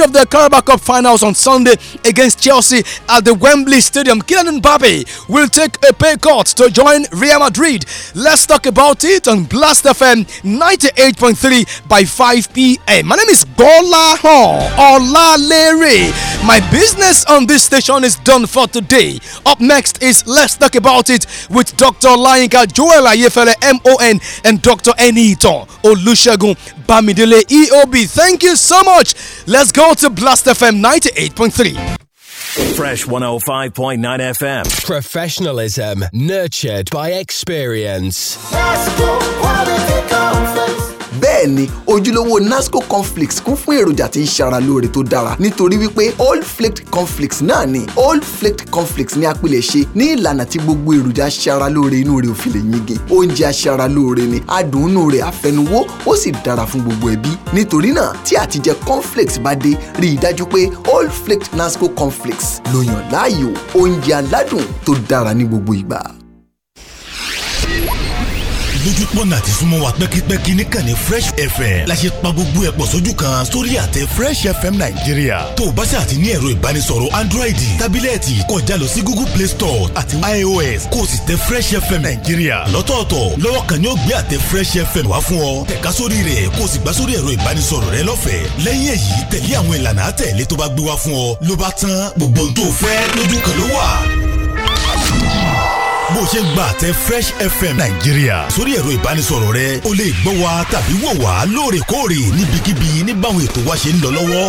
of the Carabao Cup finals on Sunday against Chelsea at the Wembley Stadium. Kylian Mbappe will take a pay cut to join Real Madrid. Let's talk about it on Blast FM 98.3 by 5 p.m. My name is Bola Hon Larry. My business on this station is done for today. Up next is Let's Talk About It with Dr. Lainka Joel Ayefele, M.O.N. and Dr. Enito Olusegun Bamidele, EOB. Thank you so much. Let's go now to Blast FM 98.3. Fresh 105.9 FM. Professionalism nurtured by experience. bẹ́ẹ̀ ni ojúlówó nasco cornflakes kún fún èròjà tí ń ṣara lóore tó dára nítorí wípé old flaked cornflakes náà ni old flaked cornflakes ní apilẹ̀ṣe ní ìlànà tí gbogbo èròjà ṣara lóore inú rẹ̀ ò fi lè yingin oúnjẹ aṣara lóore ni adùn inú rẹ̀ àfẹnuwó ó sì dára fún gbogbo ẹbí nítorí náà tí àtijẹ cornflakes bá dé rí i dájú pé old flaked nasco cornflakes ló yàn láàyò oúnjẹ aládùn tó dára ní gbogbo ìgbà lójúpọ̀nà àti súnmọ́ wa pẹ́kípẹ́kí níkànnì fresh fm la ṣe pa gbogbo ẹ̀pọ̀ sójú kan sórí àtẹ fresh fm nàìjíríà tó o bá ṣáà ti ní ẹ̀rọ ìbánisọ̀rọ̀ android tábílẹ̀tì kọjá lọ sí google play store àti ios kó o sì tẹ fresh fm nàìjíríà lọ́tọ̀ọ̀tọ̀ lọ́wọ́ kan ni ó gbé àtẹ fresh fm wá fún ọ tẹ̀ka sórí rẹ̀ kó o sì gbà sórí ẹ̀rọ ìbánisọ̀rọ̀ rẹ lọ́fẹ̀ẹ́ lẹ́yìn èyí tẹ̀lé àwọn ìlànà àtẹ̀lé tó bá bó ṣe ń gba àtẹ fresh fm nàìjíríà sórí ẹ̀rọ ìbánisọ̀rọ̀ rẹ o lè gbọ́ wa tàbí wò wá lóòrèkóòrè níbikíbi níbàwọn ètò wa ṣe ń lọ lọ́wọ́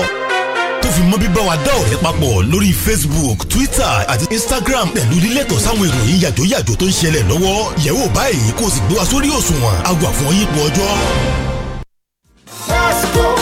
tó fi mọ́ bíbá wa dá ọ̀rẹ́ papọ̀ lórí facebook twitter àti instagram pẹ̀lú lílẹ̀tọ̀ sáwọn ìròyìn yàjóyàjó tó ń ṣẹlẹ̀ lọ́wọ́ yẹ̀wò báyìí kó o sì gbé wa sórí òṣùwọ̀n agbàfọ̀n yípo ọjọ́. fast food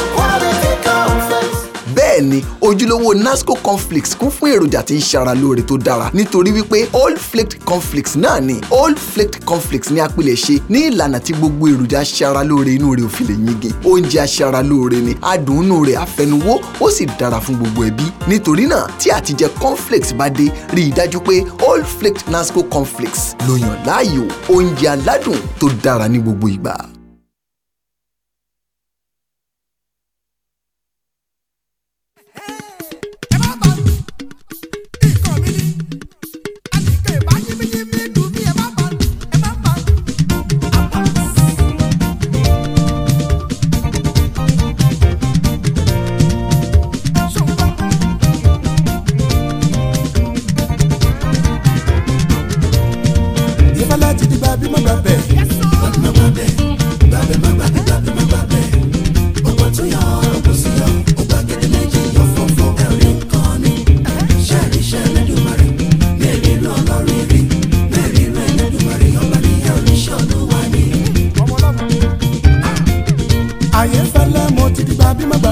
bẹ́ẹ̀ ni ojúlówó Nasco cornflakes kún fún èròjà tí ń ṣara lóore tó dára nítorí wípé old flaked cornflakes náà ni old flaked cornflakes ni a pilẹ̀ ṣe ní ìlànà tí gbogbo èròjà ṣara lóore inú rẹ̀ ò lè yingin oúnjẹ aṣara lóore ni adùn inú rẹ̀ àfẹnuwó ó sì dára fún gbogbo ẹbí nítorí náà tí àtijẹ cornflakes bá dé rí i dájú pé old flaked Nasco cornflakes ló yàn láàyò oúnjẹ aládùn tó dára ní gbogbo ìgbà. be my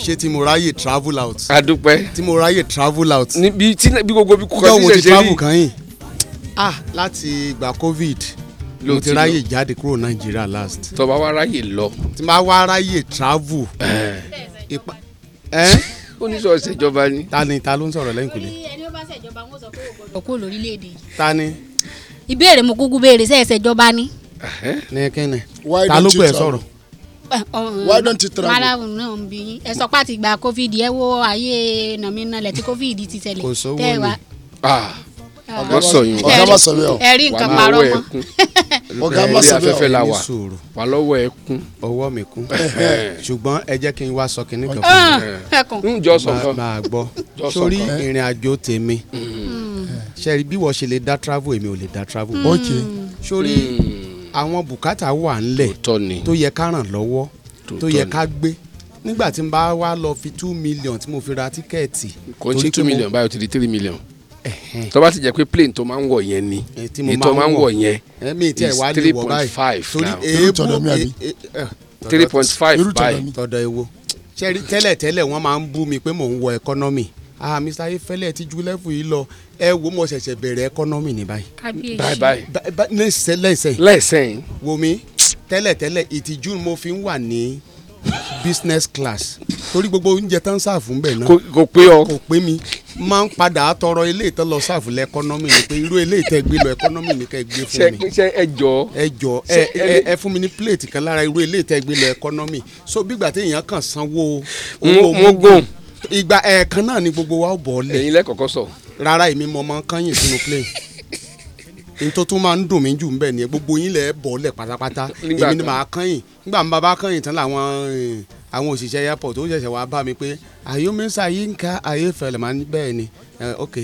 ṣe tí mo ráyè travel out. a dúpẹ́. tí mo ráyè travel out. níbi tí bí gbogbo bí kò sí ṣẹṣẹ rí. ìjọba ti travel kan yìí. ah láti ìgbà covid mo ti ráyè jáde kúrò nàìjíríà last. tó bá wá ráyè lọ. tí bá wá ráyè travel. Eh. ipa ẹ. Eh? ó ní sọ ṣèjọba ni. ta ni ta ló ń sọ̀rọ̀ lẹ́yìn kùlé. ẹni ó bá ṣèjọba wọn sọ pé òkò kó lórílẹ̀‐èdè yìí. ta ni. ìbéèrè mo kúkú béèrè ṣe é ni. Eh, ní kíni ta ló pẹ́ sọ̀rọ̀ why don't you travel. mara náà ń bí ẹ sọ pé àti gba covid ẹ wo ayé nàmínàlẹ tí covid ti tẹlẹ tẹ wa. ọ̀gá sọ yín ọ̀gá má sọ bẹ́ẹ̀ o ẹ̀rí nǹkan parọ́ mọ́ ọ̀gá má sọ bẹ́ẹ̀ o ẹ̀rí wà wà lọ́wọ́ ẹ kún. ọwọ́ mi kún ṣùgbọ́n ẹ jẹ́ kí n wá sọ kínní kan fún mi. Ah, n hmm, jọ sọ kan máa gbọ́ sórí ìrìn àjò tèmi hmm. ṣe bí wọ́n ṣe lè dá travel èmi ò lè dá travel. Hmm. sórí àwọn bùkátà wà ńlẹ̀ tó yẹ ká ràn lọ́wọ́ tó yẹ ká gbé nígbà tí n bá wá lọ fi two million tí mo fi ra tíkẹ́ẹ̀tì. kò ń ṣe two million báyọ̀ ti di three million tó bá ti jẹ́ pé plane tó máa ń wọ̀ yẹn ni èyí tó máa ń wọ̀ yẹn is three point five now three point five báyìí. tọ́dọ̀ ewo tẹ́lẹ̀ tẹ́lẹ̀ wọ́n máa ń bú mi pé mò ń wọ economy ah mr ayefẹlẹ ti ju lẹfù yìí lọ ẹ wo mo ṣẹ̀ṣẹ̀ bẹ̀rẹ̀ ẹkọnọmì ní báyìí. kábíyèsí báyìí báyìí lẹsẹ lẹsẹ. lẹsẹ yìí. wo mi tẹ́lẹ̀tẹ́lẹ̀ ìtìjú mo fi ń wà ní business class torí gbogbo oúnjẹ tán ṣàfù ńbẹ náà kò pé ọ kò pé mi máa ń padà tọrọ eléyìí tán lọ ṣàfù lẹ ẹkọnọmì ni pé irú eléyìí tẹ gbé lọ ẹkọnọmì ni kẹ gbé fún mi ṣe ẹ jọ ẹ jọ ẹ ẹ fún mi ní plate kan lára irú eléyìí tẹ gbé lọ ẹkọnọmì so bí gbà téèyàn kàn sanwó owó mọ́gùn ìgbà ẹ̀ẹ̀kan náà ni gbogbo wa ó bọ̀ ọ́lẹ̀. ẹ̀yin lẹ́kọ̀ọ́kọ́ sọ. rárá èmi mo máa ń kányìn sínú plane n tó máa ń dùn mí jù nbẹ ni gbogbo yín lẹ bọ̀ lẹ̀ pátápátá èmi ni màá kányìn nígbà mi bàbá kányìn tán làwọn eh, àwọn òṣìṣẹ́ airport ó ṣẹ̀ṣẹ̀ wá bá mi pé àyọ̀mẹ́sà yìí ń ka ayé fẹ̀lẹ̀ máa ń bẹ́ẹ̀ ni eh, ok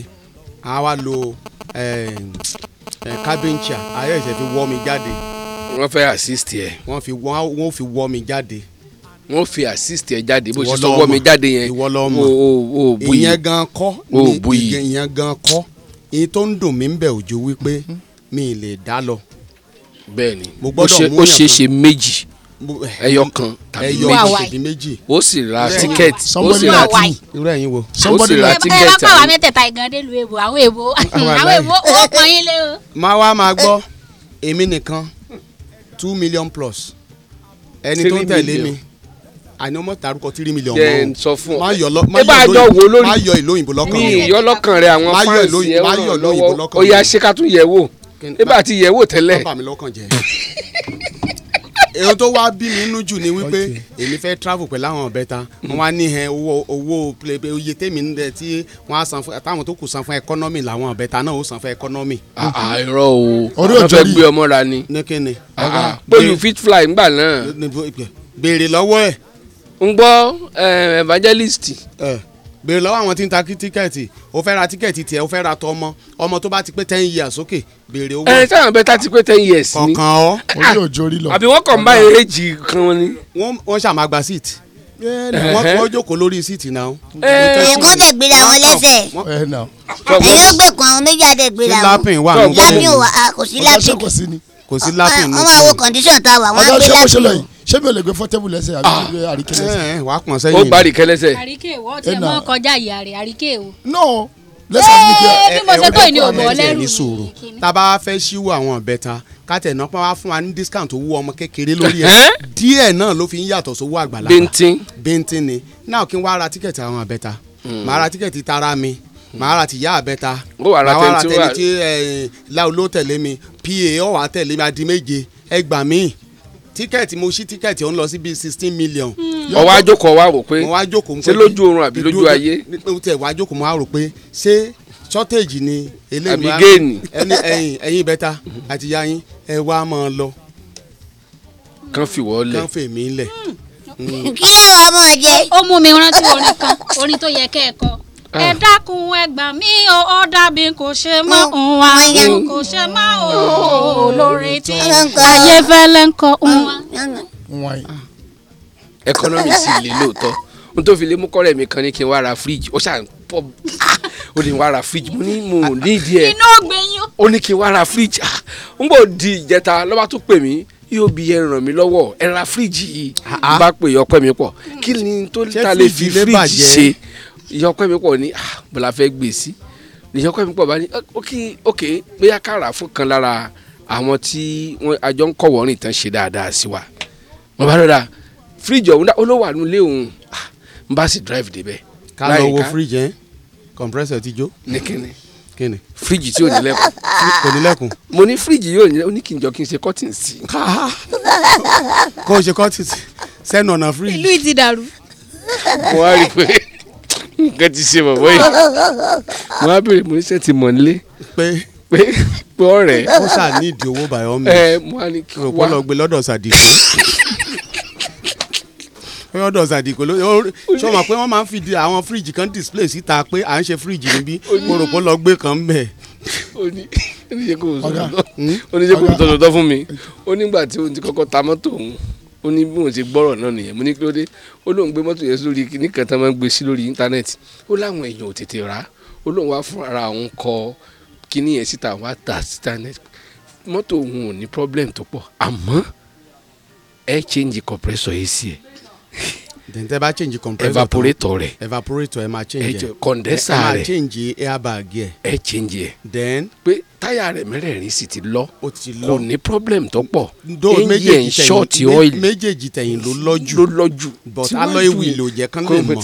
àá wá lo eh, cabin chair ayé ìṣẹ́ fi wọ́ mi jáde. wọ́n fẹ́ assist ẹ̀. wọ́n fi wọ́ mi jáde wọ́n fi assist ẹ jáde bó ṣe sọwọ́ mi jáde yẹn ìwọ lọ mọ ìyẹn gan kọ́ ni ìyẹn gan kọ́ èyí tó ń dùn mí ń bẹ̀ òjò wípé mhm. mi ì lè dá lọ. bẹ́ẹ̀ni ó ṣe é ṣe méjì ẹyọ kan tàbí méjì ó sì ra tíkẹ́ẹ̀tì ó sì ra tí irú ẹ̀yin wo ó sì ra tíkẹ́ẹ̀tì àwọn. ẹ bá pàwọn mẹ́tẹ̀ẹ̀ta ìgànnì lu èbò àwọn èbò àwọn èbò ó yín lé o. máa wá máa gbọ́ èmi nìkan two million plus ẹni tó ń tẹ̀lé mi àní ọmọ tàrúkọ tírí mílíọ̀nù mọ́ o. jẹ́ n sọ fún ọ má yọ lọ́kàn rẹ má yọ ìlú òyìnbó lọ́kàn rẹ. mi ìyọ lọ́kàn rẹ àwọn fáǹsì ẹ̀ wọ́n lọ́wọ́ ó yá ṣé ká tún yẹ̀ wò nígbà tí yẹ̀ wò tẹ́lẹ̀. bàbá mi lọ́kàn jẹ́ èyí tó wá bí mi nínú jù ni wípé èmi fẹ́ travel pẹ̀lú àwọn ọ̀bẹ ta wọn wá ní owó owó oye tèmi ń bẹ tí wọn á san fún táwọn tó kù san fún ẹkọ́nọ́mì làwọn ọ̀bẹ ta náà ó san fún ẹkọ́nọ́mì. àìrọ o wọn fẹ́ gbé ọmọ ra ni. ní kíni. bóyú fit fly ńgbà náà. béèrè lọ́wọ́ ẹ̀ ń gbọ́ evangelist. béèrè lọ́wọ́ àwọn tí ń ta tíkẹ́ẹ̀tì o fẹ́ ra tíkẹ́ẹ̀tì tiẹ̀ o fẹ́ ra tọ ọmọ ọmọ tó bá ti pé ten years sókè béèrè owó. ẹ sáyẹn bẹ́ẹ̀ tá ti pé ten years ni kọ̀ọ̀kan ọ́ orí òjò rí lọ. àbí wọ́n kàn bá èjì kan ni. wọ́n ṣàmàgbà síìtì wọ́n jókòó lórí síìtì náà. èèyàn kan tẹ gbéra wọn lẹ́sẹ̀ èèyàn gbé kan àwọn méjì àti gbéra wọn lápìn wà nù. lápìn wà kò sí lápìn kò sí lápìn nù. wọ́n máa wo condition tá a wà wọ́n á gbé lápìn ṣé mi ò lè gbé fọ́tẹ́bù lẹ́sẹ̀ àbí mi ò lè àríkè lẹ́sẹ̀. Eh, eh, wà á pọ̀n sẹ́yìn. ó gba àríkè lẹ́sẹ̀. àríkè wọ́ ọ tiẹ̀ mọ́ kọjá ìyá àríkè o. no lẹ́sẹ̀ eh, mi pé ẹ ẹ ọ̀dọ́ kátẹ̀ náà pọ́n wá fún wa ní discount owó ọmọ kékeré lórí ẹ̀ díẹ̀ náà ló fi ń yàtọ̀ sówó àgbàlagbà bíntín bíntín ni náà kí n wá ra tíkẹ̀tì àwọn àbẹ́ta hmm. màá ra tíkẹ̀tì tara mi màá ra tìyá àbẹ́ta màá ra tẹni tí láoló tẹ̀lé mi pa ọ̀ tẹ̀lé mi adi méje ẹgbàá mi tíkẹ́ẹ̀tì mo ṣí tíkẹ́ẹ̀tì ó lọ sí bíi sixteen million. ọwọ́ àjòkò wa rò pé ṣé lójú oorun àbí lójú ayé. mo àjòkò mo rò pé ṣé shortage ni eléyìí àbí géènì ẹyin ẹyin bẹ́ta àti yayin ẹ wá máa lọ. kán fi wọ́ lẹ̀ kán fi mí lẹ̀. Hmm. Hmm. kí ló wàá mọ̀ jẹ́. ó mú mi rántí orin kan orin tó yẹ kẹ́ ẹ kọ ẹ ah. dákun ẹ gbà mí o ó dàbí kò ṣe mọ́ òun mm. àwọn mm. kò ṣe mọ́ òun mm. olórin tí ayéfẹ́lẹ́ ń kọ òun. ẹkọnọmì sì lè lóòótọ́ n tó fi lé mú kọ́rẹ́ mi kan ní kí n wá ra fíríjì ó ṣàn pọ̀ ah, ó ní wá ra fíríjì mo ní mo ah. ní ìdí ẹ̀ iná ó ní kí n wá ra fíríjì n bò di ìjẹta lọ́ba tó pè mí yóò bí ẹ ràn mí lọ́wọ́ ẹ ra fíríjì yìí bá pè ọpẹ́ mi pọ̀ kí ni tó ta lè fi fíríjì ṣe ìyọkọ mi pọ̀ ní ah, bọ́lá fẹ́ gbé sí ìyọkọ mi pọ̀ bá ní ok bóyá kára fún kan lára àwọn tí àjọ ń kọ̀ wọ́rìn tán ṣe dáadáa sí wa wọ́n bá lọ́dà fíríjì ọ̀hún olówó ànulẹ̀ òun n ah, bá sì drive débẹ̀. ká lọ wo fíríjì yẹn compressor ti jó. ní kíni kíni. fíríjì tí ò ní lẹ́kùn. kò ní lẹ́kùn. mo ní fíríjì yóò ní ní kí n jọ kí n ṣe cutting sí. kó o ṣe cutting sí sẹ́nu ọ̀nà fíríjì. ìlú ìtì dàrú. mo wá rí i pé nǹkan ti ṣe bàbá yìí mo á bèrè mo ní sẹ́ẹ̀tì mọ̀ nílé. pé pé pé ọ̀rẹ́. ó ṣáà ní ìdí owó by all means. ẹ mo á ní kí wá òpó lọ gbé lọ́dọ̀ sàdìgbò pé wọ́n dọ̀sà dìgbò ló ṣọ́ ma pé wọ́n máa ń fi àwọn fíríjì kan display síta pé à ń ṣe fíríjì níbí kórópó lọ gbé kan bẹ̀. oníṣẹ́ kò sọ̀rọ̀ tó fún mi ó nígbà tí òun ti kọ́kọ́ ta mọ́tò òun ó ní bí wọ́n ti gbọ́rọ̀ náà nìyẹn mo ní kí ló dé ó lóun gbé mọ́tò yẹn sórí kíní kan tán máa ń gbé sí lórí íńtánẹ́ẹ̀tì ó láwọn èèyàn ò tètè rà á ó lóun wá fún ara òun kọ kíní yẹn síta wá tà síta mọ́tò òun ò ní problem tó pọ̀ àmọ́ ẹ change compressor yìí sí ẹ then bá change compressor evaporator rẹ̀ evaporator ẹ máa change ẹ condenser rẹ̀ ẹ máa change airbag yẹ ẹ change ẹ then pé táyà rẹ̀ mẹ́rẹ̀ẹ̀rin sì ti lọ ó ti lọ kò ní problem tó pọ̀ engine ẹ̀ ń short oil méjèèjì tẹ̀yìn ló lọ́jù ló lọ́jù but alloy wheel ò jẹ́ kán lè mọ̀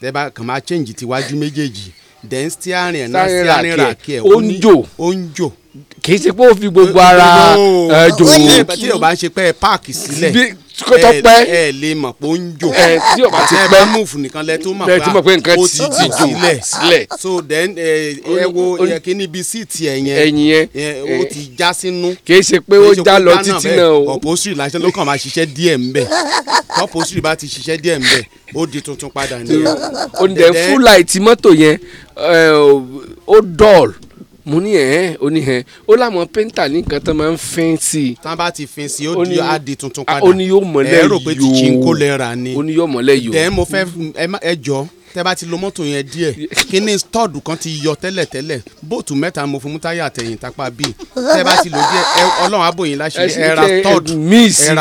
tẹ́ bá kàn máa change tiwájú méjèèjì then steering ẹ̀ náà steering rack ẹ̀ ó ń jò ó ń jò kì í ṣe pé ó fi gbogbo ara jò ó. tí o bá ń ṣe pé ẹ páàkì sílẹ̀ kó tó pẹ́. ẹ ẹ lè mọ̀ pé ó ń jò. ẹ tí ọba ti pẹ́ ẹ bá nìkan lẹ tó mọ̀ pé ó ti jò so then ẹ ẹ wo kíní bíi síìtì ẹ yẹn ó ti já sínú. kì í ṣe pé ó já lọ títí náà o. ọ̀pọ̀sùn ìlàṣẹ ló kàn máa ṣiṣẹ́ díẹ̀ ń bẹ̀ ọ̀pọ̀sùn ìbá ti ṣiṣẹ́ díẹ̀ ń bẹ̀ ó di tuntun padà nìyẹn. oúnjẹ fúláì tí mọ́tò yẹn ó dọ̀ọ̀lù mo ní ẹ ó ní ẹ ó láwọn pẹ́ńtà ní nǹkan tó máa ń fín sí i. tá a bá ti fín sí i ó di adi tuntun padà ó ní yóò mọ̀lẹ́ yòó ẹ rò pé ti chinko lè rà ni ó ní yóò mọ̀lẹ́ yòó. tẹ́ mo fẹ́ ẹ jọ tẹ́ bá ti lo mọ́tò yẹn díẹ̀ kíní stọọdù kan ti yọ tẹ́lẹ̀tẹ́lẹ̀ bóòtù mẹ́ta mo fún mútáyà àtẹ̀yìn tápá bí tẹ́ bá ti lo díẹ̀ Ọlọ́run abòyìn láṣẹ ẹ ra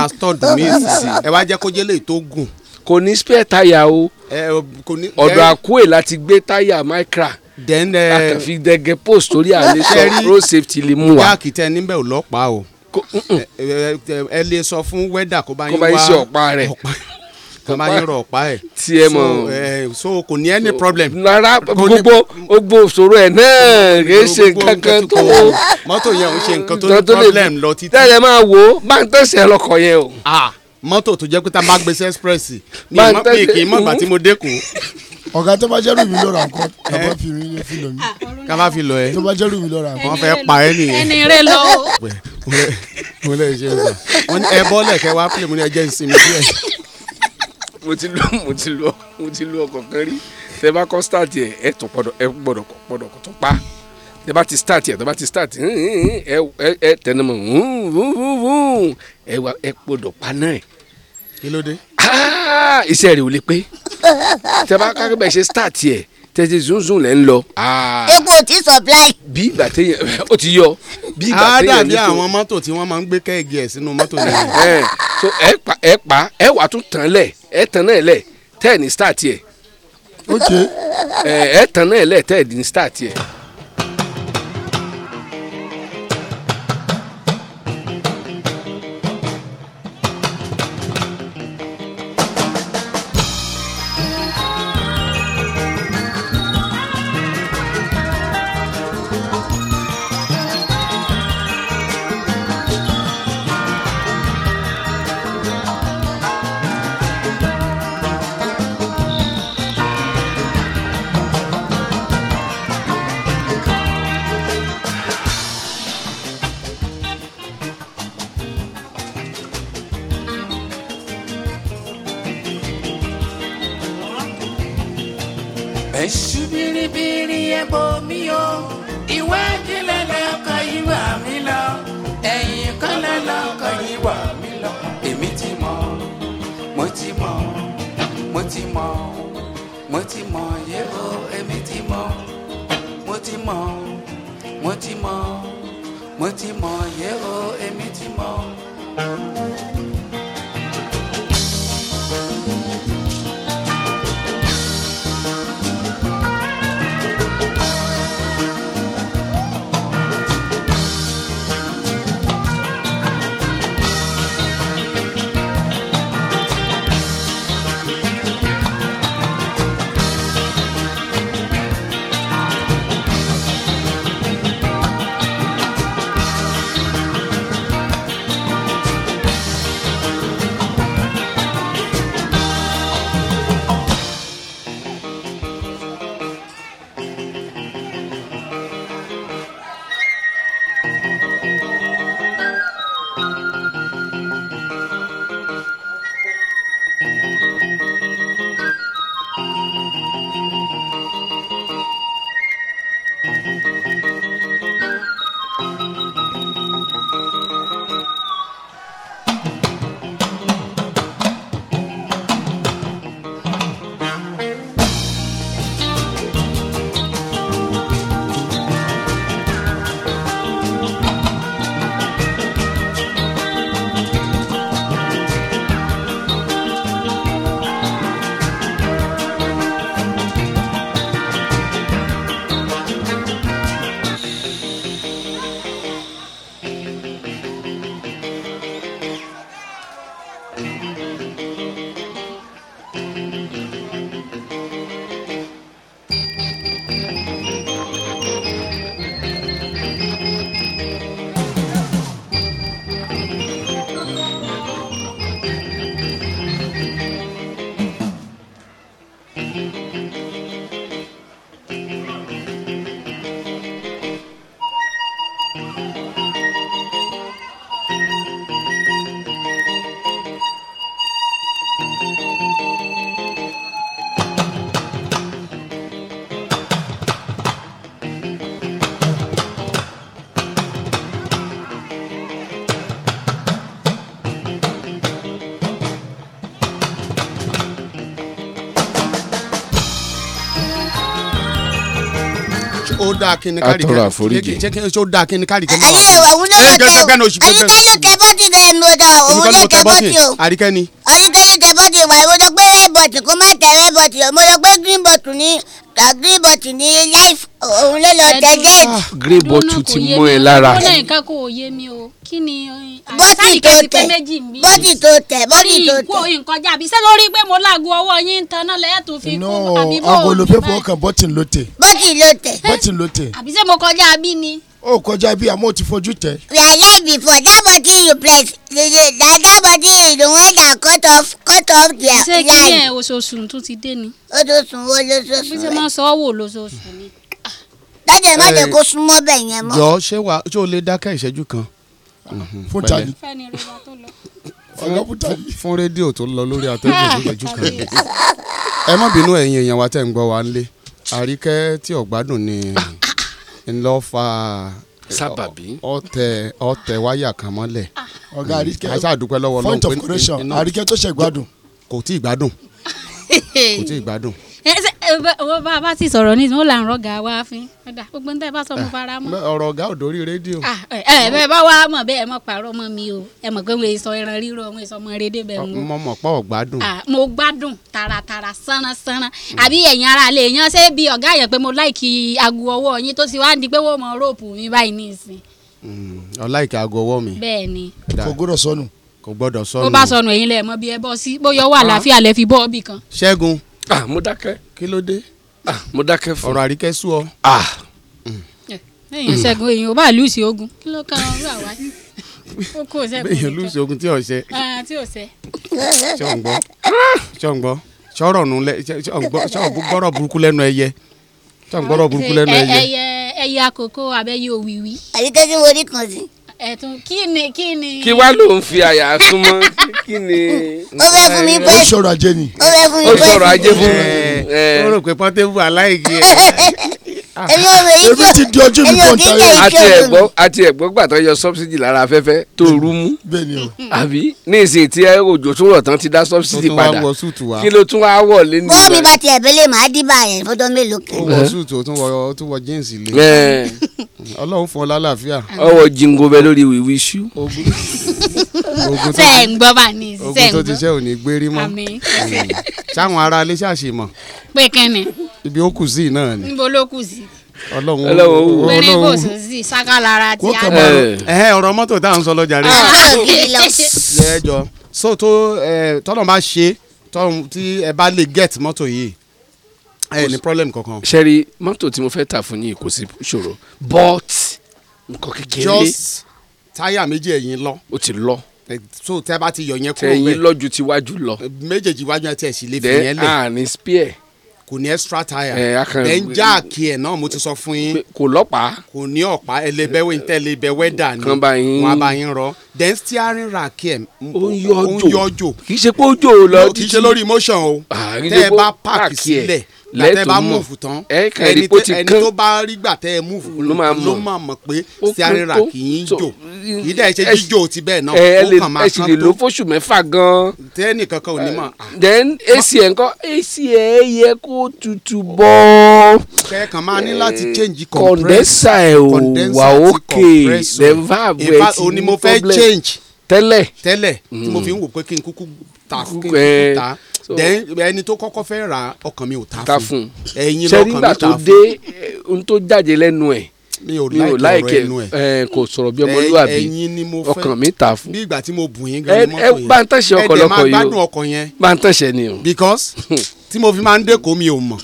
stọọdù ẹ ra ẹ wá jẹ́ kó jẹ́ lè tó gùn. kò ní spare táyà o ọ̀dọ̀ àkúè láti gbé táyà micra then a eh, kàn fi gẹ́gẹ́ post torí àlè sọ road safety lè mú wa. káàkì tẹ níbẹ̀ ò lọ́pàá o eh, eh, ẹ lè sọ fún wẹ́dà kó bá yín wá ọ̀pá rẹ̀ kó bá yín rọ ọ̀pá ẹ̀. tí ẹ mọ̀ so kò ní any problem. rárá gbogbo gbogbo òṣòro ẹ̀ náà kì í ṣe nǹkan kan tó. mọ́tò yẹn ò ṣe nǹkan tó ní problem lọ títí. tẹ́lẹ̀ máa wò ó bá ń tẹ̀sẹ̀ lọkọ̀ yẹn o. Ah, mọ́tò tó jẹ́ pé tá a bá gbèsè express mi kì í mọ̀ gbà tí mo dẹ́kun ọ̀gá tó bá jẹ́rù mi lọ́ra nǹkan ká bá fi rí ilé fílọ̀ mi. Ah, ká bá fi lọ ẹ. tó bá jẹ́rù mi lọ́ra nǹkan. wọ́n fẹ́ pa ẹ́ nìyẹn. ẹni rẹ lọ. mo lè ṣe o wọn ẹ bọ́ọ̀lù ẹ̀kẹ́ wá pè mí ní ẹjẹ́ ìsinmi díẹ̀. mo ti lu mo ti lu mo ti lu ọkọ̀ kan rí tẹ bá kọ́ start yẹ ẹ tún gbọ́dọ̀ ẹ gbọ́dọ̀ gbọ́dọ̀ tó pa tẹ bá ti start yẹ tẹ bá ti start ẹ ẹ tẹnumọ́ ẹ gbọ́dọ̀ pa náà. kí ló dé. Ah, iṣẹ́ rẹ̀ ò lè pé tẹ bá kárí bẹ́ẹ̀ ṣe start yẹ tẹ̀sí zunzun lẹ́ ń lọ. Ah. epo ò tí supply. bí ìgbà téèyàn ó ti yọ. bí ìgbà téèyàn ní tó. àádàbí àwọn mọ́tò tí wọ́n máa ń gbé kẹ́ẹ̀gì ẹ̀ sínú mọ́tò nìyẹn. Eh, ẹ pa ẹ pa ẹ wà tún tán lẹ̀ ẹ tán náà lẹ̀ tẹ́ẹ̀ ní start yẹ. ó jẹ́ eh, ẹ tán náà lẹ̀ tẹ́ẹ̀ ní start yẹ. ti mọ̀ yẹ́ o èmi ti mọ̀. dáa kí ni kárí kẹ ṣé ó dáa kí ni kárí kẹ máa wà. ẹyin ẹwà òun náà tẹ o ẹyin tó lè tẹ bọ́ọ̀tì náà nù ọ̀dà òun lè tẹ bọ́ọ̀tì o. àríkẹ́ ni. ẹyin tó lè tẹ bọ́ọ̀tì wà mo sọ pé red button kó má tẹ red button o mo sọ pé green button ni green button ni life òun ló lọ tẹ dead. Ah, green button ti mú ẹ lára. ó lẹ́yìn ká kó òye mi o kí ni eh, àìsàn ìkẹ́sìpẹ́ méjì mi bọ́dì tó tẹ̀ bọ́dì tó tẹ̀. ìkó ìkọjá àbí sẹ́ lórí pé mo láago ọwọ́ yín ń taná lẹ́yìn tó fi kún àbí bó o. agolo pépè ọkàn bọ́tìn ló tẹ̀. bọ́tìn ló tẹ̀. bọ́tìn ló tẹ̀. àbí sẹ́ mo kọjá bí ni. ó kọjá bí àmọ́ ò ti fojú tẹ̀. we are live before that body you press that that bottle is the one that cut off cut off their line. ṣé kí ẹ oṣooṣù tún ti dé ni. oṣooṣù wo lóṣooṣù rẹ. bí sẹ́ máa sọ ọ́ wò lóṣooṣù ni dájẹ́ má jẹ́ eh, kó súnmọ́ bẹ̀ yẹn mọ́. jọ ṣé wàá ṣé o lè dákẹ́ ìṣẹ́jú kan. fún tani fún rédíò tó ń lọ lórí atẹ́gùn lójú kan ẹ má bínú ẹ̀yin èèyàn wa tẹ́ ń gbọ́ wa nílé àríkẹ́ tí ọ̀gbádùn ni ńlọ fa sábàbí ọ̀tẹ̀ ọ̀tẹ̀ wáyà kan mọ́lẹ̀ ọ̀gá àríkẹ́ point of correction àríkẹ́ tó ṣe gbádùn kò tí ì gbádùn kò tí ì gbádùn. ẹ ẹ wọ́n bá a bá ti sọ̀rọ̀ ní ìsìn ó là ń rọ́gà wá fín ọ̀dà gbogbo níta ẹ bá sọ mo ah, fara mọ́. ọ̀rọ̀ ọ̀gá ò dórí rédíò. Ah, ẹ ẹ bẹ́ẹ̀ bá wá mọ̀ bẹ́ẹ̀ mọ̀ pààrọ̀ mọ́ mi o ẹ mọ̀ pé mo sọ ẹran rírọ̀ mo sọ ọmọ rédè bẹ́ẹ̀ mo. mo mọ̀ pọ̀ gbádùn. Ah, mo gbádùn taratara sánransánran àbí ẹ̀yin ara lè yan ṣé bí ọ̀gá yẹn pé mo láìkì aago ọwọ́ yín tó ti wá ń di pé wọ́n mọ róòpù mi báyìí ní ìsìn. ọláìkì kò gbọ́dọ̀ sọnù tó bá sọnù ẹ̀yin lẹ mọ̀ bí ẹ bọ́ sí bóyá ah. wà láàfíà lẹ fi bọ́ ọbì kan. ṣẹ́gun. ah mo dákẹ́. kí ló dé. ah mo dákẹ́ fún. ọ̀rọ̀ àríkẹ́ sú ọ. ah. ẹ̀yin ṣẹ́gun èyí ò bá lùsì ogun kí ló kàn án rà wá ó kó ṣẹ́gun nìkan èyí lùsì ogun tí ò ṣe. Ah, tí ò ṣe. ṣọ̀ǹgbọ́ ṣọ̀ǹgbọ́ ṣọ̀rọ̀ nù lẹ ṣọ̀ǹgbọ́rọ̀ burúkú lẹ́nu ẹyẹ ṣọ̀ǹgbọ́rọ̀ burúkú lẹ́nu ẹyẹ. ẹyẹ ẹyẹ àkókò abẹ́yẹ òwìwí. àríkẹ́ kí wọ́n rí kan sí ẹtún kí ni kí ni. kí wàá ló ń fi àyà súnmọ́ kí ni. ó fẹ́ fún mi bẹ́ẹ̀ ó sọ̀rọ̀ ajé ni. ó fẹ́ fún mi bẹ́ẹ̀ ó sọ̀rọ̀ ajé fún mi. ó rò pé pọ́ńté bù aláìgé. èmi ah. ti di ojú mi kò ń tayọ. àti ẹ̀gbọ́n àti ẹ̀gbọ́n gbà tó yọ sọ́bsidì lára afẹ́fẹ́ tó rú mú àbí ní ìsìn tí òjò tún rọ̀ tán ti dá sọ́bsidì padà kí ló tún wá wọ̀ lé ní. bómi bá tiẹ̀ bẹ́lẹ̀ máa dìbà yẹn fọ́jọ́ mélòó kan. ó wọ súùtù ó tún wọ tún wọ jíǹsì lé. ọlọ́run fún ọ lálàáfíà. ọwọ́ jingo bẹ lórí we wish you ṣe ẹ̀ ń gbọ́ bá ní ìsìn ogun tó ti ṣe ò ní gbérí mọ́ sáwọn hmm. ará ilé ṣàṣìmọ̀. pé kẹ́ni. ibi ó kù sí náà ni. níbo ló kù sí ọlọ́run ọlọ́run wẹrẹ kò sí sí sákàlára tí a lọ. ẹhẹ ọ̀rọ̀ mọ́tò tá à ń sọ lọ́jà rẹ. ẹjọ so tó tọ́nà bá ṣe tí ẹ bá lè get mọ́tò yìí ẹ ní problem kankan. sẹ́rí mọ́tò tí mo fẹ́ tà fún yín kò sí ṣòro but nǹkan kékeré. just táyà méjì ẹ̀yìn lọ. ó ti lọ so tẹ bá ti yọ yẹn kúrò bẹ́ẹ̀ tẹyin lọ́jú ti wájú lọ méjèèjì wájú àti ẹ̀sìn lè fi yẹn lẹ̀ then ah, àní spear kò ní extra tire eh, then jáàkì ẹ̀ náà mo ti sọ fún yín kò lọ́pàá kò ní ọ̀pá ẹlẹ́bẹ̀wé ń tẹ́lẹ̀ bẹ wẹ́dà ni wọ́n bá yín rọ then steering rack ẹ̀ ó ń yọjò kì í ṣe pé ó jò lọ kì í ṣe lórí motion o ah, tẹ́ ẹ bá pààkì sílẹ̀ lẹ́tọ̀ bá múfù tán ẹni tó bá rí gbà tẹ́ ẹ múfù ló máa mọ̀ pé sárera kì í jò kì í dẹ́ ṣe jíjò ti bẹ́ẹ̀ náà ó kàn máa kán tó ẹ sì lè lo fóṣù mẹ́fà gan-an. tẹ́ẹ̀nì kankan ò ní mọ̀. Ah, then ac ẹ̀ ń kọ́ ac ẹ̀ yẹ kó tutù bọ́. kẹ́ẹ̀kan máa ní láti eh, change condenser ẹ̀ ò wà òkè then valve ẹ̀ ti ní problem tẹ́lẹ̀ tẹ́lẹ̀ tí mo hmm. fi ń wò pé kí n kúkú ta kí n eh, kúkú ta ẹni tó kọ́kọ́ fẹ́ ra ọkàn mi ò ta fún un ẹ̀yin lọ́kàn mi ta fún un. sẹ́rígbà tó dé eh, ohun tó jáde lẹ́nu ẹ̀ mi ò láìkè ọ̀rọ̀ ẹnu ẹ̀ eh, kò sọ̀rọ̀ bí ọmọlúwàbí ọkàn mi ta fún. bí ìgbà tí mo bùn yín gan ni mọ́tò yẹn ẹ bá ń tẹ̀sẹ̀ ọkọ̀ lọ́kọ̀ yìí o ẹ dẹ̀ máa gbádùn ọkọ̀ yẹn. bá ń tẹ̀sẹ̀ ni o. because tí mo fi máa ń dẹ́kọ̀ mi ò mọ̀.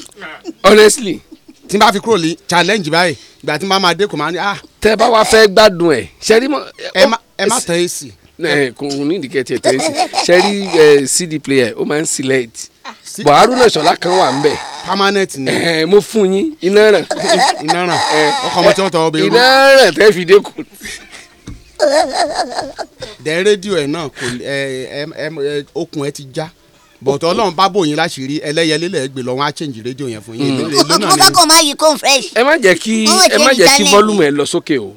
honestly. tí n bá fi kúrò ní challenge báyìí ìgbà tí n bá máa dẹ́kọ̀ máa ní. Ah. tẹ bá wa fẹ́ gbádùn ẹ ṣe é rí mọ. ẹ má eh, tẹ èsì kò nídìí kẹ́ tiẹ̀ tẹ́lẹ̀ sí sẹ́rí cd player ó máa ń select buhari náà sọlá kan wà ń bẹ̀. permanent ni. mo fún yín iná ràn. iná ràn ọkọ ọmọ tí wọn tọ ọbẹ irú. iná ràn tẹ́ fi dé kù. dẹ rédíò ẹ náà kò okùn ẹ ti já bọ̀tọ̀ ọlọ́run bá bòyìn láṣìírí ẹlẹ́yẹlé lẹ́ẹ̀ gbé lọ́wọ́ á change rédíò yẹn fún yín. mo fẹ́ kó o máa yí kó n fresh. ẹ má jẹ́ kí ẹ má jẹ́ kí volume ẹ lọ sókè o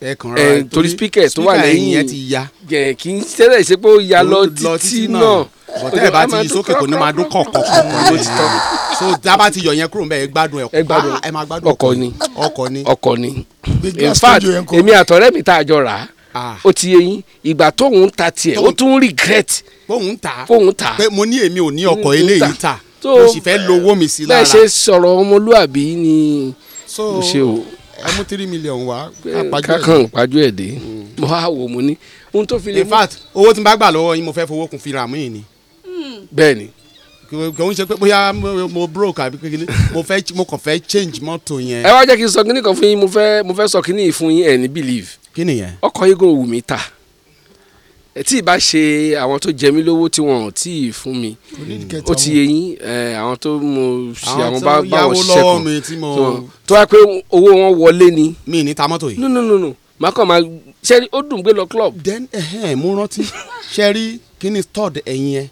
ẹ kàn ra ẹ eh, torí speaker tó wà lẹ́yìn yẹn ti ya gẹ̀ kí n sẹ́lẹ̀ ṣe pé ó ya lọ títí náà bọ̀tẹ́ ẹ̀ bá ti yí sókè kò ní máa dún kọ̀ọ̀kan kan ló ti tán so dábà ti yọ̀ yẹn kúrò mbẹ́ ẹ gbádùn ẹ gbádùn ah, ẹ máa gbádùn ọkọ ni ọkọ ni ọkọ ni in fact èmi àtọ̀rẹ́ mi tá a jọ rà á ah. ó ti yẹ yín ìgbà tóun ta tiẹ̀ ó tún regret. kóun ta kóun ta pé mo ní èmi ò ní ọkọ̀ eléyìí ta mo sì fẹ́ lo owó mi sí lára. bẹ́ẹ̀ ṣe sọ̀rọ̀ ọmọlúàbí ni mo ṣe o ẹ mú three million wá. kákan pàjọ ẹ̀ dé mo á wò mo ní ohun tó fi lè. in fact owó tí n bá gbà lọ́wọ́ yín mo fẹ́ fowó kun fi ra mú ni. Hmm. bẹ́ẹ̀ ni. ṣe pé bóyá mo broke àbí kékeré mo fẹ́ mo kàn fẹ́ change mọ́tò yẹn. ẹ wá jẹ́ kí n sọ kíní kan fún yín mo fẹ́ mo fẹ́ sọ kíní yìí fún yín ẹ̀ ní believe. kí nìyẹn. ọkọ̀ yìí kò wù mí ta tí ì bá ṣe àwọn tó jẹ mí lówó tí wọn ò tí ì fún mi ó ti yé yín àwọn tó mo ṣe àwọn bá wọn ṣiṣẹ́ tó wá pé owó wọn wọlé ni. mi ní ta mọ́tò yìí. no no no kàn máa ṣe ó dùn gbé lọ club. then mo rántí ṣe kí ni stud ẹ̀yìn ẹ̀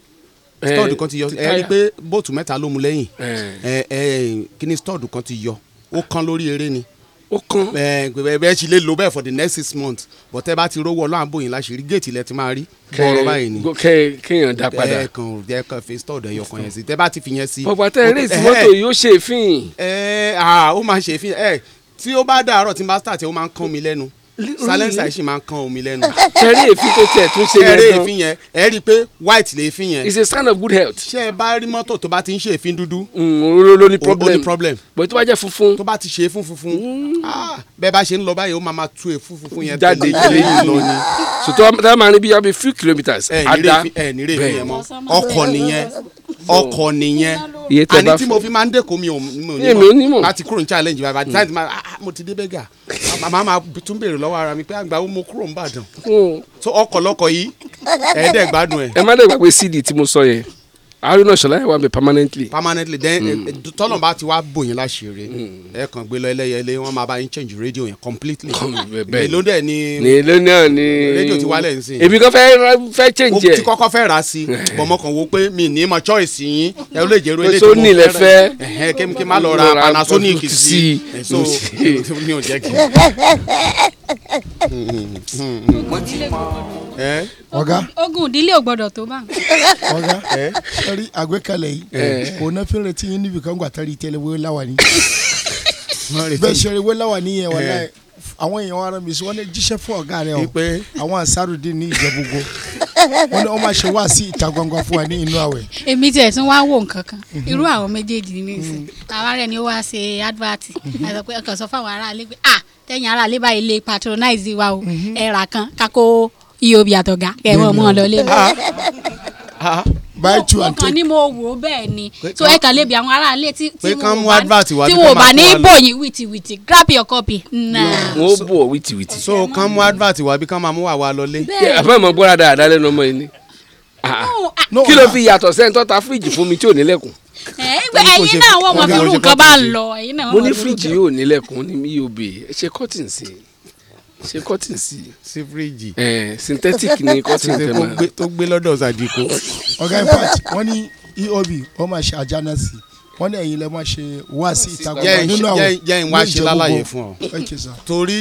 stud kan ti yọ ẹ rí i pé bóòtù mẹ́ta ló mu lẹ́yìn kí ni stud kan ti yọ ó kan lórí eré ni ó kan. ẹ ẹ bẹ ṣì lè lo bẹ́ẹ̀ for the next six months but tẹ bá ti rówó Ọlọ́run àbòyìn láṣìírí géètì lẹ ti máa rí. bọ̀rọ̀ báyìí ni kẹ kéèyàn dá padà. ẹ kàn jẹ kàn fi store ọ̀dọ̀ ẹyọkan yẹn sí tẹ bá ti fi yẹn sí. bọ̀bọ̀ tẹ eré ìsìn mọ́tò yóò ṣe é fín. ẹ ẹ ó máa ṣe é fín ẹ tí ó bá dàárọ̀ tí n bá start ẹ ó máa ń kán mi lẹ́nu silencer yìí sì máa kan omi lẹ́nu. ṣẹ́rí èéfín tó tiẹ̀ tún ṣe yẹn gan. ṣẹ́rí èéfín yẹn ẹ rí i pé white lè fi yẹn. it's a sign of good health. ṣé ẹ bá rí mọ́tò tó bá ti ń ṣe èéfín dúdú. Mm, ló ní problem ó tó bá jẹ́ funfun. tó bá ti ṣe é fún funfun. Mm. Ah, bẹ́ẹ̀ bá ṣe ń lọ báyìí ó máa máa tú èéfín funfun yẹn tẹ̀lé tẹ̀lé yìí lọ ni. sòtọ́ tá a máa rí bí yàrá bí few kilometres. ẹ ní rèéfín yẹn mọ́ ọkọ̀ nìyẹn ọkọ̀ nìyẹn àní tí mo fi máa ń dẹ́kọ̀ mi ò ní láti kúrò ní challenge bàbá tí táyì máa mo ti dé bẹ́gà màmá máa tún béèrè lọ́wọ́ ara mi pé àgbà wo mo kúrò ń bàdàn hmm. so ọkọ̀ lọ́kọ̀ yìí ẹ̀ẹ́dẹ̀ ẹ̀. ẹ má dẹ̀ cd tí mo sọ yẹn haruna ṣọlá yẹn wà mí permanently. permanently then hmm. eh, tọ́lọ̀ bá ti wá bòyìn láṣìírí hmm. ẹ kàn gbé lọ ẹlẹ́yẹlé wọ́n máa bá yín change radio yẹn completely. Eh, bẹ́ẹ̀ ló dẹ̀ ni ló náà ni radio ti wálẹ̀ nsìn. èmi kan fẹ́ fẹ́ change yẹ. o ti kọ́kọ́ fẹ́ rà sí i bọ̀mọ kan wo pé mi ní ma choice yín ẹ ló lè jẹ́ eléyìí tó mo fẹ́ rẹ̀ kí n má lọ ra Panasonic sí i. Eh? ọ̀gá ogun ìdílé o gbọ́dọ̀ tó bá. ọ̀gá eh? sọ́rí àgbékalẹ̀ yìí eh. kò ná fẹ́rẹ̀ tí yín níbi kan gbà tari tẹ́lẹ̀ wé láwa ni bẹ́ẹ̀ sẹ́rí wé láwa ni yẹn wà láyé àwọn èèyàn ara mi sọ wọn ní jíṣẹ́ fún ọ̀gá rẹ o àwọn ansarudin ní ìjẹ́gbogbo wọn ni wọn máa ṣe wáàsí ìta gbangba fún wa ní inú àwẹ̀. èmi tiẹ̀ tún wá wò nǹkan kan irú àwọn méjèèjì ní ìsìn àwọn ará ẹni wá ṣe advert àti ọkàn sọ fáwọn ará pé ah tẹ̀yìn ara lè báyìí lè patronize wa o mhm. ẹ ra kan kakó iye obi àtọ̀gá kẹwọn mọ́ ọ lọ lé ah. Ah. Ah. buy two and take. ọkàn ni mo wò bẹ́ẹ̀ ni so ẹ kàn lè bi àwọn ará ilé tí wọn bá ní bòyí wìtìwìtì grab your copy. wọ́n bò wìtìwìtì. so kàn mú advert wá bí kàn máa mú wà wá lọlé. bẹ́ẹ̀ àbá ìmọ̀ gbọ́dọ̀ dáadáa lẹ́nu ọmọ yìí ni kí ló fi yàtọ̀ sẹ́ńtọ́ ta fíríjì fún mi tí ò ní lẹ́kùn. Eh, ẹ̀yin náà wọ́n mọ̀ fún nǹkan bá ń lọ ẹ̀yin náà wọ́n mọ̀ fún nǹkan. mo ní fíríjì yóò nílẹ̀kùn ní eob ṣe cotton sí ṣe cotton sí. sí fíríjì. ẹ synthetic ni cotton tẹ máa. tó gbé lọ́dọ̀ sàdìkò. ọ̀gá ipat wọ́n ní eob wọ́n máa ṣe àjánà sí wọ́n ní ẹ̀yin lẹ́ máa ṣe wá sí ìta gbọ́dọ̀ nínú àwọn jẹ́ ìwà ṣe lálàyé fún ọ. torí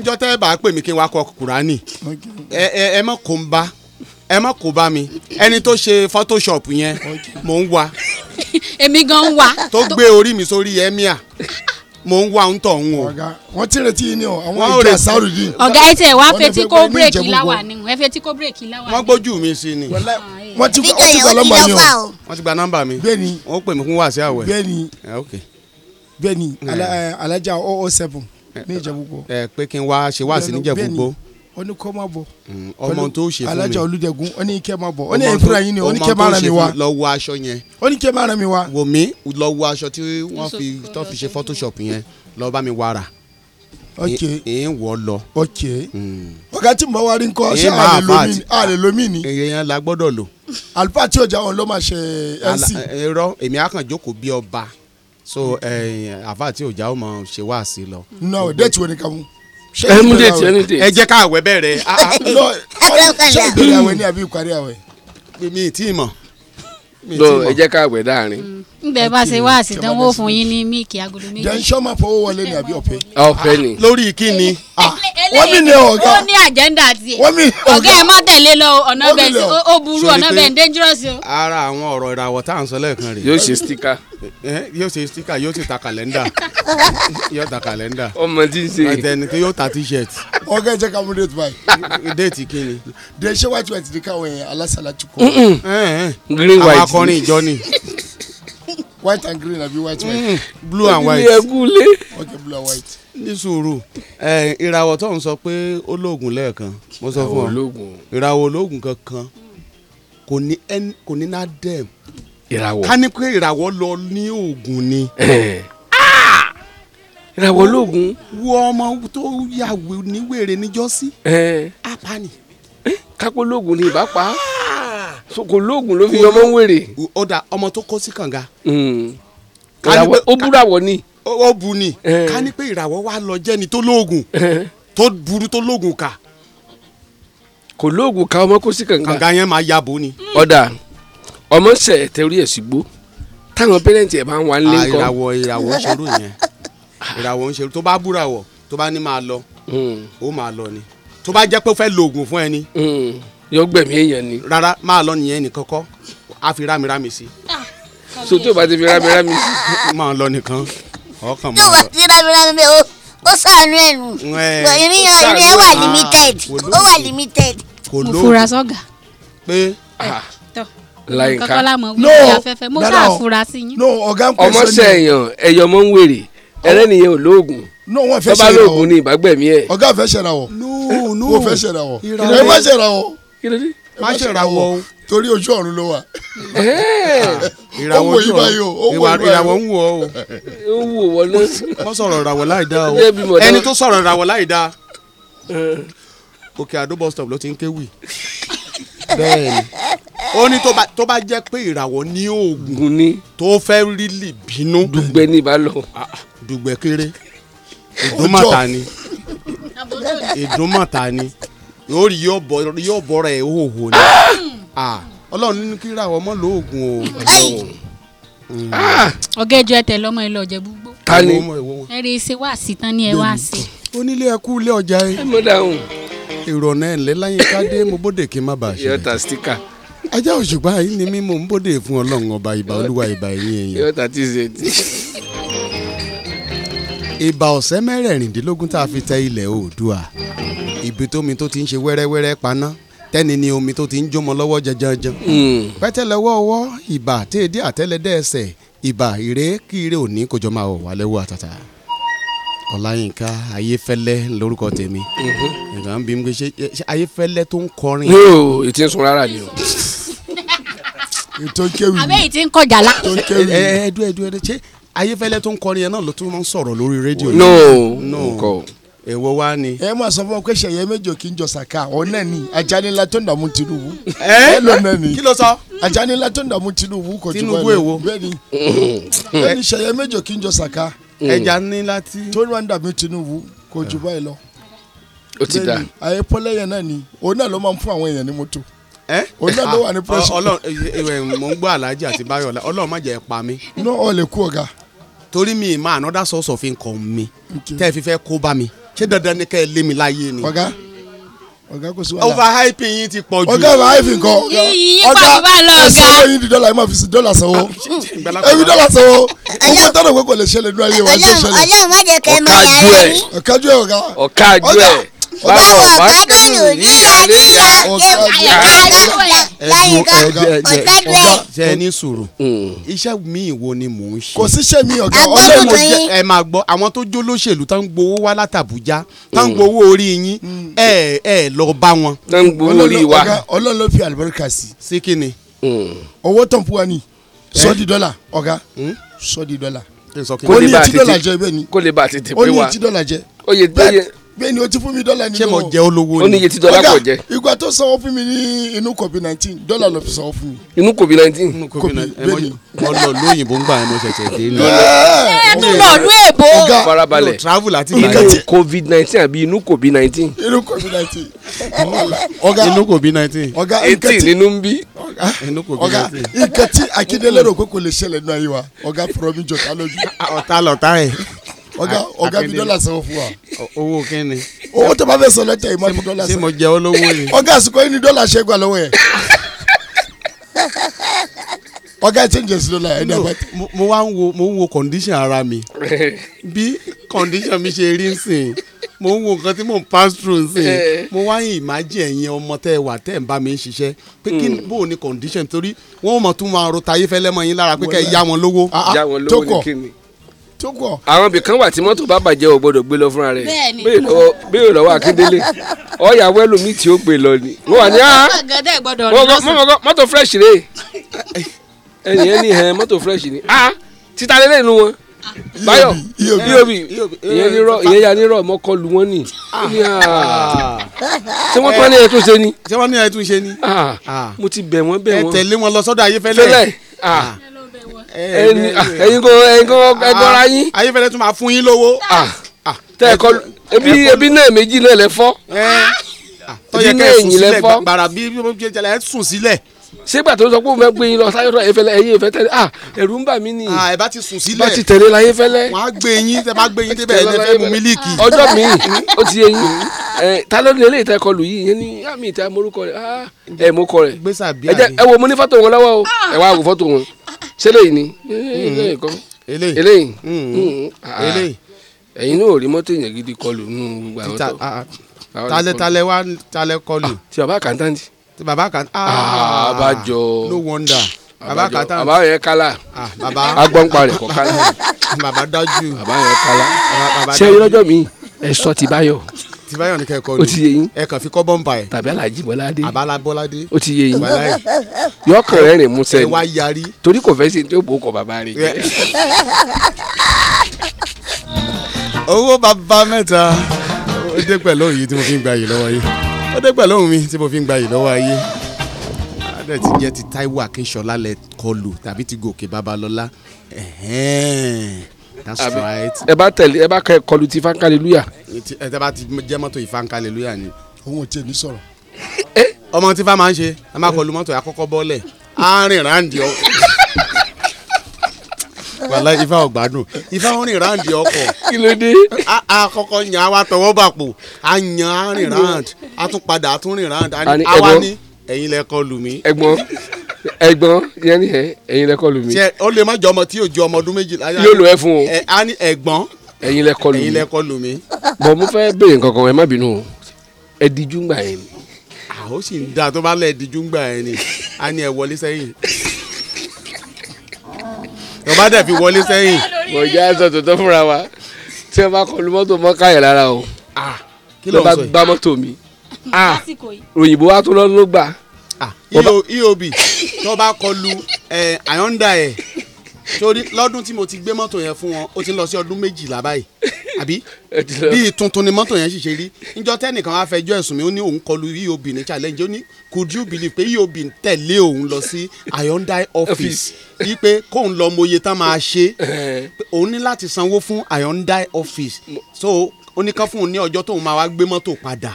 njọ́tẹ́ bá pè mí kí n wá kọ kùránì ẹ ẹ mọ̀ kó ń bá ẹ má kó bá mi ẹni tó ṣe photoshop yẹn mò ń wa. èmi gan ń wa. tó gbé orí mi sórí emir mò ń wa ń tọ̀ ń o. ọ̀gá wọ́n ti retí ni o àwọn ìjà sáwùdí. ọ̀gá ẹ tẹ̀ wá fetí kó bírèkì láwà ni ẹ fetí kó bírèkì láwà ni. wọ́n gbójú mi sí ni. wọ́n ah, eh. ti gba nọ́mbà mi o. wọ́n ti gba nọ́mbà mi. bẹ́ẹ̀ni wọ́n pè mí fún wàásù àwẹ̀. bẹ́ẹ̀ni ah, bẹ́ẹ̀ni hmm. eh, alájà 007 ní Ìjẹ̀bú Igbó. ẹ eh, pé kí n wá ṣe wàásù ní Ìjẹ̀bú Igbó ó ní kọ́ máa bọ̀. Mm, ọmọ tó ṣe fún mi alájà olùjẹ̀gùn ó ní kẹ́ máa Oni ó ní ìfura yín ni ó ní kẹ́ máa ràn mí wá. lọ wo aṣọ yẹn. ó ní kẹ́ máa ràn mí wá. wò mí wo aṣọ tí wọ́n fi tó fi ṣe photoshop yẹn lọ bá mi wá rà. ok ẹ ń wọ lọ. ok mm. ọ̀gá tí mo wá rí nǹkan lomi ni. èèyàn la gbọ́dọ̀ lò. àlùfáà tí ọjà wọn ló máa ṣe nc. ẹ̀rọ èmi á kàn jókòó bí ọba so àfáà tí ọjà wọn máa ṣe wá sí lọ. no mm. déètì wo ni kàmú ẹnu déètì ẹnu déètì. ẹ jẹ́ ká àwẹ̀ bẹ̀rẹ̀. ṣé ìbéèrè àwẹ̀ ni àbí ìparí àwẹ̀? mi ì tí ì mọ̀. ẹ jẹ́ ká àwẹ̀ dáàrin. Mm nbẹ bá ṣe wá àṣìdánwò fún yín ní míìkì agolo méjì. jẹun sọ́mà fowó wọlé ni àbí ọ̀pẹ. ọ̀pẹ ni. Ah, lórí kíni. Ah, wọ́n mi ní ọ̀gá. ó ní àjẹ́ndà tiẹ̀. wọ́n mi ní ọ̀gá. ẹ̀ má tẹ̀lé lọ ọ̀nà bẹ́ẹ̀ ó burú ọ̀nà bẹ́ẹ̀ dangerous o. ara àwọn ọ̀rọ̀ ìràwọ̀ tá à ń sọ lẹ́ẹ̀kan rè. yóò ṣe stika. yóò ṣe stika yóò sì ta kàlẹ́ndà yóò ta kàlẹ́ndà. ọmọ tí ń ṣe. àtẹnikẹ́ t-shirt. ọ̀gá ẹ jẹ́ ká mú déètì báyìí. déètì kíni. dé ṣé wàá ti green white. àwọn white and green àbí white white. Mm. blue and white. ìyẹn gúnlé. okay blue and white. ní sùúrù ìràwọ̀ tó ń sọ pé olóògùn lẹ́ẹ̀kan mo sọ fún ọ ìràwọ̀ olóògùn kankan kò ní ẹni kò ní ná dẹ́m. ìràwọ̀ ká ní pé ìràwọ̀ lọ ní oògùn ni. ìràwọ̀ olóògùn. wo ọmọ tó yàwé níwèrè níjọ́sí. apani. kápólógùn ni ìbá pa á. Ah! so kò lóògùn ló fi ọmọ ń wèrè. ó dà ọmọ tó kó sí kànga. Hmm. ó búrawọ ni. ó bu ni eh. ká ní pé ìràwọ̀ wa lọ jẹ́ni tó lóògùn eh. tó burú tó lóògùn kà. kò lóògùn ká ọmọ kó sí kànga. kànga yẹn máa yabo ni. ọ̀dà ọmọ sẹ̀ tẹ̀rí ẹ̀ sí gbó táwọn pẹ́rẹ́ǹtì ẹ̀ bá ń wá nílé ńkọ́. ìràwọ̀ ìràwọ̀ ń ṣerú yẹn ìràwọ̀ ń ṣerú tó bá búrawọ̀ tó bá ní máa lọ hmm. ó máa lọ ni tó bá jẹ́ pé fẹ́ lo fún ẹni hmm yóò gbẹ̀mí èèyàn ni. rárá máa lọ nìyẹn nìkan kọ́ a fi rámìrámì sí. Ah, so tí o bá ti fi rámìrámì sí. máa lọ nìkan ọkàn máa lọ. tí o bá ti rámìrámì bẹ́ẹ̀ o ó sànú ẹ̀ nù ìrìn ẹ̀ wà limited ah, ó wà limited. kò ló mo fura sọ́gà. pé ah, láyìnká no dada no ọ̀gá ń pèsè ní. ọmọ sẹ́yìn ẹ̀yọ́ ọmọ ń wèrè oh. ẹlẹ́nìyẹn ò lóògùn no wọn fẹ́ ṣẹlẹ̀ wọ tọ́ba lóògùn ni ìbágbẹ̀mí ẹ̀. ọ̀gá fẹ́ ṣẹlẹ̀ wọ no no wọ́n fẹ́ ṣẹlẹ̀ wọ ìràwọ̀ ẹ̀ fẹ́ ṣẹlẹ̀ wọ kí ló má ṣe ìràwọ̀ o. torí ojú ọ̀run ló wà. ìràwọ̀ ojú ọ̀run ìràwọ̀ ń wọ̀ o. ó wò wọ́n lọ. wọ́n sọ̀rọ̀ ìràwọ̀ láì dáa o ẹni tó sọ̀rọ̀ ìràwọ̀ láì dáa. Òkè Àdó bus stop ló ti ń kéwì. bẹ́ẹ̀ni ó ní tó bá jẹ́ pé ìràwọ̀ ní oògùn ni tó fẹ́ rí lì bínú. dùgbẹ́ ní ìbálò. Ah, ah, dùgbẹ́ kéré ìdúnmọ̀ta ni ìdúnmọ̀ta ni yóò rí yóò bọ rẹ ni ah, ọlọ́run ní kí ràwọ̀ mọ́ lóògùn o. ọgá ẹtẹ lọmọ ẹ lọ jẹ gbogbo. ta ni ṣe wá sí tán ni ẹ wá sí. onílé ẹkú ilé ọjà ẹ. ẹ mọ dáhùn. ìrọ̀nà ẹ̀ lẹ́láyìn mo bàa ṣe. ajá òṣùpá yìí ni fún ọba olúwa ṣe ìbà ọ̀sẹ̀ a ibi tómi tó ti ń ṣe wẹ́rẹ́wẹ́rẹ́ paná tẹ́ni ni omi tó ti ń jómọ lọ́wọ́ jẹjẹrẹ. Hmm. pẹ́tẹ́lẹ́wọ́ ọwọ́ ìbà téèdé àtẹ́lẹdẹ́ ẹsẹ̀ ìbà ìré kíire òní kòjọ máa wà lẹ́wọ́ àtàtà. ọláyínká ayéfẹ́lẹ́ lórúkọ tèmi. nǹkan mhm. bí n gbé ṣe ayéfẹ́lẹ́ tó ń kọrin. yóò ètí ń sun rárá ni o tó ń kéwì. abẹ́ yìí ń kọjá la. tó ń kéwì. ẹ ẹ ẹdú ẹdú ẹdú ṣé ayéfẹ́lẹ́ tó ń kọrin yẹn náà ló tún máa ń sọ̀rọ̀ lórí rédíò. no no èwo wá ni. ẹ máa sọ fún ọ pé sẹyẹ méjì kì í jọ sàkà ọ náà ni ajánilá tó ń dààmú Tinubu. ẹ ẹ ló náà ni kí ló sọ. ajánilá tó ń dààmú Tinubu kò jù bẹ́ẹ̀ ni bẹ́ẹ̀ ni bẹ́ẹ̀ ni sẹyẹ méjì kì í jọ sàkà. ẹja ní láti. tó ń dààmú Tinubu kò jù ah. báyìí lọ. ó ti da. ayé pọ́lẹ́yẹ náà ni òun náà ló máa ń fún àwọn èèyàn ní mọ́tò òun náà ló wà ní ah, pẹ́sì. ọlọ́run mo ń gbọ́ aláàjì mi ì another source of income mi tẹ́ mi ṣé dandan ni ká ẹ lé mi láyé ni. ọ̀gá ọ̀gá kò sí wàhálà. overhyping yín ti pọ̀ jù. ọ̀gá overhyping kan. ọ̀gá ẹ̀sán owó yín di dọ́là yín máa fi sí dọ́là sanwó. èmi ah, hmm. dọ́là sanwó. owó tọ́nà gbogbo lè ṣẹlẹ̀ nínú ayé wa ṣe ṣẹlẹ̀. ọ̀yọ́ ọ̀yọ́ ọ̀mọdé ẹ máa yára yín báwo bákẹ́lù ní àdíyà ọ̀gá ṣe ní sùúrù hmm. iṣẹ́ mi wo ni mò ń ṣe. kò síṣẹ́ mi ọ̀gá ọ̀lẹ́ mo jẹ́ ẹ máa gbọ́ àwọn tó jó lóṣèlú tá ń gbowó wá látàbújá tá ń hmm. gbowó orí yín hmm. ẹ ẹ lọ bá wọn. tá ń gbowó orí wa ọlọ́run ló fi àlùbáríkà sí. sí kí ni. owó tán fún wa ni sọ di dọ́là ọ̀gá sọ di dọ́là. kó ní etí dọ́là jẹ bẹ́ẹ̀ ni kó ní etí dọ́là jẹ bẹ́ẹ̀ ni o ti fún mi dọ́là nínú. ṣé mo jẹ́ olówó ni. ó ní iye tí dọ́là kò jẹ́. ìgbà tó sanwó fún mi ní inú covid nineteen dọ́là ló fi sanwó fún mi. inú covid nineteen. inú covid nineteen mo lọ lóyìnbó ń gbà ẹ mo ṣẹ̀ṣẹ̀ dé ní. ẹ ẹ tún lọ lú èbó. ọgá farabalẹ̀ travel àti ìgbà inú covid nineteen àbí inú covid nineteen. inú covid nineteen. ọgá inú covid nineteen. ọgá eighteen nínú ń bí. ọgá ìkẹtì akíndélérò kò kò lè ṣẹlẹ̀ náà yìí wa ọgá fọlọ́mí jọ̀tá lójú. ọ̀tá ọ̀gá ọ̀gá fi dọ́là sanwó fún wa. owó kẹ́ni. owó tó bá fẹ́ sọ lẹ́tẹ̀ yìí má fi dọ́là sanwó. ṣé mo jẹ ọ lówó yìí. ọ̀gá àsìkò yìí ni dọ́là ṣe gbà lọ́wọ́ yẹn. ọ̀gá ẹ̀ change sí dọ́là yẹn. mo wá ń wo mo ń wo condition ara mi bí condition mi ṣe rí nsìn mo ń wo nǹkan tí mò ń pass through nsìn eh. mo wá ń imagine ẹ̀yin ọmọ tẹ́ ẹ wà tẹ́ ẹ̀ ń bá mi ń ṣiṣẹ́ pé kí ni mm. bó o condition torí wọ́n mọ̀ tún máa ro tayé fẹ́lẹ́ mọ́ yín lára pé kẹ́ ẹ ah, ah, yá wọn lówó. tó kọ̀ tó kọ. àwọn ibìkan wà tí mọ́tò bá bàjẹ́ o gbọ́dọ̀ gbé lọ fúnra rẹ̀ bẹ́ẹ̀ lọ́wọ́ akíndélé ọ̀yà wẹ́lú mi tí ó gbé lọ ni. wọ́n wà ní á mọ́tò fresh rè ẹ̀yìn ẹni hẹ̀ mọ́tò fresh ni á títa lélẹ̀ nu wọn bayo bíobì ìyẹn ní rọ ìyẹn ya ah. ní rọ mọ́kọ́ lu wọ́n nì. ṣé wọ́n tún ní ẹ̀ tún ṣe ni. ṣé wọ́n ní ẹ̀ tún ṣe ni. Ah, ah. mo ti bẹ̀ wọ́n bẹ̀ wọ́n. ẹ tẹ̀lé wọn lọ sọ́dọ̀ ayé fẹ́lẹ́ ẹ̀yin kò ẹ̀yin kò ẹgbọra yín. ayé fẹlẹ tún máa fún yín lówó. tẹ ẹ ebi ebi náà méjì náà lẹ fọ. tọ́yẹ kẹ́ sùn sílẹ̀ gbàrà bí ẹ sùn sílẹ̀ sígbà tó sọ pé òun fẹ́ gbé yín lọ sáyọ́tọ̀ efẹ́lẹ́ ẹ̀yìn efẹ́ tẹ̀lé ah ẹ̀rù ń bà mí ni ah, ẹ bá ti sùn sílẹ̀ bá ti tẹ̀lé la efẹ́lẹ́. wọ́n á gbé yín tẹ́ bá gbé yín débẹ̀ ẹ̀ fẹ́ mu mílíìkì. ọjọ́ mi ó ti yé yín ẹ ta ló ní eléyìí tẹ́ kọlù yìí yẹn ní àmì ah, ìta morúkọ rẹ̀ ah, ẹ mú kọ rẹ̀ ẹ wo mo ní fọ́tò wọn lọ́wọ́ o ẹ wá wò fọ́tò wọn ṣé lè ní eh, hmm. hmm. hmm. eléyìí ẹ̀yin náà ò rí mọ́tò yẹn gidi kọlù nù gbàgbọ́tò. talẹ talẹ wa talẹ kọlù. tí ọba kàńtàǹtì baba kan aa ah, ah, abajọ no wonder baba kan tán baba yẹ kala ah, baba agbọnpa rẹ kọ kala baba dájú baba yẹ kala ṣé yọjọ mi ẹ sọ tìbáyọ tìbáyọ ni kẹkọọ ni ẹ kàn fi kọ bọmpa ẹ tàbí Alhaji Bọ́ládé abala Bọ́ládé o ti yé yín yọkàn rẹ rìn musẹ ni ẹ wá yarí torí kò fẹ́ ṣe baba rẹ jẹ. owó bàbá mẹ́ta ó dé pẹ̀lú òyìn tí mo fi gba yìí lọ́wọ́ yìí ó dé mi tí mo fi ń gba ìlọ́wọ́ ayé adẹ́ ti jẹ́ ti Táíwò Akínsọ́lá lẹ kọlù tàbí ti Gòkè Babalọ́lá that's right. ẹ bá tẹ̀lé ẹ bá kọlù ti Ifáńkálélúyà. ẹ bá ti jẹ́ mọ́tò Ifáńkálélúyà ni. òun ò tiẹ̀ sọ̀rọ̀. Eh? ọmọ tí fá máa ń ṣe ẹ máa kọlù mọ́tò yà kọ́kọ́ bọ́ọ̀lẹ̀ á rìn ráǹdì wàhálà ifá ọgbàdùn ifá wọn rìn ráǹdì ọkọ kí ló dé. àkọ́kọ́ yan awa tọwọ́ bàpò a yan a rìn ráǹdì a tún padà a tún rìn ni, àwa ní ẹ̀yin lẹ kọ lù mí. ẹ̀gbọ́n yẹn ni ẹ ẹ̀yin lẹ kọ lù mí. ṣe ó lè má jọ ọmọ tí yóò ju ọmọ ọdún méjìlá. yóò lò ẹ fún o. ẹ á ní ẹ̀gbọ́n. ẹ̀yin lẹ kọ lù mí lẹ kọ lù mí. mo fẹ́ béèrè nǹkan ẹ má bínú o ẹ díjú gbà yẹn ni. àwọn sì ń da tó bá lẹ̀ díjú gbà yẹn ni a ní ẹ wọlé sẹ́yìn ni wọ́n bá dẹ̀ fi wọlé sẹ́yìn. mo jẹ́ àìsàn tó tọ́ fúnra wa tí wọ́n bá kọlu mọ́tò mọ́ káyọ̀ lára o ló bá gbá mọ́tò mi òyìnbó wa tó lọ́ ló gbà. eob e tó bá kọlu àyọ̀ǹda ẹ̀ torí lọ́dún tí mo ti gbé mọ́tò yẹn fún wọn ó ti lọ sí ọdún méjìlá báyìí àbí bí tuntun ni mọ́tò yẹn ṣiṣẹ́ rí níjọ́ tẹ́nìkan wá fẹjọ́ ẹ̀sùn mi ó ní òun kọlu eob ní challenge ó ní could you believe pé eob ń tẹ̀lé òun lọ sí Hyundai office wípé kóun lọ mọye tán máa ṣe òun ní láti sanwó fún Hyundai office so ó ní kán fún un ní ọjọ́ tóun máa wá gbé mọ́tò padà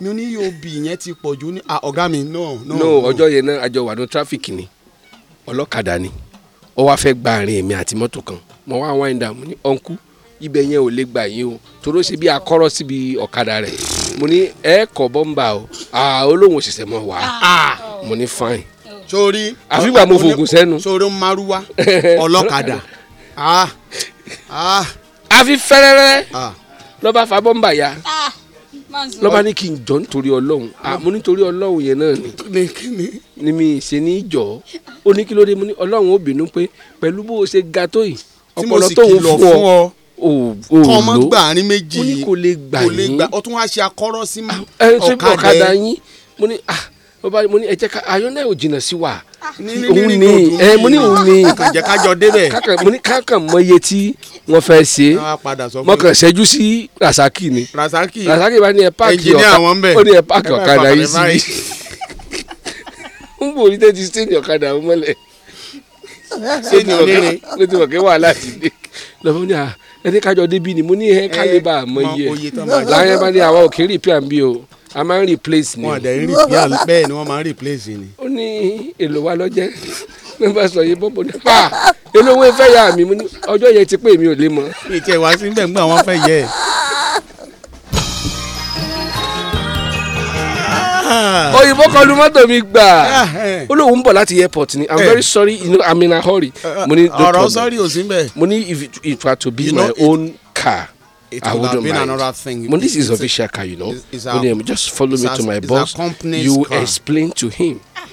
mi ò ní eob yẹn ti pọ̀ jù ah, ọ̀gá mi no no. no ọjọ́ yẹn náà àjọ wà ní tráfíkì ni ọlọ́kadà ni ó wá fẹ́ gba àárín èmi àti mọ́tò kan mo wá wind down ní ọ̀nkú ibẹ̀ yẹn ò lè gbà yín o toró ṣe bí akọ́rọ́ síbi ọ̀kadà rẹ̀ mo ní ẹ kọ bọ́m̀bà o olóhùn òṣìṣẹ́ mọ̀ wá mo ní fine. sori àfìgbà mo fògùn sẹ́nu. sori maruwa ọlọ́kadà àfi fẹ́rẹ́rẹ́ lọ́ba fa bọ́m̀bà ya lọ́ba ní kí n jọ nítorí ọlọ́run àmú nítorí ọlọ́run yẹn náà ni ni mi ṣe ní jọ ó ní kí ló dé mo ní ọlọ́run ó bínú pé pẹ̀lú bó o ṣe ga tó yìí ọpọlọ tó ń fún ọ kọ́mọ́ gbàrin méjì kò lè gbà yín ọtún wá ṣe akọ́rọ́ sí ah, ọ̀kadà yín mo ní ah mo bá mo ní ẹ jẹ́ ká ayọ́nà ò jìnnà sí wa ah, òun ni ẹ eh, mo ní òun ni jẹ́ ká jọ débẹ̀ mo ní káàkàn mọ iye tí wọ́n fẹ́ ṣe mọ̀kàn ṣẹ́jú sí rasaki ni rasaki bá ní ẹ páàkì ọ̀kadà ó ní ẹ páàkì ọ̀kadà yìí sí n kò ní tẹ́tí sẹ́ni ọ̀kadà mọ́lẹ̀ sẹ́ni ọ̀kadà ló ti mọ̀ kí wàhálà ti dé lọ́mọ ní à ah, ẹni kájọ débi ni mo ní ẹ kálí bá mọ iye láyé bá ní àwa ò kí ń repair bí o a máa ń replace ni. wọn àdàrí repair bẹ́ẹ̀ ni wọ́n máa ń replace ni. ó ní èlò wa lọ́jẹ́ ló bá sọ yìí bọ́bọ̀ ní pa èlò owó ìfẹ́ yà mí ọjọ́ yẹn ti pé mi ò lè mọ. ìtẹ̀wá sí bẹ́ẹ̀ ń gbà wọ́n fẹ́ yẹ ẹ̀. Ah. òyìnbó kọlu mọ́tò mi gbà ah, eh. ó ń bọ̀ láti airport ni i'm eh. very sorry you know i'm in a hurry eh, mo ní no problem ọ̀rọ̀ sọ́rí sí mbẹ́ mo ní if I were to be my own car I would have been mind. another thing. Well, this is official car, you know. It's, it's just follow me to my boss. You explain to him. Ah.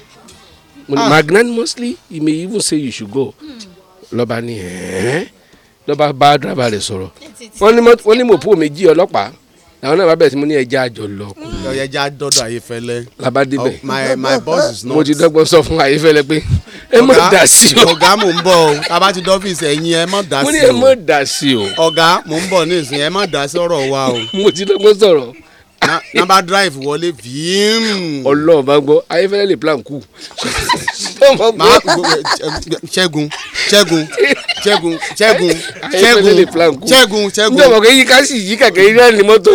ah. Magnanimously, he may even say you should go. Hmm. Lọ́ba ni ẹ̀ẹ́n lọ́ba bá dábàá rẹ̀ sọ̀rọ̀. Wọ́n ní mo pò méjì ọlọ́pàá làwọn náà bá bẹ̀rẹ̀ sí mo ní ẹja àjọlọ. ẹja àdọ́dọ̀ ayéfẹ́lẹ́. labadibẹ oh, my my boss is not. mo ti dọ́gbọ́n sọ fún ayéfẹ́lẹ́ pé ẹ má dà sí o. ọ̀gá mò ń bọ̀ o tàbá ti dọ́fíìsì ẹ̀yìn ẹ má dà sí o. mo ní ẹ má dà sí o. ọ̀gá mò ń bọ̀ ní ìsìn ẹ má dà sí ọ̀rọ̀ wa o. mo ti dọ́gbọ́n sọ̀rọ̀. nàbà drive wọlé fíìm. ọlọ́run bá gbọ́ ayéfẹ́lẹ́ lè plan kù. ṣẹ́gun ṣẹ́gun ṣẹ́gun ṣẹ́gun ṣẹ́gun ṣẹ́gun ṣẹ́gun. njẹ́ mọ̀kẹ́ yí ká sì yí kẹ̀kẹ́ yí náà ní mọ́tò.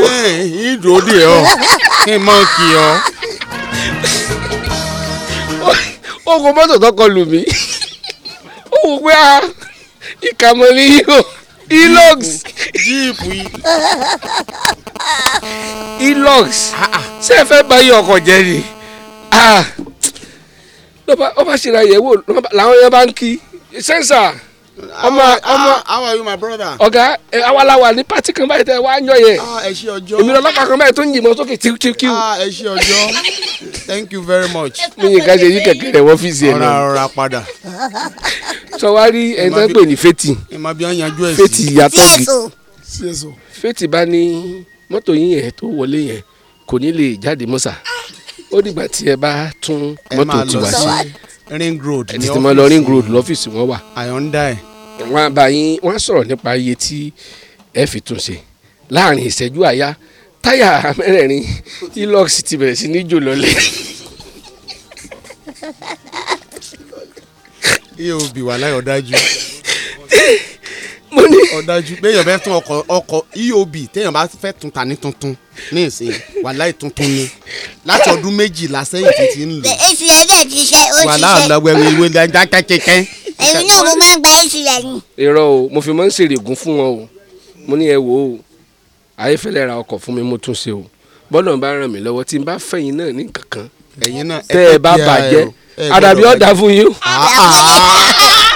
ìdò òdì ẹ̀ ọ́ kí n máa kì ọ́. oògùn mọ́tò tọkọ lù mí ó wò pé a ìkàmọ́ ni yíyó elox. jíìpù yìí. elox ṣé ẹ fẹ́ bá yí ọkọ̀ jẹ́ ni ló bá ṣe ra yẹ̀wò làwọn yẹn bá ń kí sẹ́ńsà ọmọ ọmọ how are you my brother. ọ̀gá ẹ àwa la wà ní pati kan báyìí tẹ wá ń yọ yẹ. Ah, ẹ ṣe ọjọ́ èmi lọ́lọ́pàá kan báyìí tó ń yìnbọn sókè tíkítíkí. Ah, ẹ ṣe ọjọ́ thank you very much. mi yìí ká ṣe yí kẹ̀kẹ́ rẹ̀ wọ́fíìsì ẹ̀ náà. ọ̀rọ̀ ọ̀rọ̀ padà. sọ wá rí ẹni tó ń pè ní fẹ́tì fẹ́tì yàtọ̀ gí fẹ́tì bá ní mọ́tò yín yẹn tó wọlé yẹn kò ní lè jáde mọ́sà ó dìgbà tí ẹ bá tún mọ́tò tiwa sí ring road ní ọ́fíìsì ẹni tí mo lọ ring road lọ́fíìsì wọn wà. àyọ̀ǹda ẹ̀. wọn bá yín wọn sọ̀rọ̀ nípa iye tí ẹ fi tún ṣe láàrin ìṣẹ́jú àyá táyà mẹ́rẹ̀ẹ̀rin elox ti bẹ̀rẹ̀ sí ní jò lọ́lẹ̀. iye òbí wà láyọ̀ dájú. mo ní. ọ̀dájú béèyàn bẹ́ẹ̀ tún ọkọ̀ ọkọ̀ eob téèyàn bá fẹ́ tún ta ní tuntun ní ìsìn wàláì tuntun ni láti ọdún méjìlá sẹ́yìn tó ti ń lò. èsì rẹ̀ dẹ̀ ti ṣe ó ti ṣe. wàhálà ọ̀làwẹ̀wẹ̀ ìwé dáńdá kẹ́kẹ́kẹ́. èmi náà mo máa ń gba èsì rẹ̀ ni. irọ́ o mo fi máa ń ṣèrègùn fún wọn o mo ní ẹ wò ó ayéfẹ́lẹ́ ra ọkọ̀ fún mi mo tún ṣe o bọ́lọ̀ bá ràn mí lọ́wọ́ tí n bá fẹ́yìn náà ní kankan tẹ́ ẹ bá bàjẹ́ àdàbí ọ̀dà fún yín.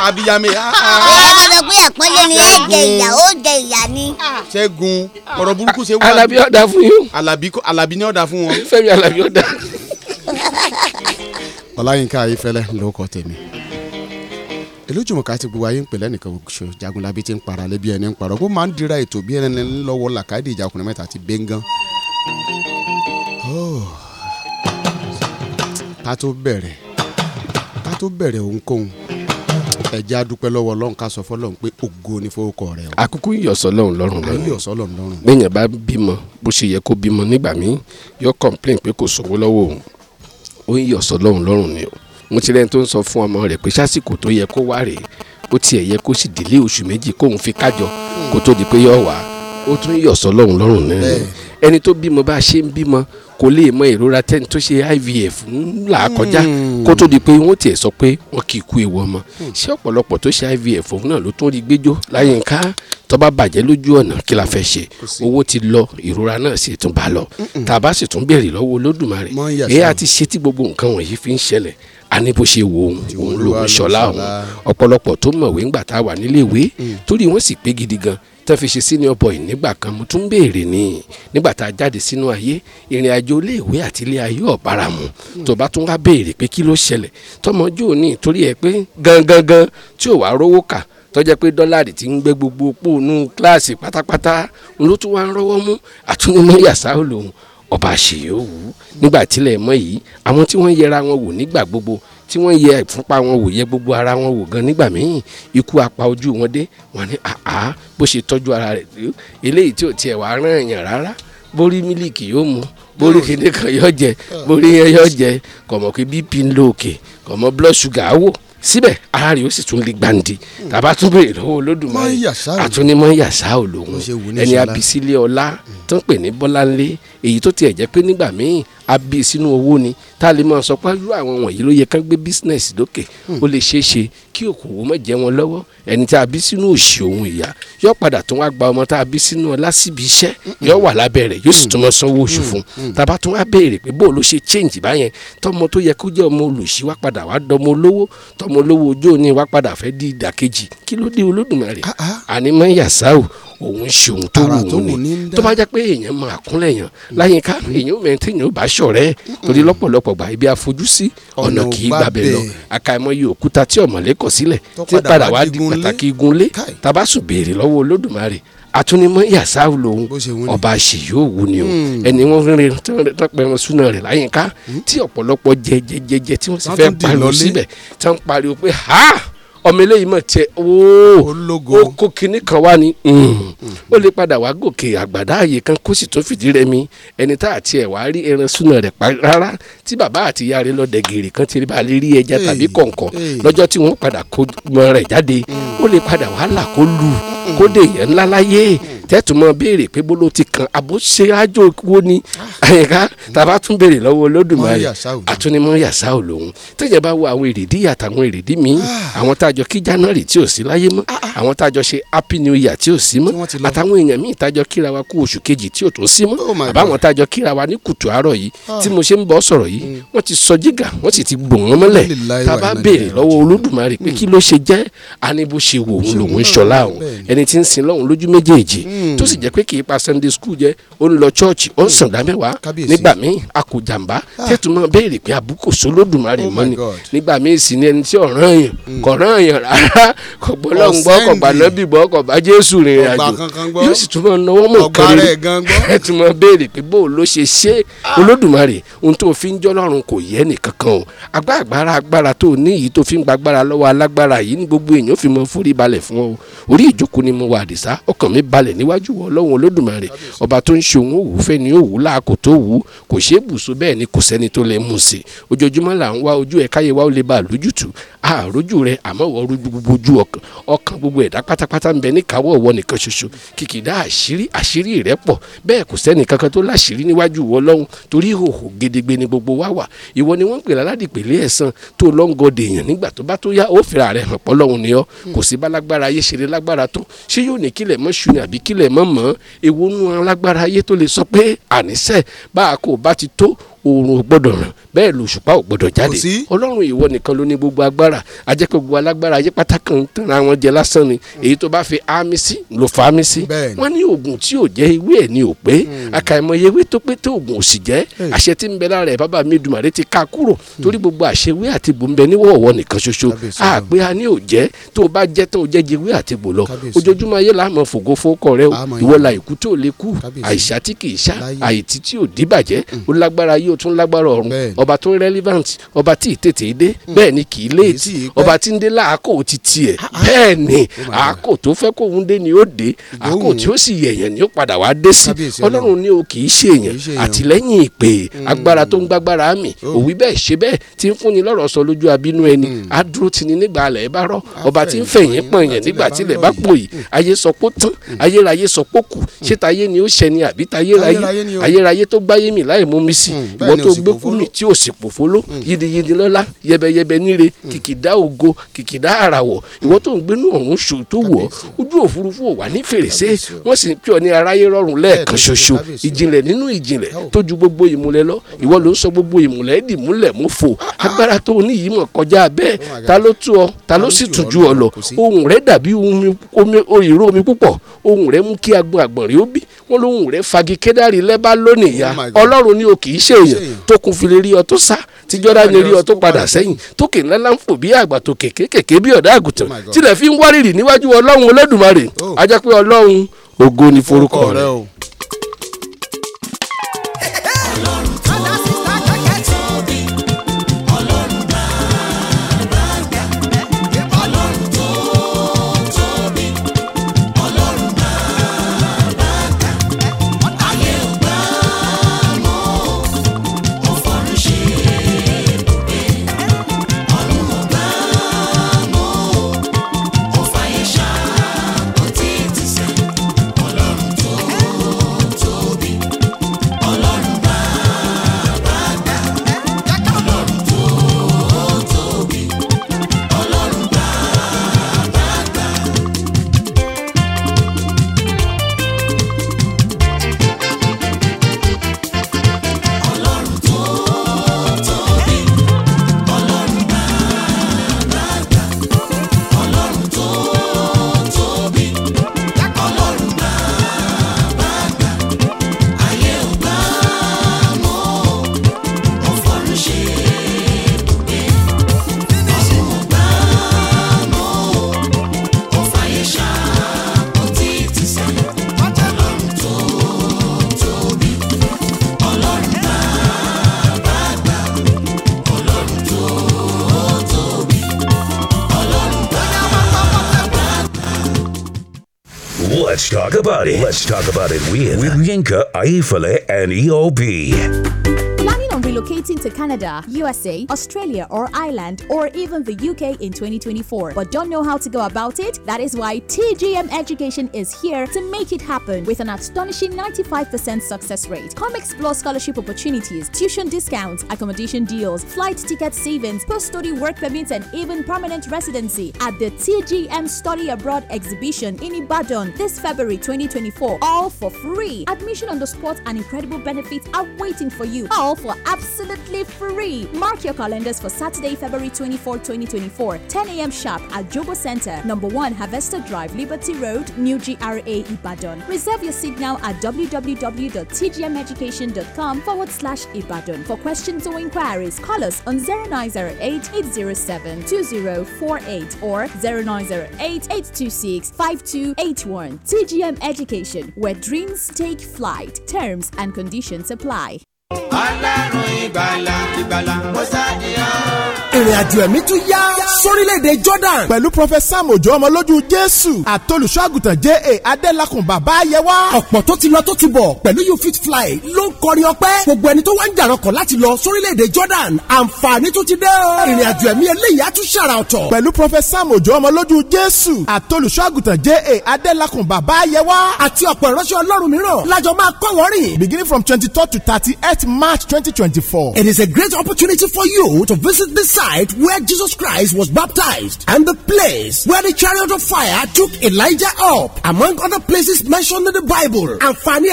àbíyamẹ́ ah, ah, ah, fún yàn pọ́nlé ni ẹ jẹ ìyà ó jẹ ìyà ni. Ah. ṣẹ́gun ah. ọ̀rọ̀ burúkú ṣe wá. Àlàbí ọ̀dà fún yín. Àlàbí ni ọ̀dà fún wọn. Fẹ́mi Àlàbí ọ̀dà. Ọláyínká Ayéfẹ́lẹ́ ló kọ tèmi elójúmọ̀ká ti gbogbo ayé ń pèlẹ́ nìkan ṣo jagunlabi ti ń para lé bí ẹni ń parọ́ bó máa ń dira ètò bí ẹni lọ́wọ́ làkàdé ìjàkùnrin mẹ́ta ti bẹ́ngàn. Oh. ká tó bẹ̀rẹ̀ ká tó bẹ̀rẹ̀ ohunkóhun ẹ̀jẹ̀ adúpẹ́ lọ́wọ́ ọlọ́run ká sọ fọlọ́run pé ògo ni fowókọ rẹ o. àkókò ìyọ̀sọ́ lọ́run lọ́run lọ́run ìyọ̀sọ́ lọ́run lọ́run. bẹ́ẹ̀yẹn bá bímọ bó ṣe yẹ kó bímọ nígbà míì yóò complain pé kò sówó lọ́wọ́ òun ó ń yọ̀sọ́ lọ́run lọ́run ni o. mo ti rẹ́ni tó ń sọ fún ọmọ rẹ̀ pé sásìkò tó yẹ kó wá rèé ó tiẹ̀ yẹ kó sì délé oṣù méjì kóun fi kájọ kó tó di pé yóò wá ó tún yọ̀sọ́ lọ́run lọ́run nínú ẹni tó bímọ bá a ṣe ń bímọ kò lè mọ ìrora tẹ́ni tó ṣe IVF ńlá kọjá hmm. kó tó di pé wọ́n tiẹ̀ sọ pé wọ́n kì í kú ewu ọmọ hmm. ṣé ọ̀pọ̀lọpọ̀ tó ṣe IVF òun náà ló tún rí gbẹ́jọ́ láyé nká tó bàjẹ́ lójú ọ̀nà kí la fẹ́ ṣe owó ti lọ ìrora náà sì tún bá lọ tàbá sì tún bẹ̀rẹ̀ lọ́wọ́ Olódùmarè èyí àti ṣe tí gbogbo nǹkan wọ̀nyí fi ń ṣẹlẹ̀ a ní bó ṣe wo òun òun lòun ṣọlá òun ọ̀pọ̀lọpọ̀ tó mọ̀wé ńgbà tá a wà níléèwé mm. torí wọ́n sì pé gidi gan-an tó fi ṣe senior boy nígbà kan mo tún béèrè ní nígbà tá a jáde sínú ayé ìrìn àjò iléèwé àti ilé ayé ọ̀bára mu hmm. tó bá tún wá béèrè pé kí ló ṣẹlẹ̀ tọmọjú òní torí ẹ pé gangan tí ò wá rówó kà tọ́jẹ́ pé dọ́làdì ti ń gbé gbogbo póònù kíláàsì pátápátá ló tún wá ń rọ́wọ́ mú àtúnimọ̀ yàsá olóhùn ọba àṣeyọ̀wù nígbà tílẹ̀ mọ́ yìí àwọn tí wọ́n yẹra wọn wò nígbà gbogbo tí wọ́n yẹ ìfúnpá wọn wò yẹ gbogbo ara wọn wò gan nígbà míì ikú apá ojú wọn dé wọn ní àá bó ṣe tọ́jú ara rẹ̀ tó eléyìí tí ò tiẹ̀ wàá rán èèyàn rárá bórí mílìkì yóò mu bórí kìnní kan yóò jẹ bórí yẹn yóò jẹ kọ̀mọ̀ pé bp ń lo òkè kọ̀mọ̀ blood sugar wò síbẹ̀ ara rẹ̀ ó sì tún lè gbàǹdì tàbá tún bèrè lọ́wọ́ olódùmarè àtúnímọ̀ yàsá olóhùn ẹni abisílẹ̀ ọlá mm. tó ń pè ní bọ́láńlé èyí tó tiẹ̀ jẹ́ pé nígbà míì àbí sínú owó ni tá a lè máa sọ pé irú àwọn wọ̀nyí ló yẹ ká gbé business lókè hmm. ó lè ṣeé ṣe kí òkòwò má jẹ wọn lọ́wọ́ ẹni tá a bí sínú òṣì òun ìyá yóò padà tún wá gba ọmọ tá a bí sínú ọlá síbi iṣẹ́ hmm. yóò wà lábẹ́ rẹ̀ yóò sì hmm. tún máa sanwó oṣù fún un tàbá tún wá béèrè pé bó ló ṣe change báyẹn tọmọ tó yẹ kó jẹ́ ọmọ olùṣí wá padà wá dọmọ olówó tọmọ olówó ọjọ́ ni wá padà fẹ́ di ìdàkejì kí ló dé Olódùmarè ah, ah. àní mọ́ yàsáwò òun ṣe òun tó wù ú ni tó bá jẹ́ pé èèyàn máa kúnlẹ̀ yàn láyìnká èèyàn ò mẹ́rin tí èèyàn ò bá ṣọ̀rẹ́ torí lọ́pọ̀lọpọ̀ gbà ibi àfojúsí ọ̀nà kì í gbàbẹ̀ lọ àkàìmọye òkúta tí ọ̀mọ̀lé kọ̀ sílẹ̀ tí padà wá di pàtàkì igunlé tabasùn béèrè lọ́wọ́ olódùmarè àtúnímọ̀ yasawu lòun ọba ṣèyóòwú ni o hmm. ẹni wọn rere tọpẹrun súná rẹ láyìnká hmm. tí ọ̀pọ̀lọpọ̀ jẹjẹjẹjẹ tí wọ́n sì fẹ́ pariwo síbẹ̀ tí wọ́n pariwo pé ha ọmọ eléyìí mọ̀ tiẹ̀ ó kó kinní kan wá ni mm, ó lè padà wá gòkè àgbàdo ààyè kan kó sì tó fìdí rẹmi ẹni tá àti ẹ̀ wá rí ẹran súná rẹ̀ pa rárá tí bàbá àti ìyá rẹ̀ lọ́dẹ gèrè kan ti rí balẹ̀ rí ẹja tàbí kọ̀ǹkọ̀ lọ́jọ́ tí wọ́n padà kó mọ rẹ̀ jáde ó lè padà wá là kó lu kó dè yẹn ńlá láyé tẹ́tùmọ̀ béèrè pé bó ló ti kàn àbó ṣe ájò wo ni àyíká ah. tàbá tún béèrè lọ́wọ́ olódùmarè àtúnímọ̀ yàsá ò lòun tẹ̀yẹ̀ bá wo àwọn èrèdí àtàwọn èrèdí míì ah. àwọn tájọ kí january tí ò sí láyé mọ́ ah, àwọn tájọ ṣe happy new year tí ò sí mọ́ àtàwọn èèyàn míì tájọ kíra wa kú oṣù kejì tí ò tó sí mọ́ oh àbáwọn tájọ kíra wa ní kùtù àárọ̀ yìí tí mo ṣe ń bọ́ sọ̀rọ̀ yìí mm. wọ́n ti sọ jígà wọ́n sì ti gbò wọ́n mọ́lẹ̀ tàbá béèrè lọ́wọ́ mm. olódùmarè pé kí ló ṣe jẹ́ àní ṣe wò lòun ṣọlá òun ẹni tí ń sin lọ́hùn lójú méjèèjì mm. Hmm. tó sì jẹ́ pé kì í pa sunday school jẹ́ ó ń lọ chọ́ọ̀chì ó ń sànlá hmm. mẹ́wàá nígbà míì àkójàmbá ah. tẹ́tùmọ̀ béèrè pé àbúkò sólódùmarè oh mọ́ ni nígbà míì sì ni ẹni tí ọ̀ràn yàn hmm. kọ̀ràn yàn rárá kò gbọ́ lọ́n gbọ́ kò bá nọ́bì gbọ́ kò bá jésù rìnrìn àjò yóò sì túmọ̀ náwó mọ̀ kárí ẹ̀tùmọ̀ béèrè pé bó ló ṣe ṣe ah. olódùmarè ohun tó fi ń jọ́lọ́run kò yẹ nìkankan o agbára agbára tó ni níwájú ọlọ́run olódùmarè ọba tó ń ṣe òun òwú fẹ́ ni òwú láàkó tó wù ú kò ṣe é bùsùn bẹ́ẹ̀ ni kò sẹ́ni tó lè mú un sí ojoojúmọ́ là ń wá ojú ẹ̀ káyé wa ó lè bá a lójútù àròjù rẹ àmọ́ wọ́n rú gbogbo ojú ọkàn ọkàn gbogbo ẹ̀dá pátápátá ń bẹ níkàáwọ́ ọwọ́ nìkan ṣoṣo kìkìdá àṣírí àṣírí rẹ pọ̀ bẹ́ẹ̀ kò sẹ́ni kankan tó láṣírí níwájú ìwọ lọ́hùn torí ìhòhò gedegbe ni gbogbo wa wà ìwọ ni wọ́n ń pè láládìpẹ̀lẹ́ ẹ̀sán tó lọ́ngọ̀dẹ̀ èèyàn nígbà tó bá tó yá ó rẹ̀ hàn pọ́ lọ́hùn ni ọ́ kò sí bá lágbára ayé ṣeré lágbára tó ṣé yóò ní kílẹ̀ mọ́ṣú ni àbí k kílẹ̀ mọ́ mọ́ èwo nu alágbára ayé tó lè sọ pé àníṣe bá a kò bá ti tó oòrùn ò gbọ́dọ̀ ràn bẹ́ẹ̀ lòṣùpá ò gbọ́dọ̀ jáde ọlọ́run ìwọ nìkan ló ní gbogbo agbára ajẹ́pẹ́ gbogbo alágbára ayé pátákì ń tàn àwọn jẹ lásán ni èyí tó bá fi ámì sí ló fa ámì sí wọ́n ní oògùn tí ò jẹ́ ewé ẹ̀ ni ò pé hmm. àkàìmọye ewé tó pé tó oògùn ò sì jẹ́ àṣẹ tí ń bẹ lára ẹ̀ bàbá mi dùmàrè ti ká kúrò hmm. torí gbogbo àṣewé àti gbò ń bẹ níwọ̀wọ̀ nìkan ṣoṣo àpé a ní ò jẹ́ tó bá jẹ́ tó jẹ́ jewé àti gbò lọ ojoojúmọ́ ayé la fògo fókọ̀ rẹ ìwọ la ìkú tó lè kú àìsà kì í ó tún lágbára ọ̀run ọba tó relevant ọba tí tètè dé hmm. bẹ́ẹ̀ ni kì í léètì ọba tí ń dé láàkó ti tiẹ̀ ah, ah. bẹ́ẹ̀ ni àákò tó fẹ́ kó òun dé ni ó dé àákò tí ó sì yẹ̀yàn ni ó padà wá dé sí ọlọ́run ni o kì í ṣe èèyàn àtìlẹ́yìn ìpè hmm. agbára tó ń gbágbára mi oh. òwí bẹ́ẹ̀ ṣe bẹ́ẹ̀ tí ń fúnni lọ́rọ̀ sọ lójú abínú ẹni á hmm. dúró ti ni nígbà alẹ́ bá rọ ọba tí ń fẹ̀yìn pọ̀nyàn nígbà tilẹ̀ bá pò yìí ayé sọ pó tán ayérayé sọ pó kù ṣé tayé ni ó ṣẹ ni àbí tayérayé ayérayé tó gbáyé mi láì mú mi sí ìwọ tó gbé kúlù tí ò sì pòfóló hmm. yidiyidi lọ́lá yẹbẹyẹbẹ níre hmm. kìkìdá ògo kìkìdá àràwọ̀ ìwọ tó ń gbénú ọ̀run ṣù tó wọ̀ ojú òfurufú ò wà ní fèrèsé wọ́n sì ń pè ọ́ ní aráyé rọrùn lẹ́ẹ̀kan ṣoṣo ìjìnlẹ̀ nínú ìjìnlẹ̀ tó ju gbogbo ìmùlẹ̀ lọ ìwọ ló ń sọ gbogbo ìmùlẹ̀ dì múlẹ̀ mú fò ah, ah. agbára tó o ní yìí mọ̀ kọjá bẹ́ẹ̀ oh ta ló tú ọ ta ló sì tún ju ọ lọ ohùn rẹ dàbí ìró omi púpọ̀ ohùn rẹ mú kí agbọ̀n àgbọ̀n rí ó bí wọ́n lóhùn rẹ fagi kédárì oh o kì í ṣe èèyàn tó kun fi lè rí ọ tó sá tí Jọ́dánì rí ọ tó padà sẹ́yìn tókè ńláńlá ń fò bí àgbà tó kékèké bí ọ̀dà àgùntàn oh tilẹ̀ fi ń wárìrì níwájú ọlọ́run olódùmarè oh. a pé ọlọ́run ògo ni forúkọ rẹ̀. Let's talk about it. Let's talk about it with, with Yinka, Aifale, and EOB. Planning on relocating to Canada, USA, Australia, or Ireland, or even the UK in 2024, but don't know how to go about it? That is why TGM Education is here to make it happen with an astonishing 95% success rate. Come explore scholarship opportunities, tuition discounts, accommodation deals, flight ticket savings, post study work permits, and even permanent residency at the TGM Study Abroad exhibition in Ibadan this February 2024, all for free. Admission on the spot and incredible benefits are waiting for you, all for absolutely completely free. Mark your calendars for Saturday, February 24, 2024, 10 a.m. sharp at Jobo Center, number 1 Harvester Drive, Liberty Road, New GRA, Ibadan. Reserve your seat now at www.tgmeducation.com forward slash Ibadan. For questions or inquiries, call us on 0908 807 2048 or 0908 826 5281. TGM Education, where dreams take flight. Terms and conditions apply. ọlọ́run ìgbàlà ìgbàlà mọ́sáàdìyàn ìrìnàjò ẹ̀mí tún yá sórílẹ̀-èdè Jordan pẹ̀lú Prophet Sam Ojo ọmọlójú Jésù àtolùṣọ́àgùtàn J.A. Adélakùn bàbá ayẹwà. ọ̀pọ̀ tó ti lọ tó ti bọ̀ pẹ̀lú you fit fly ló ń kọrin ọpẹ́ gbogbo ẹni tó wá ń jàrọ̀kọ̀ láti lọ sórílẹ̀-èdè Jordan àǹfààní tún ti dé o. ìrìnàjò ẹ̀mí eléyìí á tún ṣàrà ọ̀tọ̀ pẹ̀lú Prophet Sam Ojo ọmọlójú Jésù àtolùṣọ́àgùtàn J.A. Adélakùn bàbá ayẹwà àti ọ̀pọ̀ ìránṣẹ́ Ọlọ́run mìíràn lájọ máa kọ́ wọ́n rìn beginning from twenty to thirty 28 March 2024. It is a great opportunity for you to visit the site where Jesus Christ was baptized and the place where the chariot of fire took Elijah up, among other places mentioned in the Bible. And finally,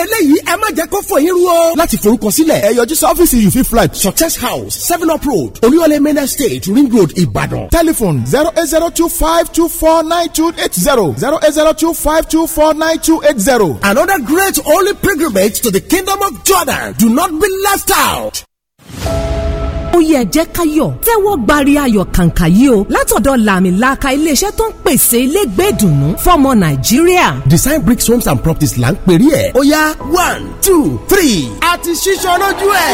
ẹ má jẹ́ kó fò yín rú o. Láti forúkọsílẹ̀, ẹ yọjú sí ọ́fíìsì yìí fi Success House, Seven Up Road, Olúyọ̀lé Main Estate, Ring Road, Ibadan. Telephone zero eight zero two five two four nine two eight zero zero eight zero two five two four nine two eight zero. Another great holy pilgrimage to the kingdom of Jordan. Do not be left out. ó yẹ jẹ́ ká yọ̀ tẹ́wọ́ gbari ayọ̀ kàǹkà yìí o látọ̀dọ̀ làmìlaka iléeṣẹ́ tó ń pèsè ilégbèé dùnú fọmọ nàìjíríà. design bricks homes and properties là ń pèrè ẹ̀ ó yá one two three àti ṣíṣọ́ lójú ẹ̀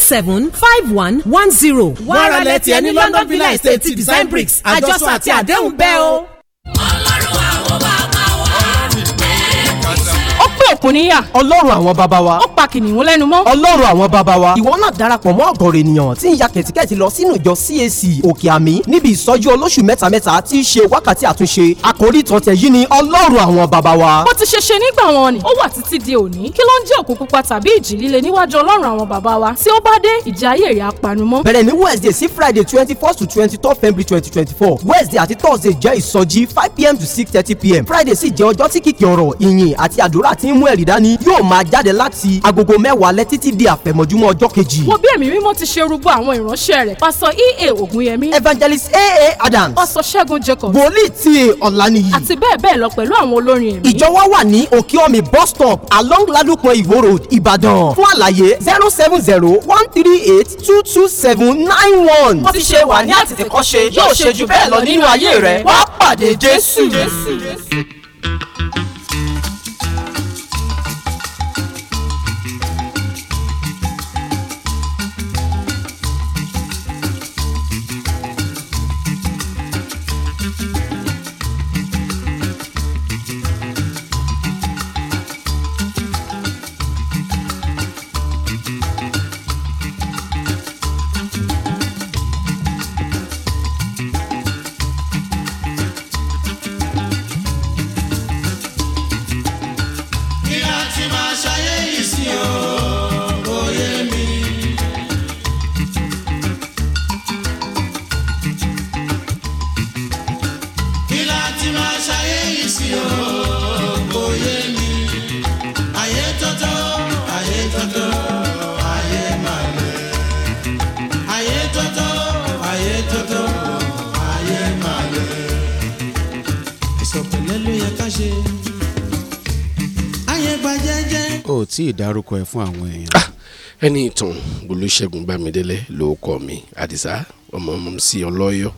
seven five one one zero. wàrà lẹ́tì ẹni London Villa Estate ti Design Bricks àjọṣọ àti àdéhùn bẹ́ẹ̀ o. ọlọ́run àwọn bá kò níyà. ọlọ́run àwọn bàbá wa. ó pa kìnìún lẹ́nu mọ́. ọlọ́run àwọn bàbá wa. ìwọ náà darapọ̀ mọ́ ọ̀gọ̀rọ̀ ènìyàn tí ń ya kẹ̀tíkẹ̀tì lọ sínú ìjọ CAC òkè àmì níbi ìsọjú olóṣù mẹ́tamẹ́ta tí í ṣe wákàtí àtúnṣe àkórí tọ̀tẹ̀ yìí ni ọlọ́run àwọn bàbá wa. bó ti ṣe ṣe nígbà wọn ni ó wà títí di òní kí ló ń jẹ́ òkú pupa tàbí ìjì líle níwájú ọlọ́run àwọn bàbá wa tí ó bá dé ìjì ayé rẹ̀ apanumọ́. bẹ̀rẹ̀ ní wednesday sí friday twenty first to twenty third february twenty twenty four wednesday àti thursday jẹ́ ìsọjí five pm to six thirty pm friday sì jẹ́ ọjọ́ tí kìkì ọ̀rọ̀ ìyìn àti àdúrà ti ń mú ẹ̀rí dání yóò máa jáde láti agogo mẹ́wàá alẹ́ títí di àfẹ̀mọ́júmọ́ ọjọ́ kejì. wo bí ẹ̀mí mímọ́ ti ṣe rúbọ àwọn ìránṣẹ́ rẹ̀ pásọ ea ògúnyẹmí. evangelist aa adams. pásọ ṣẹ́gun jacob. wòlíì ti ọ̀lànìyí. àti bẹ́ẹ̀ bẹ́ẹ̀ lọ pẹ̀lú àwọn olórin ẹ̀mí. ìjọ wà ní òkè ọ̀mì bus stop along ládùpọ̀ ìwó road ìbàdàn fún àlàyé zero seven zero one three eight two two seven nine one. wọ́n ti ṣe wà ní àtètèkọ́ṣe yóò ṣe jù bẹ́ẹ̀ lọ nínú ayé rẹ̀ wá pàdé jésù. jésù jésù. dárúkọ ẹ fún àwọn èèyàn. Ah, ẹni ìtàn olùṣègùn bámidélé ló kọ mi àdìsá ọmọ ọmọ sí ọlọ́yọ̀.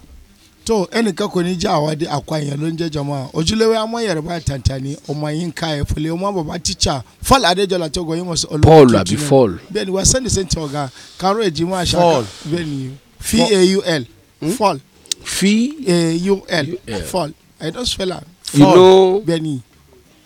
tó ẹnìkan kò ní jẹ́ àwọ̀dé àkọ́ èèyàn ló ń jẹ́ jọmọ́ ojúlówó amọ́ yẹ̀rẹ̀bá tàǹtàní ọmọ yín ká ẹ̀ fúlẹ̀ ọmọ bàbá tíṣà fọl adéjọlá tó gọ yín sí olùkọ́ bẹ́ẹ̀ni wà sẹ́ni sẹ́ni ọ̀gá f-a-u-l fọl f-a-u-l fọl i don spell am. you know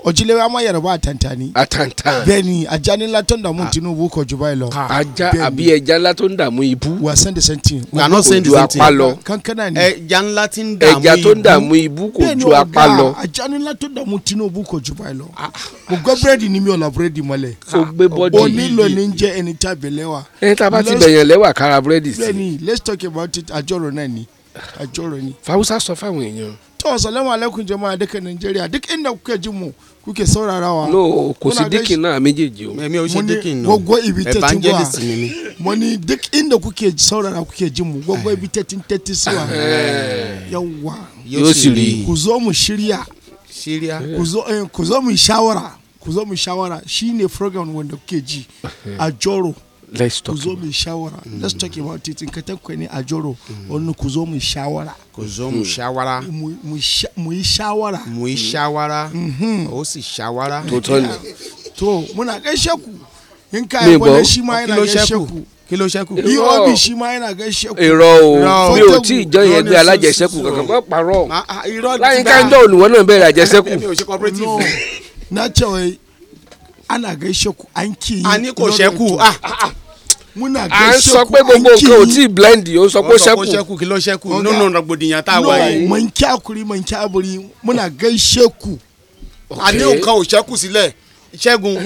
ọ̀jìnlẹ̀ wa mọ̀ yẹ̀rẹ̀ wá àtàntàní. àtàntàn. bẹ́ẹ̀ni ajá ńlá tó ń dààmú ah. tinubu kọ jù báyìí lọ. ajá àbí ẹja ńlá tó ń dààmú ibú. wà á sẹ́ndẹ̀ sẹ́ntì. wà á sẹ́ndẹ̀ sẹ́ntì. kò ni. ẹja ńlá tí ń dààmú ibú. ẹja tó ń dààmú ibú kò ju apá lọ. ajá ńlá tó ń dààmú tinubu kọ jù báyìí lọ. mo gbé búrẹ́dì ni mi ò la búrẹ́dì mọ́lẹ̀. o gbé bọ́dì yìí. o let's talk about it àjọrò náà ni àjọrò ni. fawusa sọ fáwọn èèyàn. tọ́wọ̀ sọ lẹ́wọ̀n alẹ́kùnjẹ́ máa dẹ́kẹ̀ nàìjíríà dẹ́kẹ̀ ẹ̀ ń kẹ́jú mu sọ́ra kuke wa. no kò sí dikki náà méjèèjì o mi o ṣe dikki no gbogbo ibi tẹ́tí wa mo ni duk inda sọ́ra saurara kuke jí mu gbogbo eh. ibi tẹ́tí tẹ́tí sí wa. Eh. yóò wá yóò sì rí ku zo mu shirya shirya ku zo eh, mu shawara ku zo mu shawara shine program wanda kuke ji a joro let's talk ku zo mu shawara mm. let's talk about it in katanku ne a joro wannan ku zo mu shawara ku zo mu shawara mu yi shawara mu yi shawara o oh, si shawara to muna gaishe ku in ka yi wani shi ma yana gaishe ku kí ló ṣẹ́kù. eob ṣì máa ń ràgẹ́ ṣẹ́kù. irọ́ o mi ò tí ì jọ yẹn gbé alájẹsẹ́kù kankan kó parọ́ o ah, ah, láyínká ń dọ̀ olùwọ́n náà bẹ̀rẹ̀ àjẹsẹ́kù. natural eh, ana gaishe ku an ki yi. Ah, ah, ah. a ní kò ṣẹ́kù ah múnà gé sẹ́kù à ń sọ pé gbogbo nǹkan ò tí ì blend ó sọ pé sẹ́kù ó sọ pé sẹ́kù kí ló sẹ́kù nínú rògbòdìyàn tá a wà yìí. mọ̀ n kí akuri mọ̀ n kí abori múnà gé sẹ́kù. àní nǹkan ò sẹ́kù sílẹ̀ ṣẹ́gun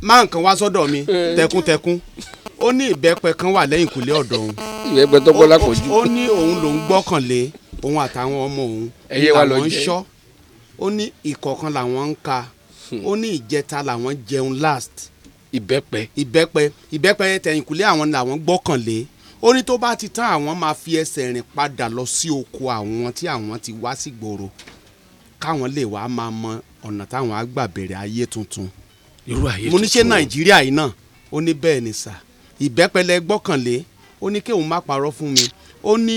má nǹkan wá sọ́dọ̀ mi eh. tẹkuntẹkun ó ní ìbẹ́pẹ kan wà lẹ́yìn kùlé ọ̀dọ̀ òun. ìbẹ́pẹ tó gbọ́ lápòjú. ó ní òun lòún gbọ́kànlé òun àtàwọn ọmọ òun. ẹyẹ wa lọ jẹ ó ní ìkọ̀ọ̀kan làwọn ń ka ó ní ìjẹta làwọn jẹun last. ìbẹ́pẹ. ìbẹ́pẹ ìbẹ́pẹ tẹ̀yìnkùlé àwọn làwọn gbọ́kànlé ó ní tó bá ti tán àwọn máa fi ẹsẹ̀ rìn padà lọ sí oko àwọn tí àwọn ti wá sí gbòòrò káwọn lè wá máa mọ ọ̀nà táwọn á gbà bẹ̀rẹ̀ ayé tuntun. irú ayé tuntun mo ní ṣe nàìjíríà yìí náà ó ní bẹ́ẹ̀ ni sà ìbẹ́pẹlẹ gbọ́kànlé ó ní kéwọn má parọ́ fún mi ó ní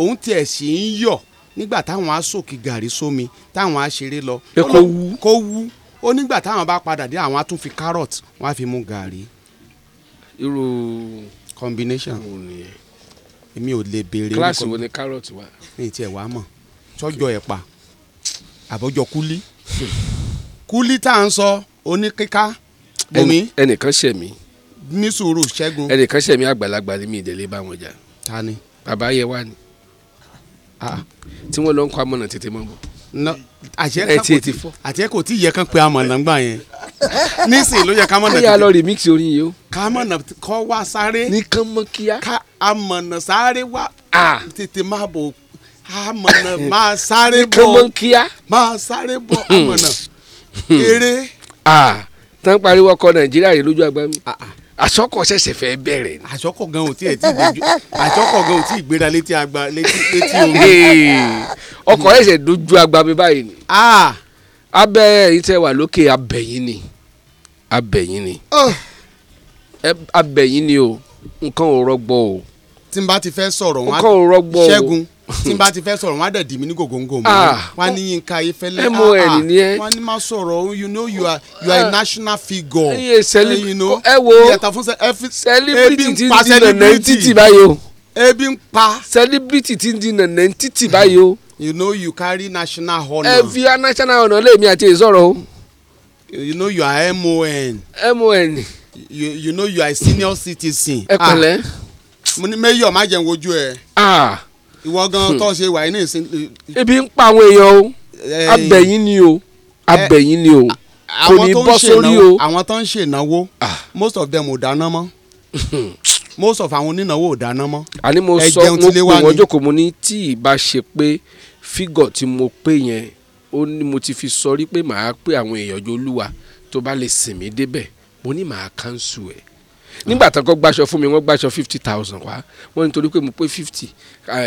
òun tiẹ̀ sì ń yọ̀ nígbà táwọn asòkè gàrí sómi táwọn aṣeré lọ. pé kó wú kó wú ó nígbà táwọn bá padà dé àwọn á fi carrot wọn á fi mú gàrí. irú. combination èmi ò lè béèrè. kíláàsì wo ni carrot wà. ní tiẹ̀ wàá mọ̀ sọ́jọ́ ẹ̀pà àbọ̀jọ kúlí kúlí tá à ń sọ oníkíká bomi. ẹnìkan ṣẹ̀ mí. ní sùúrù ṣẹ́gun. ẹnìkan ṣẹ̀ mí àgbàlagbà ni mi ìdẹ́lẹ́ bá wọn jà. ta ni. bàbá yẹ wá ni Ah, tí wọ́n lọ ń kọ amọ̀nà tètè mọ́ bọ̀. àti ẹ kò tí yẹ kán pe amọ̀nà gbà yẹn nísìnyí ló yẹ ká mọ̀nà tètè. kíyà lọ remix orin yìí o. ká mọ̀nà kọ́ wá sáré. ní kán mọ́ kíá. ká amọ̀nà sáré wá tètè máa bọ̀ amọ̀nà máa sáré bọ̀ ní kán mọ́ kíá. máa sáré bọ̀ amọ̀nà eré. tán pariwo ọkọ nàìjíríà rè lójú agbami. Ah, ah àsọkọ ṣẹ̀ṣẹ̀ fẹ́ bẹ̀rẹ̀ ni. àsọkọ gan o tí ẹ ti dojú àsọkọ gan o tí ìgbéra létí agba létí létí omi. ọkọ ẹsẹ dojú agba mi báyìí ni. Ah! abẹ yìí tẹ wà lókè abẹyìn ni abẹyìn ni oh! abẹyìn ni o nǹkan ò rọgbọ o. tí n bá ti fẹ́ sọ̀rọ̀ wọn á ṣẹ́gun tí n bá ti fẹ́ sọ̀rọ̀ wọn á dẹ̀ dì mí ní gògóńgò mọ́ ah. wọn ní Yínká Ayéfẹ́lẹ́ mon ah, ah. ni ẹ wọn á ní má sọ̀rọ̀ you know you are you are a national figure eh, ẹ wo celebrity ti di nànà títì báyìí o ebi ń pa celebrity ti di nànà títì báyìí o. you know you carry national honour. ẹ fi national honour lèmi àti ìsọ̀rọ̀ o. you know you are mon. mon. you, know you are a senior citizen. ẹ pẹ̀lẹ́. mo ní mayor má jẹun wojú ẹ. ah ìwọ gan hmm. tó ṣe wà ní ìsìn. Eh, ebi ń pa àwọn èèyàn o eh, abẹ̀yìn ni o eh, abẹ̀yìn ni o kò ní bọ́ sórí o. àwọn tó ń ṣènáwó ah. most of them ò dáná mọ́ most of àwọn onínáwó ò dáná mọ́. àní mo sọ mo pè wọ́n jókòó mo ní tí ìbá ṣe pé fígọ̀ tí mo pè yẹn ó ní mo ti fi sọ rí pé màá pé àwọn èèyàn jọ olúwa tó bá lè sìn mí débẹ̀ mo ní màá kánṣu ẹ̀ nígbà tó kọ́ gbaṣọ fún mi wọ́n gbaṣọ fifty thousand wá wọ́n nítorí pé mo pé fifty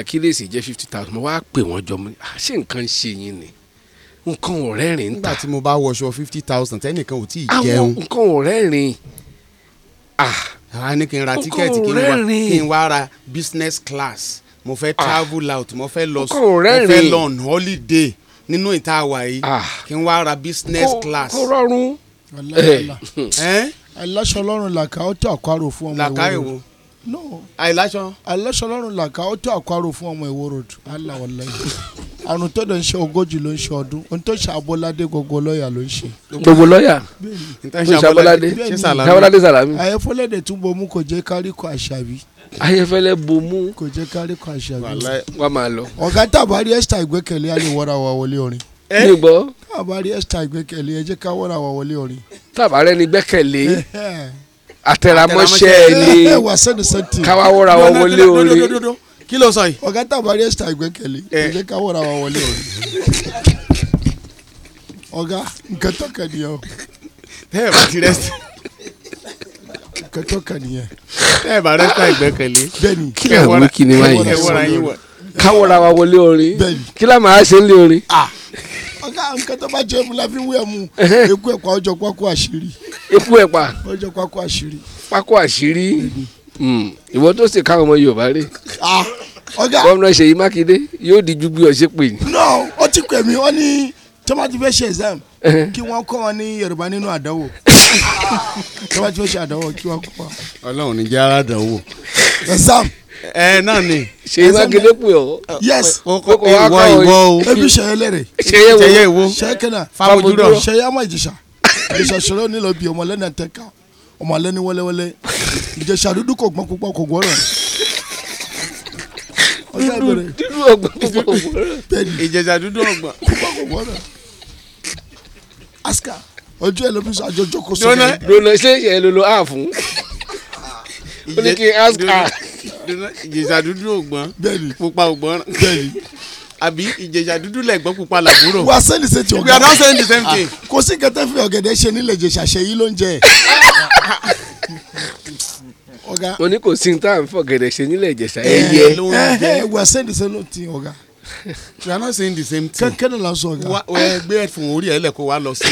kílèsì jẹ́ fifty thousand mo wá pè wọ́n jọ mo ṣé nǹkan ṣe yín ni nǹkan ò rẹ́rìn ń ta nígbà tí mo bá wọṣọ fifty thousand tẹ́nìkan ò tí ì jẹun àwọn nǹkan ò rẹ́rìn a ní kí n ra tíkẹ́ẹ̀tì kí n wá ra business class mo fẹ́ travel out mo fẹ́ lọ mo fẹ́ lọ on holiday nínú ìta àwà yìí kí n wá ra business class. kò rọrùn. Eh? àìláṣọ ọlọ́run làkà ó tó àkọ́rò fún ọmọ ìwọ no àìláṣọ àìláṣọ ọlọ́run làkà ó tó àkọ́rò fún ọmọ ìwọ road allah wàlẹ́ àrùn tó dẹ̀ ń ṣe ogójì ló ń ṣe ọdún ohun tó ṣe abolade gbogbo lọ́ọ̀yà ló ń ṣe. gbogbo lọ́ọ̀yà tó ṣe abolade abolade salami. ayẹfẹlẹ de tún bomú kò jẹ kárí kọ àṣàbí. ayẹfẹlẹ bomú. kò jẹ kárí kọ àṣàbí. wà á máa lọ. ọ̀gá tàbárí ẹ̀ṣtà ìgbẹ́kẹ̀lé ayé wọ́ra wa wọlé orin. Eh, mi gbọ́. tábà rí ẹ̀sítà ìgbẹ́kẹ̀lé ẹ ká wọ́n àwọn wọlé orin. tábà rẹ eh, eh. ni gbẹ́kẹ̀lé àtẹ̀ramọ́ṣẹ́ ni káwá wọ́ra wọn wọlé orin. kí ló sọ yìí. ọ̀gá tábà rí ẹ̀sítà ìgbẹ́kẹ̀lé ẹ jẹ́ ká wọ́ra wọn wọlé orin. ọ̀gá nǹkan tó kàn nìyẹn o. ẹ ẹ bá ti rẹ sí. nǹkan tó kàn nìyẹn. ẹ ẹ bá rẹ ni wọ́n yìí káwọ́ra wa wọlé orin kí lá máa ṣe ń lé orin nǹkan tó bá jẹ mu la fi ń wẹ̀ mu eku ẹ̀pà ọjọ́ pákó àṣírí. eku ẹ̀pà ọjọ́ pákó àṣírí. pákó àṣírí hmm. ìwọ tó sì káwọn ọmọ Yorùbá rè ah, gómìnà Ṣèyí Mákindé yóò di ju bí ọṣẹ pè ní. no ó ti pè mí wọ́n ní tí wọ́n ti fẹ́ ṣe exam kí wọ́n kọ́ wọn ní Yorùbá nínú àdánwò tí wọ́n ṣe àdánwò kí wọ́n kọ́ wọn. Ọlọ́run ní jẹ́ ara àdánwò. exam ẹ náà ni. ṣe mákindé pè ọ. yes kókó ìwọ ìwọ o. ebi sẹyẹ lẹrẹ. sẹyẹ wo sẹyẹ wo sẹyẹ sẹyẹ ama ìjẹsà ìjẹsà sọ̀rọ̀ nílò bi ọmọ tẹ ká ọmọ wẹ́lẹ́wẹ́lẹ́ ìjẹsà dúdú kò gbọ́n púpọ̀ kò gbọ́rọ̀ ojú ẹ ló fi sọ àjọjọ kò sọ. dona ṣe ìṣẹ̀lẹ̀ ló lọ àfún ah, ó ní kí n ask her ìjẹ̀ṣà dúdú ògbọ́n pupa ògbọ́n àbí ìjẹ̀ṣà dúdú lẹ̀gbọ́n pupa làbúrò. wà sẹ́ni ṣe ti ọ̀gá we are saying the same thing. Ah, kò sí nǹkan fi ọ̀gẹ̀dẹ̀ ṣe nílẹ̀ ìjẹ̀ṣà ṣe yí ló ń jẹ ọ̀gá. mo ní kò sí tá à ń fọ̀gẹ̀dẹ̀ ṣe nílẹ̀ ìjẹ̀ṣà eh, ẹyẹ. Eh, ẹ eh, wà sẹ́ni ṣe ló ti ọ̀gá. we are not saying the same thing. kẹ́kẹ́ la sọ ọ̀gá. wọ́n gbé ẹ̀fọn orí ẹ̀ lẹ̀ wa lọ sí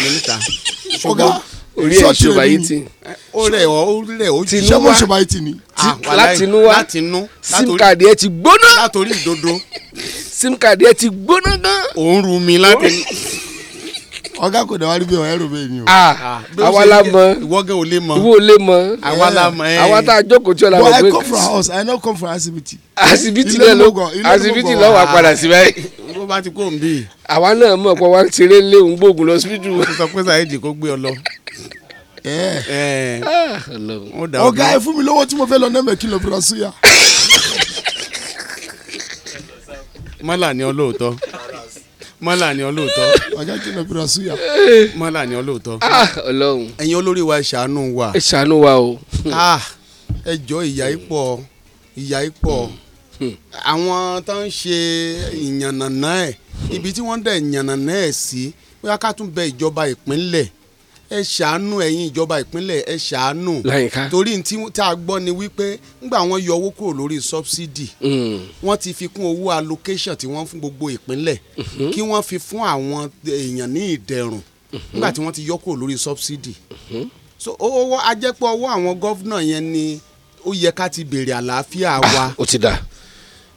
orí ẹ̀ ṣọba yìí ti. ó rẹ̀ ó rẹ̀ ó ṣiṣẹ́ mọ́ ṣọba yìí ti ni. Ah, látinúwá látinú sim card ẹ ti gbóná. látòrí ìdodo. sim card ẹ ti gbóná gan. òun mi láti. ọgá kò dáwárí bí ọ̀hẹ́rù bẹ́ẹ̀ ni o. Ah, ah, àwa la mọ ìwọ́gẹ́ ò lè mọ ìwọ́ ò lè mọ àwa la mọ ẹ̀. àwa tá a jókòó tí ó la mọ̀ pé. I come from house I no come from asibiti. asibiti lẹ ló asibiti lọ wà padà síbẹ̀ bó bá ti kó òun bí. àwa náà mọ̀ pé wọ́n ń ṣeré òun gbóògùn lọ síbítù. sọ pé Saheed kó gbé ọ lọ. Eh. Eh. Ah, ọ̀gá ẹ fún mi lọ́wọ́ tí mo fẹ́ lọ nẹ́mẹ̀ kìlọ̀ brazil. mọ́là ni olóòótọ́ mọ́là ni olóòótọ́ ọ̀gá kìlọ̀ brazil. Eh. mọ́là ni olóòótọ́. Ah, ọlọ́run ẹ̀yin olórí wa ṣàánú wa. ṣàánú wa o. Ah, ẹ jọ ìyá ipò ìyá ipò àwọn tó ń ṣe ìyànnànà ẹ̀ ibi tí wọ́n dẹ̀ ìyànnànà ẹ̀ sí bóyá ká tún bẹ ìjọba ìpínlẹ̀ ẹ ṣàánú ẹ̀yin ìjọba ìpínlẹ̀ ẹ ṣàánú torí tí a gbọ́ ni wípé ńgbà wọ́n yọ owó kúrò lórí subsidy hmm. wọ́n ti fi kún owó allocation tí wọ́n fún gbogbo ìpínlẹ̀ hmm. kí wọ́n fi fún àwọn èèyàn ní ìdẹ̀rùn hmm. nígbà tí wọ́n ti yọ kúrò lórí subsidy so owó ajẹ́pọ̀ owó àwọn gọ́vnà yẹn ni ó yẹ ká ti béèrè àlàáfíà wa. Ah, ó ti dà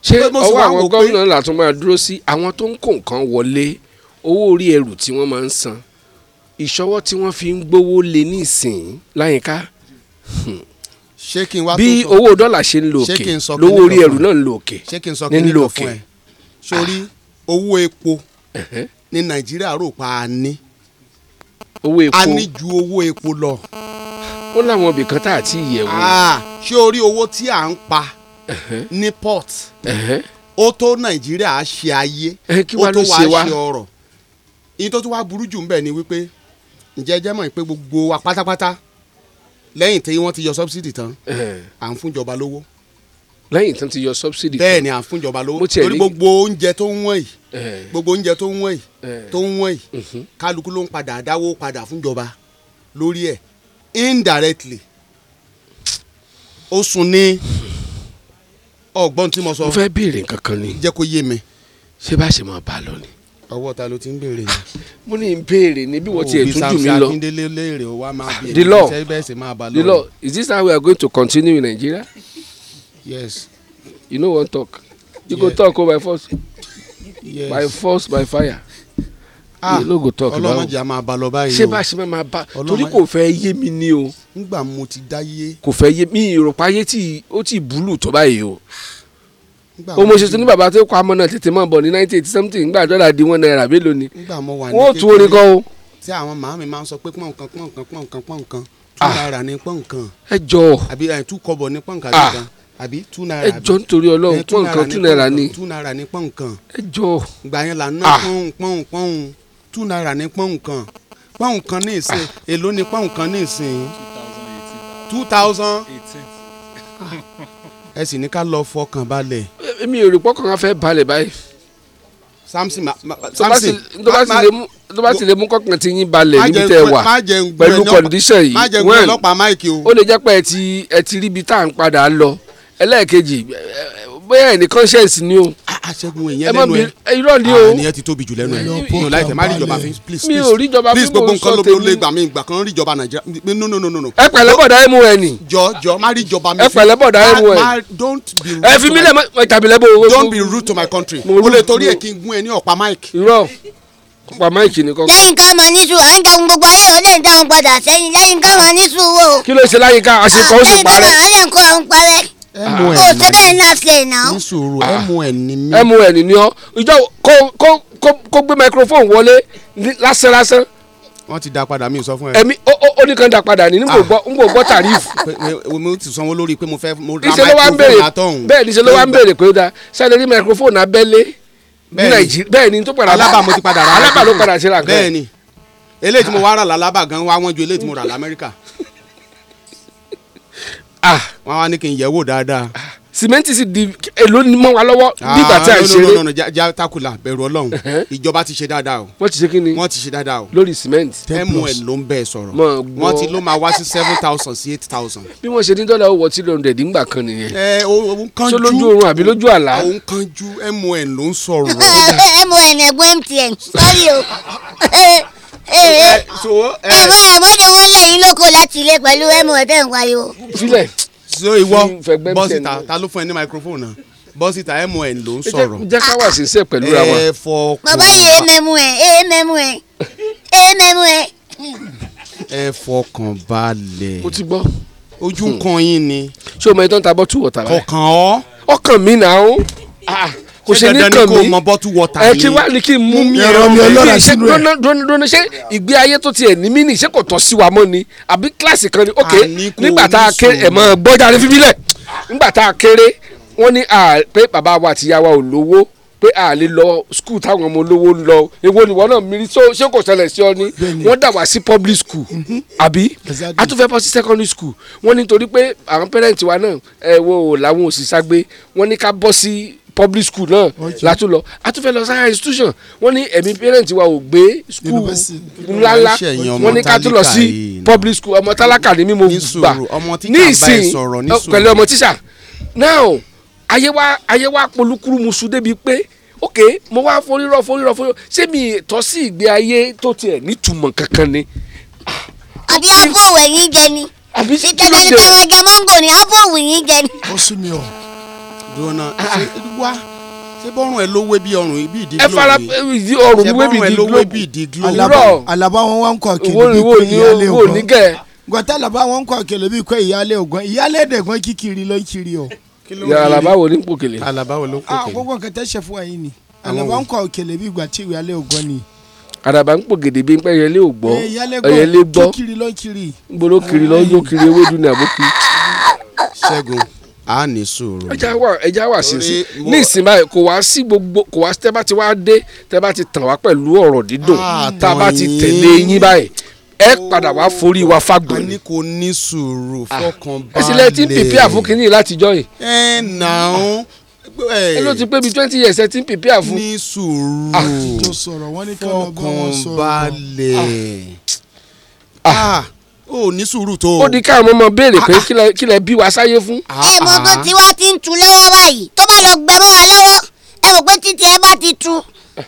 ṣé ọwọ́ àwọn gọ́vnà làtún máa dúró sí àwọn tó ń kó nǹkan wọlé owó orí ẹrù tí wọ́n máa ń san ìṣọwọ́ tí wọ́n fi ń gbowó lé nísìn láyìnká hmm. bí owó dọ́là ṣe ń lò òkè lówó orí ẹrù náà ń lò òkè ní ń lò òkè. sórí owó epo ní nàìjíríà rò pa á ní owó ní ju owó epo lọ. ó láwọn ibì tá a ti yẹ̀ wò. Ah, ṣé orí owó tí à ń pa ní port ó tó nàìjíríà ṣe ayé ó tó wàá ṣe ọrọ̀ ìyẹn tó tún wá burú jù ń bẹ̀ ni wípé ǹjẹ́ jẹ́ mọ̀ pé gbogbo wa pátápátá lẹ́yìn tí wọ́n ti yọ sọ́bsidì tán à ń fúnjọba lówó. lẹ́yìn tí ti yọ sọ́bsidì tán bẹ́ẹ̀ ni à ń fúnjọba lówó gbogbo oúnjẹ tó ń wọ̀nyí gbogbo oúnjẹ tó ń wọ̀nyí tó ń wọ̀nyí mhm. kálukú ló ń padà dáwó padà fúnjọba lórí ẹ̀ indirectly ó sùn ní ọgbọ́n tí mo sọ. mo fẹ́ béèrè nǹkan kan ni. jẹ́ kó yé mi. ṣé bá ṣe máa bá a lọ ni ọwọ́ ta ló ti ń béèrè ni. mo ní béèrè ni bí wọ́n ti ẹ̀ tún lọ. òbí sàmì the law is this how we are going to continue in Nigeria. yes. you no wan talk. you go talk o oh, by force. yes by force by fire. ah you no talk about ọlọ́mọdé a máa bá lọ báyìí o ṣé bá ṣe máa bá torí kò fẹ́ yé mi ni o. ngbà mo ti dá yé. kò fẹ́ yé mi ìrọ̀pá yé tí ó ti búlù tó báyìí o omoṣeṣe ní bàbá tó kọ amọ náà tètè mọ bọ ní nineteen eighty something ngbà dọ́là di one naira mélòó ni wọ́n tún orin kọ́ o. tí àwọn màmá mi máa ń sọ pé pọ́n nǹkan pọ́n nǹkan pọ́n nǹkan pọ́n nǹkan two ah. naira ní pọ́n nǹkan. ẹ jọ àbí two kọ́bọ̀ ní pọ́n ah. nǹkan àbí two naira. ẹ jọ nítorí Ọlọ́run eh, pọ́n nǹkan two naira ni two naira ní pọ́n nǹkan. ẹ jọ. gbà yẹn là ń ná ah. pọ́n pọ́n pọ́n two naira ní pọ́n nǹkan pọ́n nǹkan ní ìsìn èló ní pọ́n nǹkan ní ìsìn two thousand ẹ sì ní ká lọ fọkàn balẹ̀. èmi ò rí pọ́kàn kan fẹ́ balẹ̀ báyìí. samson samson tó bá sì lè mú kọ́kàn tí yín balẹ̀ níbi tẹ́ wà pẹ̀lú kọ̀ǹdíṣàn yìí wẹ́n ó lè jẹ́ pé ẹ ti ẹ ti ríbi tá à ń padà lọ ẹlẹ́ẹ̀kejì bóyá ẹnì conscience ni o aṣẹ́gun ìyẹn lẹ́nu ẹ irọ́ ni o àníyàn ah, ti tóbi jù lẹ́nu ẹ nù láì tẹ̀ má rí ìjọba fún please mi ò rí ìjọba fún mo sọ tèmi please gbogbo nǹkan ló lè gbà mí ìgbà kan rí ìjọba nàìjíríà no no no no. ẹ pẹ̀lẹ́ bọ̀dá mu ẹ nì. jọ jọ má rí ìjọba mi fún ẹ pẹ̀lẹ́ bọ̀dá mu ẹ. don't be rude. ẹ fi mi lẹ tàbí lẹ bò. don't be rude to my country. mo lè torí ẹ kí n gún ẹ ní ọ̀pá máìkì. irọ́ ọ̀pá máìkì ni kọ́kọ́. lẹ́yìn ká mọ níṣu à ń jagun gbogbo ayé ló dé ń dáhùn padà sẹ́yìn lẹ́yìn ká mọ níṣu wo. kí ló ṣe láyìn ká àṣekọ̀ ó sì parẹ́. lẹ́yìn ká mọ mun o ah. ṣe bẹ́ẹ̀ last year náà. ní sùúrù ah. mun ni mí. mun ni ọ ìjọ kó kó kó gbé microphone wọlé lásán lásán. wọ́n ti da padà mi sọ fún ẹ. ẹ̀mí ó ní kan da padà ní ah. n kò gbọ́ tàrífù. mo ti sanwó lórí pé mo fẹ́ mo ra microphone àtọ̀hún. bẹ́ẹ̀ ni ṣe ló wá ń béèrè pé ó da sáré ní microphone abẹ́lé ní nàìjíríà bẹ́ẹ̀ ni tó padà alábà mo ti padà rà alábà ló padà ṣe rà gan. bẹ́ẹ̀ ni eléyìí tí mo wá rà lálábà gan wá wọ́n ju eléyìí tí mo rà lamẹ́ríkà ah wọn wá ní kí n yẹ̀ wò dáadáa. Ah, sìmẹ́ǹtì sì di èlò mọ́ wa lọ́wọ́ nígbà tí a ń ṣeré. nínú ja takula bẹ̀rù ọlọ́run ìjọba ti ṣe dáadáa o. wọ́n ti ṣe kí ni wọ́n ti ṣe dáadáa o. lórí sìmẹ́ǹtì. tẹ́mù ẹ̀ ló ń bẹ̀ sọ̀rọ̀ wọ́n ti ló máa wá sí seven thousand sí eight thousand. bí wọ́n ṣe ní dọ́là owó tí lóun dẹ̀dí ńgbà kan nìyẹn. ẹ òun kan ju lójú oorun àbí lójú àlá. Ah, òun kan ju mon ló ń sọ̀rọ̀. mon ẹ̀gbọ́n mtn sọ́rí ẹ má ẹ má jẹ wọ́n lé yín lóko láti ilé pẹ̀lú ẹ̀ mọ̀ tẹ́ ń so ìwọ bọ́sìtà ta ló fún ẹ ní microphone náà bọ́sìtà ẹ̀ mọ̀ ẹ̀ ló ń sọ̀rọ̀. jẹ́ ká wà sísẹ́ pẹ̀lú ra wa. Eh, bàbá yìí ẹ mẹ́mu ẹ ẹ mẹ́mu ẹ ẹ mẹ́mu ẹ. ẹ eh, fọkàn balẹ̀. o ti gbọ́. ojú hmm. kan yín ni. ṣé o mọ ẹni tó ń ta bọ́tù wọ̀tà rẹ. ọkàn ọ. ọkàn mi náà o kò ṣe ní tòmí ẹ ti wá ní kí n mú mi ẹ̀rọ mi ọlọ́ra sínú ẹ̀ dóni ṣé ìgbé ayé tó tiẹ̀ ní mí nì ṣé kò tọ́ sí wa mọ́ ni àbí kíláàsì kan ni ok nígbà tá a kéré ẹ̀ mọ́ bọ́jà ní fífi lẹ̀ nígbà tá a kéré wọ́n ní pé bàbá wa àti ìyá wa ò lówó pé a lè lọ skul táwọn ọmọ olówó ń lọ èwo ni wọn náà mìíràn so ṣé kò ṣẹlẹ̀ sí ọ ni wọ́n dà wá sí public school mhm. àbí a tún fẹ́ bọ́ sí secondary school wọ́n nítorí pé àwọn parent wa náà ẹ̀ wo làwọn òṣìṣàgbé wọ́n ní ká bọ́ sí public school náà látún lọ a tún lọ sára institution wọ́n ní ẹ̀mí parent wa ò gbé school ńláńlá wọ́n ní ká tún lọ sí public school ọmọ tálákà ni mí mo gbà ní ìsìn pẹ̀lú ọmọ tíṣà now ayé wa ayé wa polúkúrú musu débi pé ok mo wá forírọ forírọ forírọ ṣé mi tọ́ sí ìgbé ayé tó tiẹ̀ nítumọ̀ kankan ni. àbí àbọ̀wẹ̀ yín jẹ ni ìtẹ̀lẹ́ni tẹ́lẹ̀ jẹ mọ́ngò ni àbọ̀wẹ̀ yín jẹ ni. ó mi o jona wá ṣé bọ́rùn ẹ ló wé bí ọrùn ibi ìdí globe. ẹ fara ìdí ọrùn wé bí ìdí globe. alaba wọn wá ń kọ kìlì bí pé ìyáálé ògbọ́n gọtà alaba wọn ń kọ kìlì bí pé ìyáálé ògbọ́n ìyáálé ẹ̀dẹ̀gbọ́n kíkiri ló ń kiri o. yàrá alaba wo ní pòkèlè. alaba wo ló pòkèlè. àkókò kẹtẹ ṣe fún ẹyin ni alaba ń kọ kìlì bí ìgbà tí ìyáálé ògbọ́n ni àdàbà ń pò gèdè bí pẹ́yẹ lé ògbọ́ ẹ̀yẹ lé gbọ́ ń kiri lọ́jọ́ kiri ewédú ní àbókù. ṣẹ́gun a ní sùúrù. ẹja wà ẹja wà sí sí ní ìsìn báyìí kò wá sí gbogbo kò wá tẹ́ bá ti wá dé tẹ́ bá ti tàn wá pẹ̀lú ọ̀rọ̀ dídùn ah, tá a bá ti tẹ̀lé yín báyìí ẹ padà wá forí wa fagbọn ni. a ní kò ní sùúrù ah, fọkàn balẹ̀. ẹsìn lẹ́yìn tí ń pèpè àfúkìní látijọ́ yìí. ẹ nà ah, ẹ ló ti pé bíi twenty years ẹ ti ń pèpè àfún. ní sùúrù fọkàn balẹ̀ ó ní sùúrù tó. ó di káwọn ọmọ béèrè pé kí lẹ bí wa sáyé fún. Ah, ẹ mọ tó tí wọ́n ti ń tu lọ́wọ́ báyìí tó bá lọ gbẹ mọ́ wa lọ́wọ́ ẹ mọ̀ pé títí ẹ bá ti tu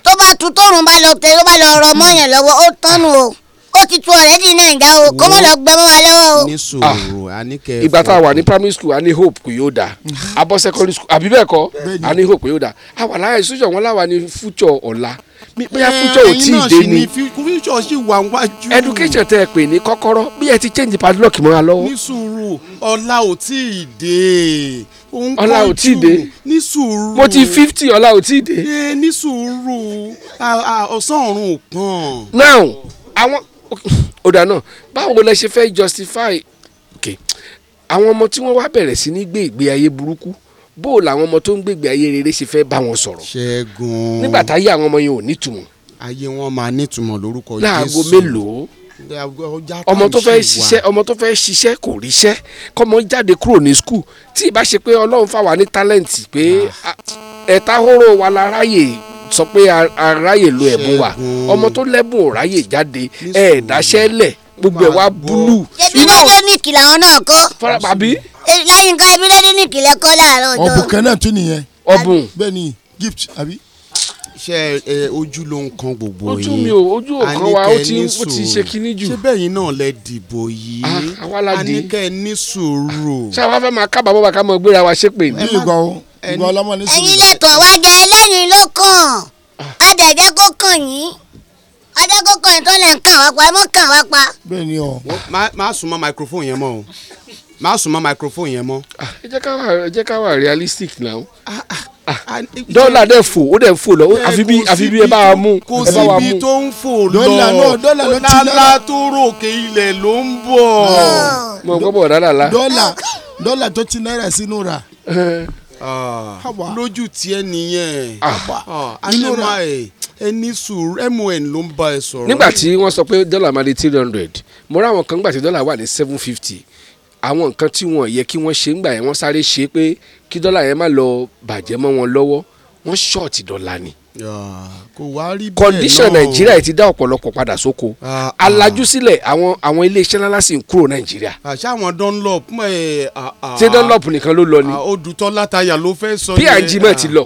tó bá tu tóorùn bá lọ tẹ ló bá lọ rọ mọ́ yẹn lọ́wọ́ ó tánu o ó ti tu ọ̀rẹ́ dì náà o kó mọ̀ lọ gbẹ wa lọ́wọ́ o. ní sùúrù a kẹ́ ẹ fọ. ìgbà tá a wà ní primary school a ní hope kò yóò da abọ́ secondary school àbí bẹ́ẹ̀ kọ́ a ní hope kò yóò da a wà láyé sójà wọn bóyá eh, future ò tí ì dé ni education tẹ ẹ pè ní kọ́kọ́rọ́ bí ẹ ti change padlock mọ́ra lọ́wọ́. ní sùúrù ọlá ò tí ì dé ọlá ò tí ì dé ní sùúrù mo ti fifty ọlá ò tí ì dé. ee eh, ní sùúrù ọ̀sán ọ̀run ò pọ̀n. now àwọn ọ̀dà náà báwo lẹ ṣe fẹ́ justify okay àwọn ọmọ tí wọ́n wá bẹ̀rẹ̀ sí ní gbé ìgbé ayé burúkú bó làwọn ọmọ tó ń gbègbè ayé rere ṣe fẹ́ bá wọn sọ̀rọ̀. nígbà tá ayé àwọn ọmọ yẹn ò nítumọ̀. ayé wọn máa nítumọ̀ lórúkọ jésù. láago mélòó ọmọ tó fẹ́ ṣiṣẹ́ ọmọ tó fẹ́ ṣiṣẹ́ kò ríṣẹ́ kọ́mọ jáde kúrò ní skul tí ì bá ṣe pé ọlọ́run fà wá ní tálẹ́ǹtì pé ẹ̀ta hóró wa la ráyè sọ pé aráyè lo ẹ̀bùn wa ọmọ tó lẹ́bùn ò ráyè jáde ẹ̀ẹ́dáṣẹ́lẹ̀ gbogbo ẹ̀ wá búlù. ṣé bí wọ́n fẹ́ mìkì làwọn náà kó. farababi Eh, láyínká abídádé ní ìkìlẹ̀ kọ́ láàárọ̀ ọjọ́. ọ̀bùn kan náà tún nìyẹn. ọ̀bùn bẹ́ẹ̀ ni gift àbí. ṣe ẹ ojú ló ń kan gbogbo yìí ojú mi ò ojú ọ̀kan wa ó ti ṣe kinní jù. ṣé bẹ́ẹ̀ yín náà lẹ dìbò yìí ah, àníkẹ́ ní sùúrù. ṣé àwa fẹ́ máa kábàámọ̀ bá ká mọ gbéra wa ṣépè. bí ìgbà o ìgbà ọlọ́mọ ní sùúrù. ẹ̀yin lẹ̀tọ̀ wá jẹ ẹlẹ́yin ló kàn ọ̀dẹ̀dẹ̀ ah. kó kàn yín ọjọ́ kó kàn yín tó lẹ̀ ń kàn wá pa ẹ mọ́ kàn wá pa. bẹ́ẹ̀ ni o. má sún mọ́ microphone yẹn mọ́ o má sún mọ́ microphone yẹn mọ́. Ah, ẹ jẹ́ ká wà ẹ jẹ́ ká wà realistic now. Ah, ah, dọ́là dẹ̀ fò ó dẹ̀ fò lọ àfi bí àfi bí ẹ bá wa mú. kò sí ibi tó ń fò lọ dọ́là náà lálá tó ròkè ilẹ̀ ló ń bọ̀. mo ń gbọ́bọ̀ rárá la. dọ́là dọ́là tó ti náírà sínú rà. lójú tiẹ̀ nìyẹn nínú ra ẹ ní sùúrù mon ló ń bá ẹ sọ̀rọ̀. nígbà tí wọ́n sọ pé dọ́là máa di three hundred mo ráwọn kan gbà tí dọ́là wà ní seven fifty àwọn nǹkan tí wọn yẹ kí wọ́n ṣe ńgbà yẹn wọ́n sáré ṣe pé kí dọ́là yẹn má lọ bàjẹ́ mọ́ wọn lọ́wọ́ wọ́n ṣọ́ọ̀tì dọ́là ni. kò wá rí bẹ́ẹ̀ náà kọ́ndíṣàn nàìjíríà ti dá ọ̀pọ̀lọpọ̀ padà sóko ah, ah. alájú sílẹ̀ àwọn àwọn ilé iṣẹ́ ńlá sì ń kúrò nàìjíríà. àṣà ah, àwọn dunlop ẹ. Eh, ṣé dunlop nìkan ló lọ ni. odùtọ́ látàyà ló fẹ́ sọ yẹn. png mọ̀ ti lọ.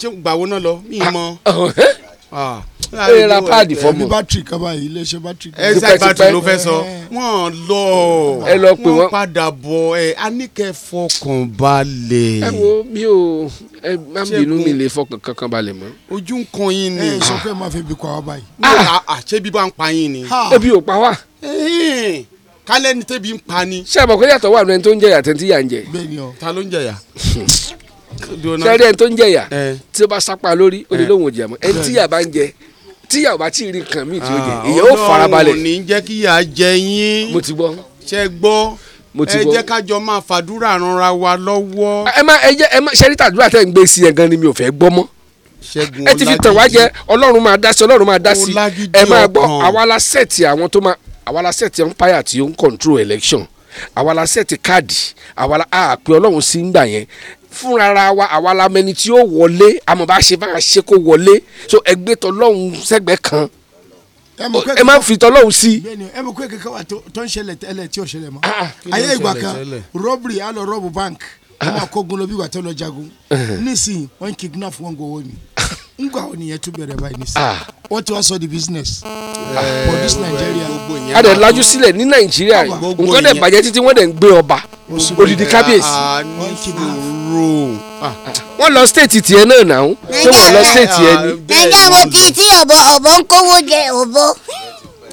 ṣé gbàwo náà lọ mí mọ. ẹ ra páàdì fọmọ. ẹbí bátìrì kan báyìí iléeṣẹ́ bátìrì kan. ẹsẹ bátìrì ló fẹ́ sọ wọ́n lọ ẹ lọ pè wọ́n padà bọ̀ ẹ aníkẹ́ fọkàn balẹ̀. ẹ wo mi ò ẹ má bínú mi lè fọkàn kankan balẹ̀ mọ́. ojú ń kan yín ni. ẹ sọ pé máa fi bí kọ́ wa báyìí. Ah! Ah, ah, ṣé bí bá ń pa yín ni. ebi ò pa wá kálẹ̀ ní tẹ́bi ń pa ni. ṣé àbọ̀kọ́ yàtọ̀ wà lóyún tó ń jẹ̀yà tẹ́ntì yà ń jẹ. bẹ́ẹ̀ni o ta ló ń jẹ̀yà. sẹ́rí ẹni tó ń jẹ̀yà tí ó bá sápá lórí ó lè lóun ò jẹ̀mọ́ ẹni tí yà bá ń jẹ tíyàwó bá tí ì rí nǹkan míì tí ó jẹ ah, ìyẹn ó farabalẹ̀. ọlọ́run ò ní jẹ́ kí ìyà jẹ yín. mo ti gbọ́. ṣe gbọ́ mo ti bọ ẹ jẹ́ kájọ máa fàdúrà ranra wa lọ́wọ́. ẹ má ẹ jẹ ẹ má ṣẹ́rí tàdúrà tẹ́ ń gbé sí yẹn gan ni mi ò fẹ́ gbọ́ mọ́. ṣẹ́gun ọlágídí ẹ ti fi tàn wá jẹ ọlọ́run máa dá sí ọlọ́run máa dá sí ẹ máa gbọ́ àwa sẹ́ẹ̀tì àwọn tó máa àwa sẹ́ẹ̀tì empire tí ó ń control election àwa sẹ́ẹ̀tì káàdì àwa àpè ọlọ́run sí ń gbà yẹn fúnra wa àwa la mẹni tí ó wọlé àmọ́ ṣe bá ṣe kó wọlé so ẹgbẹ́ tọlọ́hún sẹ́gbẹ́ kan ẹ má fi tọlọ́hún sí. ẹ mọ̀ pé kankan wà tó ń ṣẹlẹ̀ tẹ́lẹ̀ tí ò ṣẹlẹ̀ mọ́ ah, ah, ayé ìgbà kan rọ́bìrì á lọ bank ah, wọ́n máa kó gun lọ bí wà tó lọ jagun nísìnyí wọ́n kidnap wọ́n gbowó mi ngwa wo ni yẹn tún bẹ̀rẹ̀ báyìí ní sẹ́ ah. wọ́n ti wá sọ the business for eh, this Nigeria. a dẹ̀ lajú sílẹ̀ ní nàìjíríà nǹkan dẹ̀ bàjẹ́ títí wọ́n dẹ̀ ń gbé ọba odidi kábíyèsí. Ah, ah. wọ́n lọ stéètì tiẹ̀ náà náà ṣé wọ́n lọ stéètì ẹ ní. nàìjíríà ti tí ọ̀bọ̀ ọ̀bọ̀ ń kówó jẹ ọ̀bọ̀.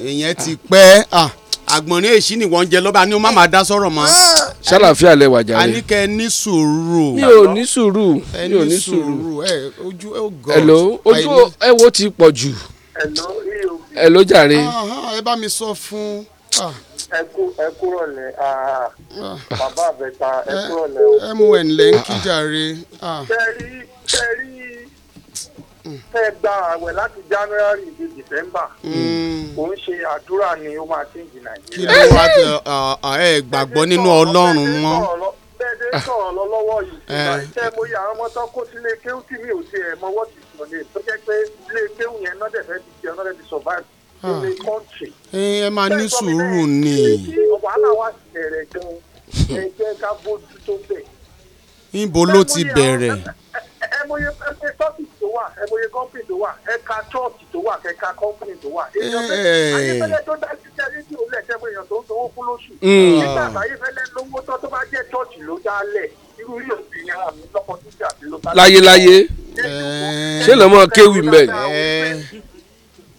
èèyàn ti pẹ́ ah àgbọ̀nrín èsì ni wọ́n jẹ lọ́ba ni ó má máa dá sọ̀rọ̀ mọ́. ṣàlàfíà lẹ wàjà rẹ. a ní sùúrù. mi ò ní sùúrù mi ò ní sùúrù. ẹ ojú ẹ gọ. ẹ̀lò ojú ẹ wo ti pọ̀ jù. ẹ̀lò jàre. ẹ bá mi sọ fún. Ah. ẹ kú ẹ kúrọ̀ lẹ̀ ah, ah. bàbá àbẹ̀ta ẹ kúrọ̀ eh, lẹ̀. ẹ mú ẹ̀ ǹlẹ́ ń kí jàre. kẹrí kẹrí fẹ́ gba àwẹ̀ láti january di december kò ń ṣe àdúrà ni ó máa ti ń di nàìjíríà. kí ló wá ẹ gbàgbọ́ nínú ọlọ́run mọ́. bẹ́ẹ̀ dé sọ̀rọ̀ lọ lọ́wọ́ yìí ṣé mo yà àwọn ọmọ kó sílé kéwù tí mi ò ti ẹ̀ mọ́wọ́ ti sùn lè tó jẹ́ pé ilé kéwù yẹn náà dẹ̀ fẹ́ ti ṣe ọ̀nà rẹ̀ ti survive in the country. ẹ máa ní sùúrù ni. wàhálà wa bẹ̀rẹ̀ gan-an ẹ jẹ́ ká bójú tó bẹ̀. níbo ló ti bẹ̀rẹ̀. ẹ mọ iye tọ́kì tó wà ẹmọye gọ́ọ̀pìn tó wà ẹ̀ka chọ́ọ̀kì tó wà ẹ̀ka kọ́ọ̀pìn tó wà. èèyàn tó dá sí jẹ́ rédíò lẹ̀ sẹ́gun èèyàn tó ń sanwó fún lóṣù. Hmm. nígbà ayéfẹ́lẹ́ lówó tán tó bá jẹ́ chọ́ọ̀kì ló dá lẹ̀ irú rí òbí yẹn àmì lọ́kọ̀ tó jà sí ló bá. láyé láyé ṣé lọ́mọ kéwì mbẹ́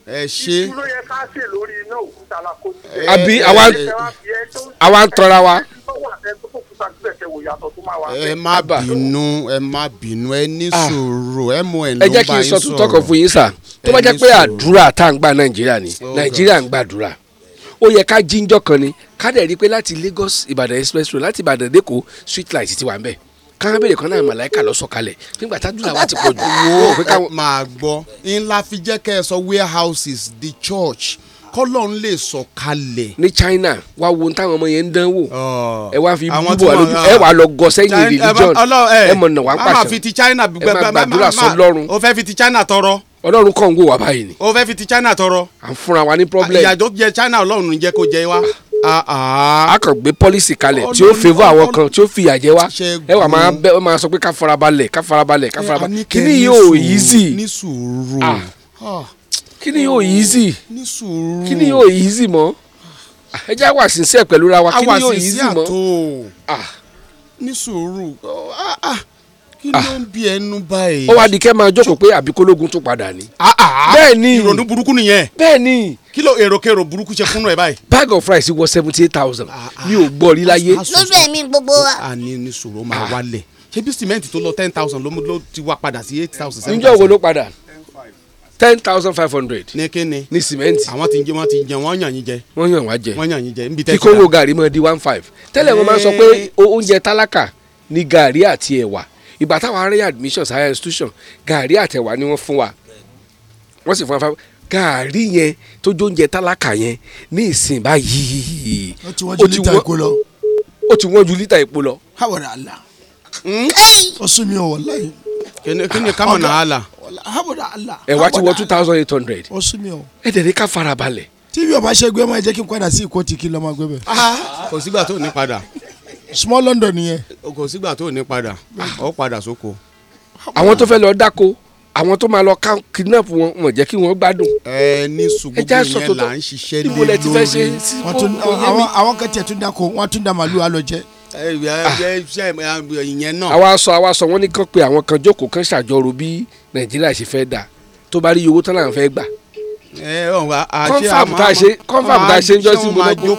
ìṣúná yẹ ká ṣe lórí iná òkúta síbẹ̀síbẹ̀ kẹ ẹ má bínú ẹ má bínú ẹ ní ah. sòrò ẹ mú ẹ ló bá yín sọ̀rọ̀. ẹ jẹ́ kí n sọ tún tọkọ fún yín sà tó bá jẹ́ pé àdúrà tá à ń gba nàìjíríà ni nàìjíríà ń gbàdúrà ó yẹ ká jíjọ kan ni ká dẹ̀ rí i pé láti Lagos Ìbàdàn expressway láti Ìbàdàn dẹ́kọ̀ street light ti wà ń bẹ̀ káwọn abẹ́rẹ́ kan náà màláìka lọ sọ̀kalẹ̀ nígbà tádùn àwa ti pọ̀ jù. wo máa gbọ́ ńlá fi jẹ́ kẹ́ ẹ sọ warehouses the church kọ́lọ́n lè sọ̀kalẹ̀. ní China wá wo táwọn ọmọ yẹn ń dán wò ẹ wá fi búbọ̀ wà ẹ wà lọ gọ sẹ́yìn religion ẹ mọ̀ nà wá pàṣẹ. a máa fi ti China gbẹgbẹ máa máa o fẹ́ fi ti China tọrọ. Ọlọ́run kàn ń wò wá báyìí ni. o fẹ́ fi ti China tọrọ. à ń fúnra wa ní problem. ìyàjọ jẹ China Ọlọ́run ń jẹ́ kó jẹ wá a kàn gbé pọ́lísì kalẹ̀ tí ó fẹ́fọ́ àwọn kan tí ó fi ìyàjẹ́ wa ẹ wà máa bẹ ọ máa sọ pé ká farabalẹ̀ ká farabalẹ̀ ká farabalẹ̀ kí ni yóò yí sí. ní sùúrù ah. Ah kí ni yóò easy kí ni yóò easy mọ́ ah, ẹ já wà sínsẹ́ pẹ̀lú ra wa kí ni yóò easy mọ́ ah. ní sùúrù ah, kí ló ń bí ẹnu báyìí. ó wá di kẹ́ máa jókòó pé àbíkólógún tún padà ni. bẹ́ẹ̀ ni ìrònú burúkú nìyẹn. bẹ́ẹ̀ ni. kí ló èròkèrò burúkú ṣe fún ẹ báyìí. bag of rice wọ seventy eight thousand mi ò gbọ́ rí láyé. lójú ẹ̀mí gbogbo wa. a ní ní sòrò máa wálẹ̀ ṣé bí sìmẹ́ǹtì tó lọ ten thousand ló ti wá padà sí eight thousand. ǹjẹ́ ògo ló padà ten thousand five hundred. ní kíni ní sìmẹ́ǹtì. àwọn ti ń jẹ wọn ti ń jẹ wọn yàn yín jẹ. wọn yàn wá jẹ wọn yàn yín jẹ níbi tẹsán. gàrí mọ di one five. tẹ́lẹ̀ wọn máa ń sọ pé oúnjẹ tálákà ni gàrí àti ẹ̀wà ìgbà táwọn arẹ́ admissions higher institution gàrí àtẹ̀wà ni wọ́n fún wa wọ́n sì fún wa fún wa gàrí yẹn tó jóúnjẹ tálákà yẹn ní ìsìn báyìí. ó ti wọ́n ju lítà epo lọ. ó ti wọ́n ju lítà epo lọ. hawara ala. Hmm? ó sún mi ò wọ́n láyé. kí ni kámọ̀ náà ala habuda allah. ẹ wá ti wọ two thousand eight hundred. ó sún mi o. ẹ tẹ̀lé ká fara balẹ̀. tí mi ò bá ṣe gbé mọ́ ẹ jẹ́ kí n padà sí ìkó tìkí lọ́mọ gbé bẹ̀. Ah, kò sígbà tó ní padà. small london nìyẹn. kò sígbà tó ní padà ah, ó padà sóko. àwọn tó fẹ́ lọ dáko àwọn tó máa lọ ká kidnap wọn wọn jẹ́ kí wọ́n gbádùn. ẹ ní sùgbọ́n yẹn là ń ṣiṣẹ́ lé lórí. àwọn kan tiẹ̀ tún dáko wọ́n tún dá màlúù alọ jẹ́ ìyẹn náà. àwa sọ àwa sọ wọn ní kàn pé àwọn kan jókòó kan ṣàjọrò bí nàìjíríà ṣe fẹ́ dà tó bá rí owó tán là fẹ́ gbà. confam tá ṣe confam tá ṣe ń jọ sí gbogbo.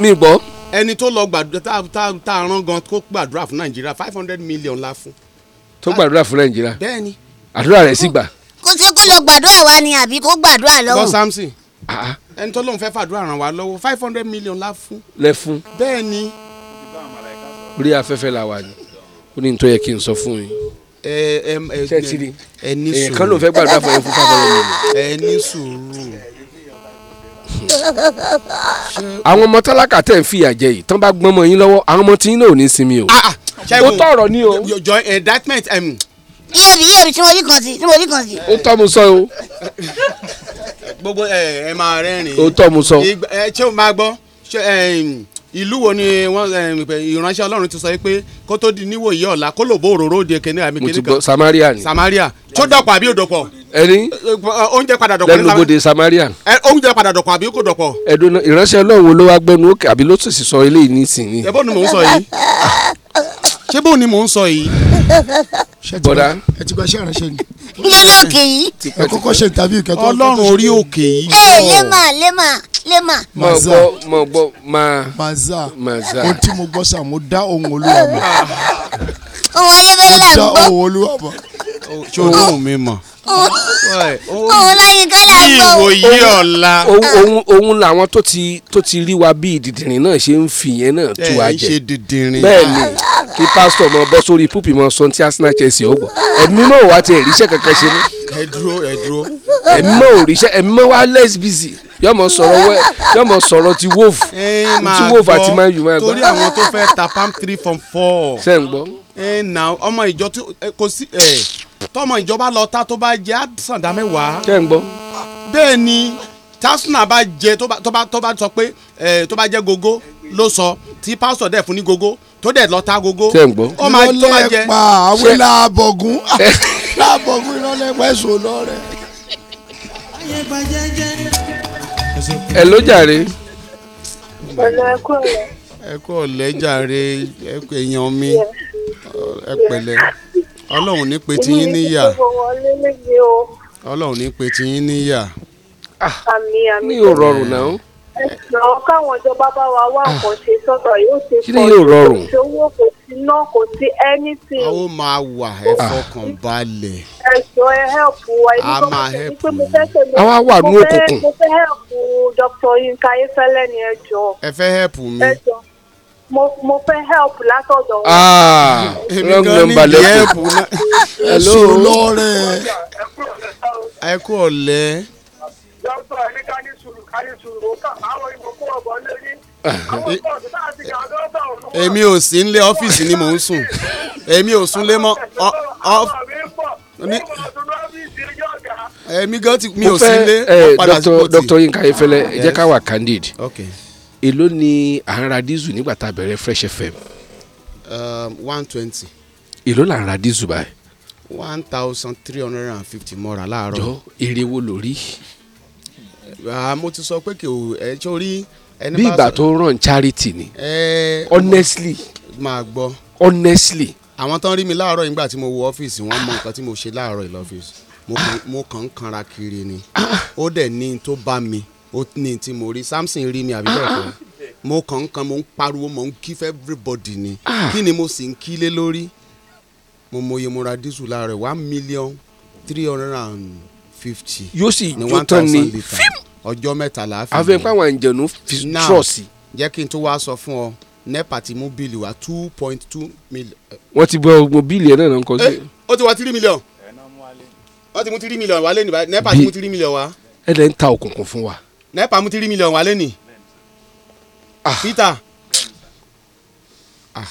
mi gbọ́. ẹni tó lọ gbàdúrà tá a rán gan kó gbàdúrà fún nàìjíríà five hundred million la fún. tó gbàdúrà fún nàìjíríà. bẹ́ẹ̀ni. àdúrà rẹ̀ sì gbà. kó ṣe kó lọ gbàdúrà wa ni àbí kó gbàdúrà lọ́wọ́. bọ́ samson ẹni tó lóun fẹ́ fàdúrà ràn wá lọ́wọ́ five hundred million la fún. lẹ fún. bẹ́ẹ̀ ni. orí afẹ́fẹ́ la wà ní ó ní nítorí yẹ kí n sọ fún yín. ẹ ẹ ẹ ṣẹ́tìrì ẹ ní sùúrù kan ló fẹ́ gbàdúrà fún yín five hundred million. ẹ ní sùúrù. àwọn ọmọ tálákà tẹ̀ ń fìyà jẹ yìí tán bá gbọ́n mọ́ yín lọ́wọ́ àwọn ọmọ tí yín náà ò ní sinmi o. ó ah, ah, tọrọ ni o iye mi iye mi tí mo rí kan sí tí mo rí kan sí. ó tọ́ mu sọ o. gbogbo ẹ ẹ máa rẹ́rìn-ín. ó tọ́ mu sọ. ẹ ṣé o máa gbọ́ ṣé ìlú wo ni wọn ìránṣẹ́ Ọlọ́run ti sọ pé kó tó di níwòye ọ̀la kó lò bó òróró di kéne àmì kéne kan. mo ti gbọ́ Samaria ni. Samaria tó dọ̀pọ̀ àbí òdòpọ̀. ẹni oúnjẹ padà dọ̀pọ̀ lẹ́nu gbòde Samaria. oúnjẹ padà dọ̀pọ̀ àbí kò dọ̀pọ̀. ẹ̀dùn ìránṣẹ́ Ọlọ́run wo ló wá gbẹnu òkè àbí ló sì sọ eléyìí nísìnyí. ẹ̀bọ́n ni mò ń sọ yìí. ṣé bó ni mò ń sọ yìí. bọ́dà ẹ ti gba iṣẹ́ ìránṣẹ́ ni. lórí òkè yìí. ẹ kọ́kọ́ ṣe tàbí ìkẹtọ́. ọlọ́run orí òkè yìí. ẹ lẹ́mà lẹ́mà lẹ́mà. mo gbọ́ mo gbọ́ ma. maza maza. ohun tí mo gbọ́ sà mo ohun olúwa mọ̀. ohun ayébẹ́lẹ́ ń gbọ́. ohun olúwa mọ̀ ṣé o dóhùn mi mọ̀. òun lẹ́yìn kọ́lá gbọ́. ìwòye ọ̀la. òun làwọn tó ti tó ti rí wa bí dìdìrín náà ṣe ń fìyẹn náà tú wa jẹ. ẹ ṣe dìdìrín. bẹ́ẹ̀ni kí pásítọ̀ mọ bọ́ sórí púpì mọ sọ ní tí Arsenal Chelsea ó gbọ́ ẹ̀mí mọ̀ wá ti ẹ̀ríṣẹ́ kankan ṣe ní. ẹ dúró ẹ dúró. ẹ̀mí mọ̀ òrìṣẹ́ ẹ̀mí mọ̀ wá less busy yọmọ sọ̀rọ̀ wẹ yọmọ sọ̀rọ̀ ti wolf ti wolf àti man u máa gbọ́. torí àwọn tó fẹ́ ta palm three from four. ṣé ń gbọ́. ẹ nà ọmọ ìjọ tó kò sí ẹ tọmọ ìjọba lọ ta tó bá jẹ á sàn dá mẹ́wàá. ṣé ń gbọ́. bẹ́ẹ̀ ni tásùnà bá jẹ tó bá tó bá sọ pé tó bá jẹ gógó ló sọ tí pásítọ̀ dẹ̀ fún ní gógó tó dẹ̀ lọ ta gógó. ṣé ń gbọ́. ó máa tó máa jẹ. lọ́lẹ́pà àwọn làbọ̀gún làbọ̀gún eh. lọ́lẹ́pà ẹ̀sùn lọ́rẹ̀. ẹ ló jàre. ọ̀nà ẹ̀kọ́ rẹ̀. ẹ̀kọ́ ọ̀lẹ́jàre ẹ̀kọ́ èèyàn mi ẹ̀pẹ̀lẹ́ ọlọ́run ní pe tiyín níyà ọlọ́run ní pe tiyín níyà. mi ò rọrùn náà. ẹ jọ káwọn ìjọba bá wa wá ah. nǹkan ṣe sọ́dọ̀ yóò ṣe pọ̀ jù kò sí owó kò sí iná kò sí anything. àwọn máa wà ẹ ah. fọkàn balẹ̀. ẹ jọ ẹ hẹ́pù wa ibi tó máa ṣe ni pé mo fẹ́ ṣe mo fẹ́ mo fẹ́ hẹ́pù Dr. Yinka Ayéfẹ́lẹ́ ni ẹ jọ. ẹ fẹ́ hẹ́pù mi. ẹ jọ mo fẹ́ help látọ̀dọ̀ wọn. Ah, èmi gan ni ìdí help náà ẹ sọ̀rọ̀ lọ́rẹ̀ ẹ kú ọ̀lẹ́. dókítà ní ká ní sùúrù ká ní sùúrù ó kà ah, àwọn ìbùkún ọ̀bọ̀n lé ní èmi ò sí nílé ọ́fíìsì ni mò ń sùn èmi ò súnlé mọ́ èmi gan ti mi ò sí nílé. mo fẹ́ dr yinka efele jẹ́ ká wà candid. Okay èló ni à ń ra dísù nígbà tá a bẹ̀rẹ̀ fresh fm. Um, one twenty. èló là ń ra dísù báyìí. one thousand three hundred and fifty mọ́ra láàárọ̀. jọ èrè wo ló rí. mo ti sọ pé kí o ẹ tó rí. bí ìgbà tó ràn charity ni. honestly. máa gbọ́. honestly. àwọn tó ń rí mi láàárọ̀ nígbà tí mo wọ ọ́fíìsì wọ́n mọ nǹkan tí mo ṣe láàárọ̀ ìlọ́fíìsì mo kàn ń kanra kiri ni ah. ó dẹ̀ ní tó bá mi ó ní tí mo rí Samson rí mi àbí bẹ́ẹ̀ kọ́ ah, ah. mo kàn ń kan mo ń pariwo mo ń kí fún everybody ni ah. kí ni mo sì ń kí lé lórí mo mọye mo ra dísù láàárọ̀ one million three hundred and fifty. yóò sì jó tán ni fíìmù ọjọ́ mẹ́tàlá fi. àfẹ́ pàwọn ìjẹ̀nu fi trọ́ọ̀sì. jẹ́ kí n tó wá sọ fún ọ nepa ti mú bíìlì wá two point two million. wọ́n ti bọ́ gbogbo bíìlì ẹ̀ náà náà ń kọ́ sí. Eh, ó ti wá three million wọ́n ti mú three million wálé nípa nepa ti mú three million wá. ẹ lẹ́ ń ta òkùnkùn fún wa nepa mú tírí mílíọ̀nù wálé ni ah. peter. Ah.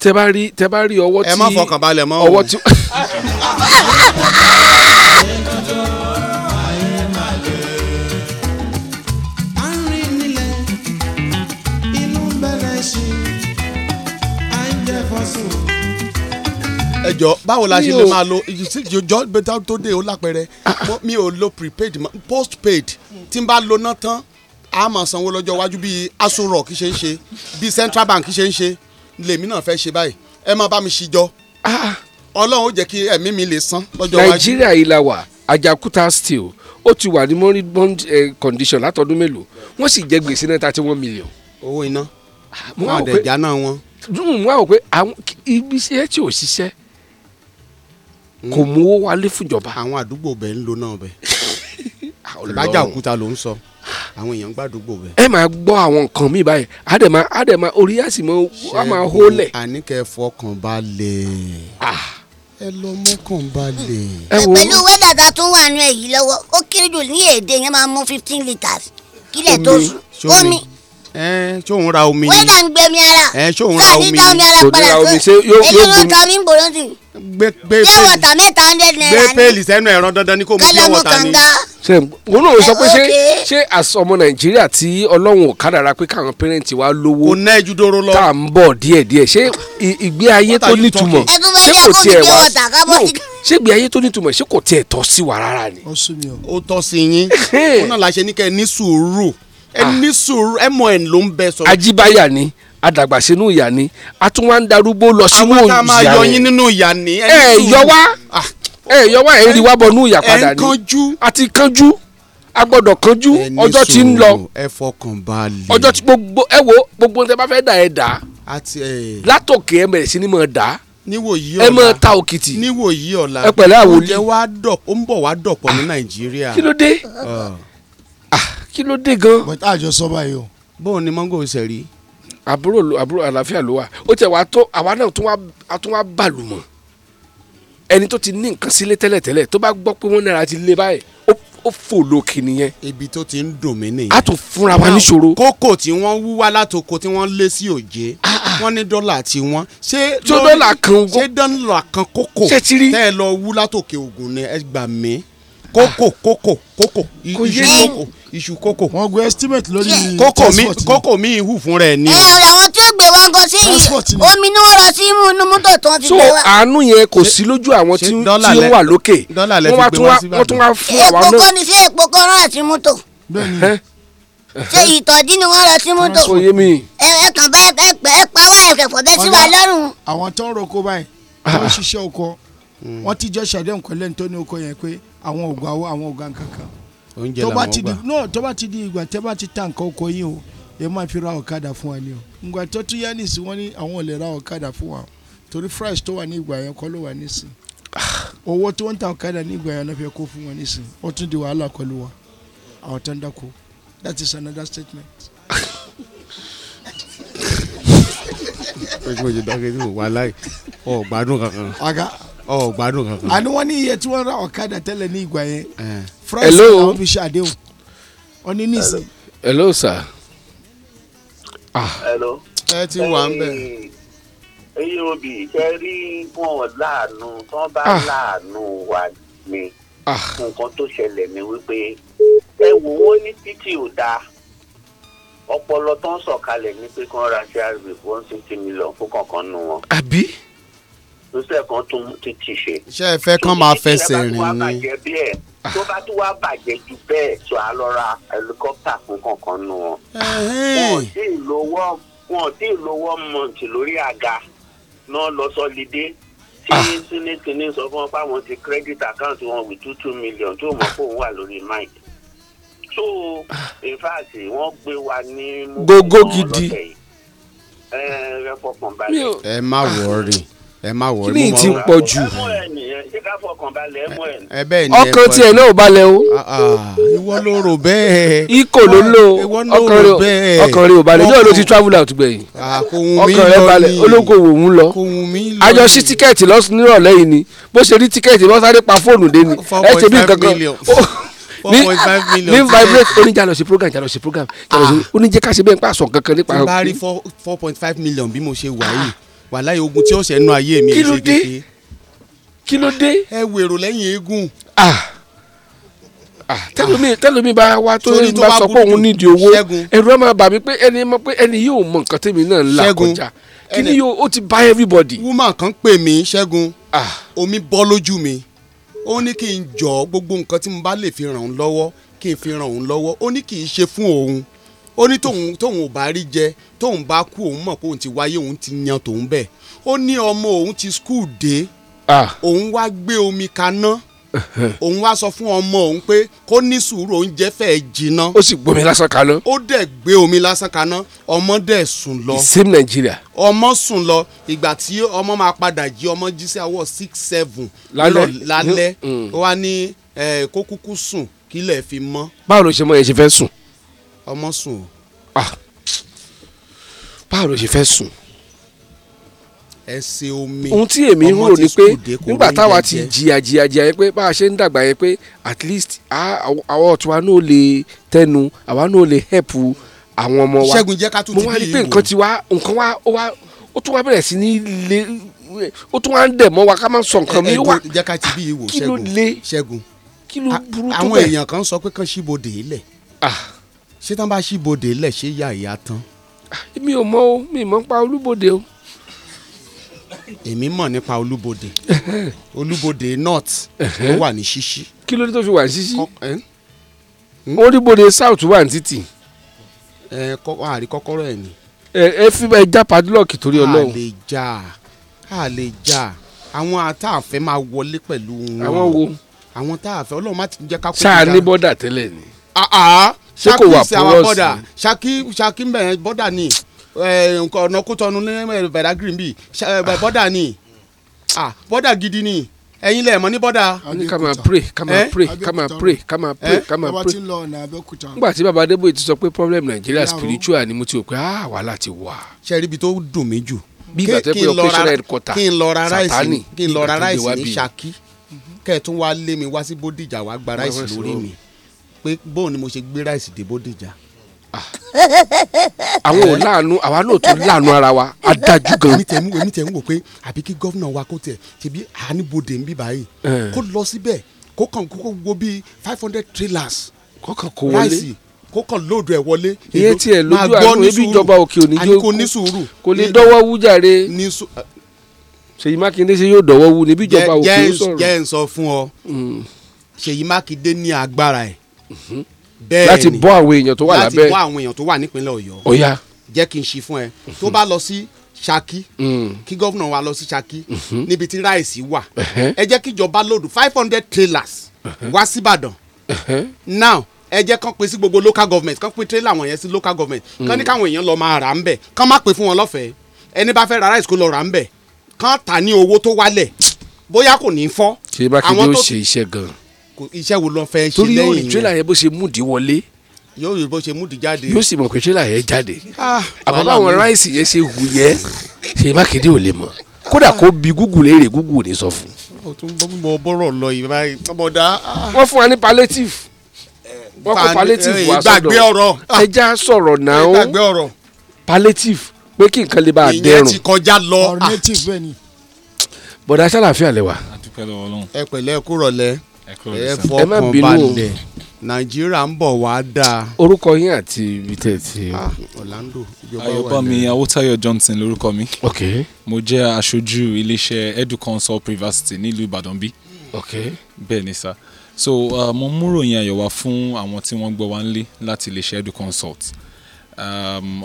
tẹ bá rí tẹ bá rí ọwọ́ tí ẹ má fọkàn balẹ̀ mọ́ ọwọ́ tí. ẹ jọ báwo la ṣe lè máa lo ìjọ bẹta tó dé o lápẹẹrẹ mi ò lo prepaid post paid tí n bá lo náà tán a máa sanwó lọ́jọ́ iwájú bíi aso rock ṣe ń ṣe bíi central bank ṣe ń ṣe lèmi náà fẹ́ ṣe báyìí ẹ máa bá mi ṣíjọ ah. ọlọ́run ó jẹ́ kí ẹ̀mí mi lè san lọ́jọ́ iwájú. nàìjíríà yìí la wà àjàkúta steel ó ti wà ní moribund eh, condition látọdún mélòó wọ́n sì jẹ gbèsè náà thirty one million. owó iná ah, wọn àdẹ̀já náà wọn. dùnmù wọn àwọn pé ibi iṣẹ́ tí ò ṣiṣẹ́ Mm. kò mówó wálé fúnjọba. àwọn àdúgbò bẹ́ẹ̀ ń lo náà bẹ́ẹ̀ lájà òkúta ló ń sọ àwọn èèyàn gbàdúgbò bẹ́ẹ̀. ẹ máa gbọ́ àwọn nǹkan mi báyìí àdèmà àdèmà orí àsìmọ́ a máa hó lẹ̀. àníkẹ́ fọkàn balẹ̀ ah. ẹ lọ mọ́kàn balẹ̀. ẹ pẹ̀lú wẹ́dà tá a tún wà nù ẹ̀ lọ́wọ́ ó kéré jù ní èdè yẹn máa mú fifteen litres kílẹ̀ tó sùn omi. omi ẹ ṣóun ra omi ni wọ́n dà ń gbé mi ara ẹ ṣóun ra omi ni kò ní ra omi ṣé yóò gbó èyí ló ń ta mí gbòòrò sí gbé gbé péèlì pure water mẹ́ta hundred naira ni gbé péèlì sẹ́nu ẹ̀rọ dandan ni kò mú pure water ni. ṣe mo náà sọ pé ṣé ṣé ọmọ nàìjíríà tí ọlọ́run ò kádàrá pé káwọn pẹ́rẹ́ǹtì wa lówó kò ná ẹjú dóró lọ tá à ń bọ̀ díẹ̀díẹ̀ ṣé ìgbé ayé tó nítumọ̀ ṣé kò tiẹ̀ wá ṣé ìgbé ayé tó nítumọ̀ ṣé kò tiẹ̀ tọ́ sí wa rárá ni. ó tọ́ sí yín ó náà láṣẹ ní kẹ́ ẹ ní sùúrù Ah. ẹ ní sùúrù ẹ mọ ẹ ló ń bẹ sọ. ajíbáyà ni àdàgbà sínú ìyà ni a tún wá ń darúgbó lọ sínú ìyà rẹ. àwọn tá a máa yọ yín nínú ìyà ni. ẹ yọ wá ah. ẹ yọ wá ẹ rí wá bọ nú ìyà padà ni àti kánjú a gbọ́dọ̀ kánjú ọjọ́ tí ń lọ ọjọ́ tí gbogbo ẹ wo gbogbo tẹ bá fẹ́ dà ẹ dà látòkè ẹ bẹ̀rẹ̀ sí ni mo dà ẹ mọ ta òkìtì ẹ pẹ̀lẹ́ àwòlí ó ń bọ̀ wá dọ̀pọ̀ ní ah, nàìjíríà kí ló dé. Ah, kí ló dé gan. bọ́tà àjọ sọ báyìí o. bóun ni mango ṣe rí. àbúrò àbúrò àlàáfíà ló wà ó tẹ wàá tó àwa náà tún wá bàlùmọ̀ ẹni tó ti ní nǹkan sílé tẹ́lẹ̀tẹ́lẹ̀ tó bá gbọ́ pé wọ́n náírà ti lé báyìí ó fò lókè nìyẹn. ibi tó ti ń dùn mí nìyẹn. a tún fúnra wa níṣòro. kókò tí wọ́n wú wá látoko tí wọ́n lé sí òjé ah, ah, wọ́n ní dọ́là tí wọ́n. ṣé dọ́là kan kókò tẹ́ ẹ lọ wú látòkè ògùn ni ẹ gbà mí kókò kókò kókò iṣu kókò iṣu kókò. wọn gbé estimate lórí kókò mi kókò mi hù fún rẹ ni. ẹ àwọn tí ó gbé wá nǹkan sí yìí omi ni wọn rọ sí inú mọ́tò tí wọn ti gbé wá. so àánú yẹn kò sí lójú àwọn tí ó wà lókè wọn tún wá fún àwa náà. èèpo kan ni sí èèpo kan rán àti mọ́tò. ṣé ìtọ́jú ni wọ́n rọ sí mọ́tò. ẹ kàn bá ẹ pa wá ẹ̀fẹ̀fọ̀ bẹ́ẹ̀ sí wa lọ́rùn. àwọn tó ń roko báyìí tó ń ah, ah. ṣiṣẹ́ oko wọ́n ti jọ ṣàdé nǹkan lẹ́nu tó ní oko yẹn pé àwọn ògùn àwọ àwọn ògùn kankan oúnjẹ làwọn gbà no tó bá ti di ìgbà tẹ́ bá ti ta nǹkan oko yín o ẹ máa fi ra ọ̀kadà fún wa ni o ìgbà tó tún yá nìsín wọ́n ní àwọn ò lè ra ọ̀kadà fún wa torí price tó wà ní ìgbà yẹn kọ́ ló wà nísìn ah. owó tó ń ta ọ̀kadà ní ìgbà yẹn fẹ́ kó fún wọn nísìn ó tún di wàhálà pẹ̀lú wa àwọn tó ń dáko that is another statement. pé kí mo ṣe dákẹ́ sí wàhálà yìí ọ̀ kankan ọ gbádùn kankan. àní wọ́n ní iye tí wọ́n ra ọ̀kadà tẹ́lẹ̀ ní ìgbà yẹn. france hello sir. ah ẹ ti wà ń bẹ̀. eyín obì ṣe rí wọn láàánú tí bá ah. láàánú wa ni ah. nǹkan tó ṣẹlẹ̀ ni wípé ẹ wò wọ́n ní títì ò dáa ọpọlọ tó sọ̀kalẹ̀ ní pé kí ra ṣe àgbẹ̀ one fifty million fún kankan nù wọn. àbí ìgbésẹ̀ kan tó ti ti ṣe. ṣé ẹ fẹ́ máa fẹsẹ̀ rìn ni. tó bá tún wá bàjẹ́ ju bẹ́ẹ̀ tó a lọ ra helicopter fún kankan nù wọn. wọn ti lówó wọn lówó mọ̀ǹtì lórí àga náà lọ sọ́lidé tí ah. sínítì sọ fún ọ pé ti credit account wọn with two two million tó mọ̀ pé wà lórí mind so in fact wọ́n gbé wa ní. gógó gidi. ẹ ẹ fọkàn balẹ̀. ẹ má wọrí ẹ má wọ kí ni ti ń pọ̀ jù. ọkàn tiẹ̀ náà ò balẹ̀ o. Ah, ah, ìwọ ló rò bẹ́ẹ̀. ikọ̀ ló lò ah, ọkàn rẹ̀ ò balẹ̀ níwọ̀n ló ti travel out gbẹ̀yìn. ọkàn balẹ̀ olókoòwò ń lọ. àjọ sí tíkẹ́ẹ̀tì nírọ̀lẹ́ yìí ni bó ṣe rí tíkẹ́ẹ̀tì wọ́n sáré pa fóònù dé ni ẹ̀ ṣe bí nǹkan ní ní vibrate ó sí program jalọ sí program jalọ sí ó ní bẹ́ẹ̀ pàṣọ kankan nípa. n bá rí four point five million bí mo ṣe wà yìí wàláyé ogun tí ó ṣe nu ayé mi. kí ló dé kí ló dé. ẹ wèrò lẹ́yìn eégún. Ah. Ah, tẹ́lómi ah. tẹ́lómi bá wa tó ń bá sọ pé òun nídìí owó ẹ̀rù ẹ̀ máa bà mí pé ẹni mọ̀ pé ẹni yóò mọ nǹkan tèmi náà ń là kọjá kí ni yóò ó ti bá everybody. woman kan pè mí ṣẹ́gun omi bọ́ lójú mi ó ní kí n jọ gbogbo nǹkan tí mo bá lè fi ràn òun lọ́wọ́ kí n fi ràn òun lọ́wọ́ ó ní kì í ṣe fún òun ó ní tóun tóun ò bá rí jẹ tóun bá kú òun mọ̀ pé òun ti wáyé òun ti yan tòun bẹ̀ ó ní ọmọ òun ti skul dé ah. òun wá gbé omi kaná òun wá sọ fún ọmọ òun pé kó ní sùúrù oúnjẹ fẹ́ jiná. ó sì gbomi lásán kaná. ó dẹ̀ gbé omi lásán kaná ọmọ dẹ̀ sùn lọ. same Nigeria. ọmọ sùn lọ ìgbà tí ọmọ máa padà jí ọmọ jí sí àwọ̀ six seven. lálẹ́ lálẹ́ mm. ó wá ní kó kúkú sùn kílẹ̀ fi mọ́. báwo ló ṣe mọ ẹ ṣe fẹ́ sùn ọmọ sùn o. Ah, báwo ló ṣe fẹ́ sùn. ẹsẹ̀ omi ohun tí èmi ń rò ni pé nígbà táwa ti jìyà jìyà jìyà yẹn pé bá a ṣe ń dàgbà yẹn pé at least àwọn ọ̀tún wa náà lè tẹnu àwa náà lè help àwọn ọmọ wa ṣẹ́gun jẹ́ ká tún ti bí ìwò mo wá rí i pé nǹkan ti wá nǹkan wá ó wá ó tún wá bẹ̀rẹ̀ sí ní le ó tún wá ń dẹ̀ mọ́ wa ká má sọ nǹkan mi wá ah, kí ló le ṣẹ́gun kí ló burú tó bẹ̀. àwọn èèyàn kan sọ pé kán ṣíbodè ilẹ̀. ah ṣé tán bá ṣíbodè lẹ̀ ṣé yà ìyá tán. mi ò mọ o mi ò mọ pa olúbodè o. èmi mọ̀ nípa olúbodè olúbodè north ló wà ní ṣíṣí. kí ló dé tó fi wà ní ṣíṣí hmm? olúbodè south wà ní títì. ẹ kọ àrí kọ́kọ́rọ́ ẹ ni. ẹ ẹ fi ẹ já padlock torí Ọlọ́run. a lè já a lè já àwọn tá a fẹ́ máa wọlé pẹ̀lú wọn. àwọn wo. àwọn tá a fẹ́ Ọlọ́run má ti jẹ́ ká kó. sáà ní bọ́dà tẹ́lẹ̀ ni. àà. Ah, ah ṣákì sí àwọn bọ́dà ṣákì ṣákì ń bọ́dà ni eh, nǹkan ọ̀nà kótọ́nu ní bẹ̀rẹ̀ green bíi bọ́dà ni bọ́dà gidi ni ẹ̀yin lẹ mọ̀ ní ká máa eh? pray ká máa pray ká máa pray eh? ká máa pray ká máa pray. nígbà tí baba adébóyè ti sọ pé problem Nigeria spiritual ni mo ti rò pé ah wàhálà ti wà. ṣe rí ibi tó dùn mí jù. bí ìgbà tó yẹ pé operational headquarter Sátánì kí n lọ ra ráìsì ní Ṣakí mhm. kẹ́ ẹ̀ tún wá lé mi wá sí Bódìjà wá gba ráìsì lórí mi pé bóun ni mo ṣe gbé ráìsì dé bódìjà. Ah. àwọn ò láàánú àwa náà tún láàánú ara wa adájú gan. èmi tẹ̀ ń wò èmi tẹ̀ ń wò pé àbí kí gọ́vnà wa kó tẹ̀ tẹ̀bí àánibodè ń bí báyìí kó lọ síbẹ̀ kó kàn kó wo bíi five hundred trailers kó kàn kó wọlé ráìsì kó kàn lóòdù ẹ wọlé. iye tiẹ̀ lójú àánú ebi ìjọba òkè òní jó kò lè dọ́wọ́ wújàre ṣèyí mákindé ṣe yóò dọ́wọ́ wú níbi ìjọba òkè ó sọ̀rọ̀. jẹ́ ń sọ fún ọ hmm. ṣèyí mákindé ní agbára ẹ̀ bẹ́ẹ̀ ni láti bọ́ àwọn èèyàn tó wà lábẹ́ láti bọ́ àwọn èèyàn tó wà nípínlẹ̀ ọ̀yọ́ ó yá jẹ́ kí n ṣe fún ẹ tó bá lọ sí Ṣakí mm. kí gómìnà wa lọ sí Ṣakí mm-hmm. níbi tí ráìsì wà ẹ jẹ́ kí ìjọba lòdù five hundred trailers wá síbàdàn now ẹ jẹ́ kán pè sí gbogbo local government kán pè trailer wọn yẹn sí local government mm. kán ní káwọn èèyàn lọ máa rà ń bẹ̀ kán má pè fún wọn lọ́fẹ̀ẹ́ ẹni bá fẹ́ ra ráìsì kó lọ rà ń bẹ̀ kán tà ní owó tó wálẹ̀ bóyá kò ní fọ́. ṣé bá kí ló ṣe iṣẹ́ gan-an iṣẹ́ wo lọ fẹ́ ṣe lẹ́yìn yẹn. torí yóò rí tírélà yẹn bó ṣe múdi wọlé. yóò rí bó ṣe múdi jáde. yóò sì mọ̀ pé tírélà yẹn jáde. àbábá àwọn ráìsì yẹn ṣe hù yẹn ṣe mákindé ò lè mọ̀ kódà kó bi gúgù léèrè gúgù ò ní sọ fún. o tún bọ́ bọ́rọ̀ lọ yìí báyìí ọmọdá. wọ́n fún wa ní palliative wọ́n kó palliative eh, wá sọ́dọ̀ ah, ẹja sọ̀rọ̀ náà palliative pé kí nǹkan lè bá a dẹrùn. ìyẹn ti kọjá lọ. Ah. bọ̀dá sálàfíà lẹ wà. ẹ pẹ̀lẹ́ ẹ kúrọ̀lẹ́ ẹ má bínú nàìjíríà ń bọ̀ wá dáa. orúkọ yín àti ibi tẹ̀ ti. Ah, Orlando ìjọba wà ní. ayọ̀bámi awótáyọ̀ johnson lórúkọ mi. ok. mo jẹ́ aṣojú iléeṣẹ́ educonsult privacity nílùú ìbàdàn bí. ok. bẹ́ẹ̀ ni sá so uh, mo mú ròyìn ayọ̀ wá fún àwọn tí wọ́n gbọ́ wá nílé láti iléeṣẹ́ educonsult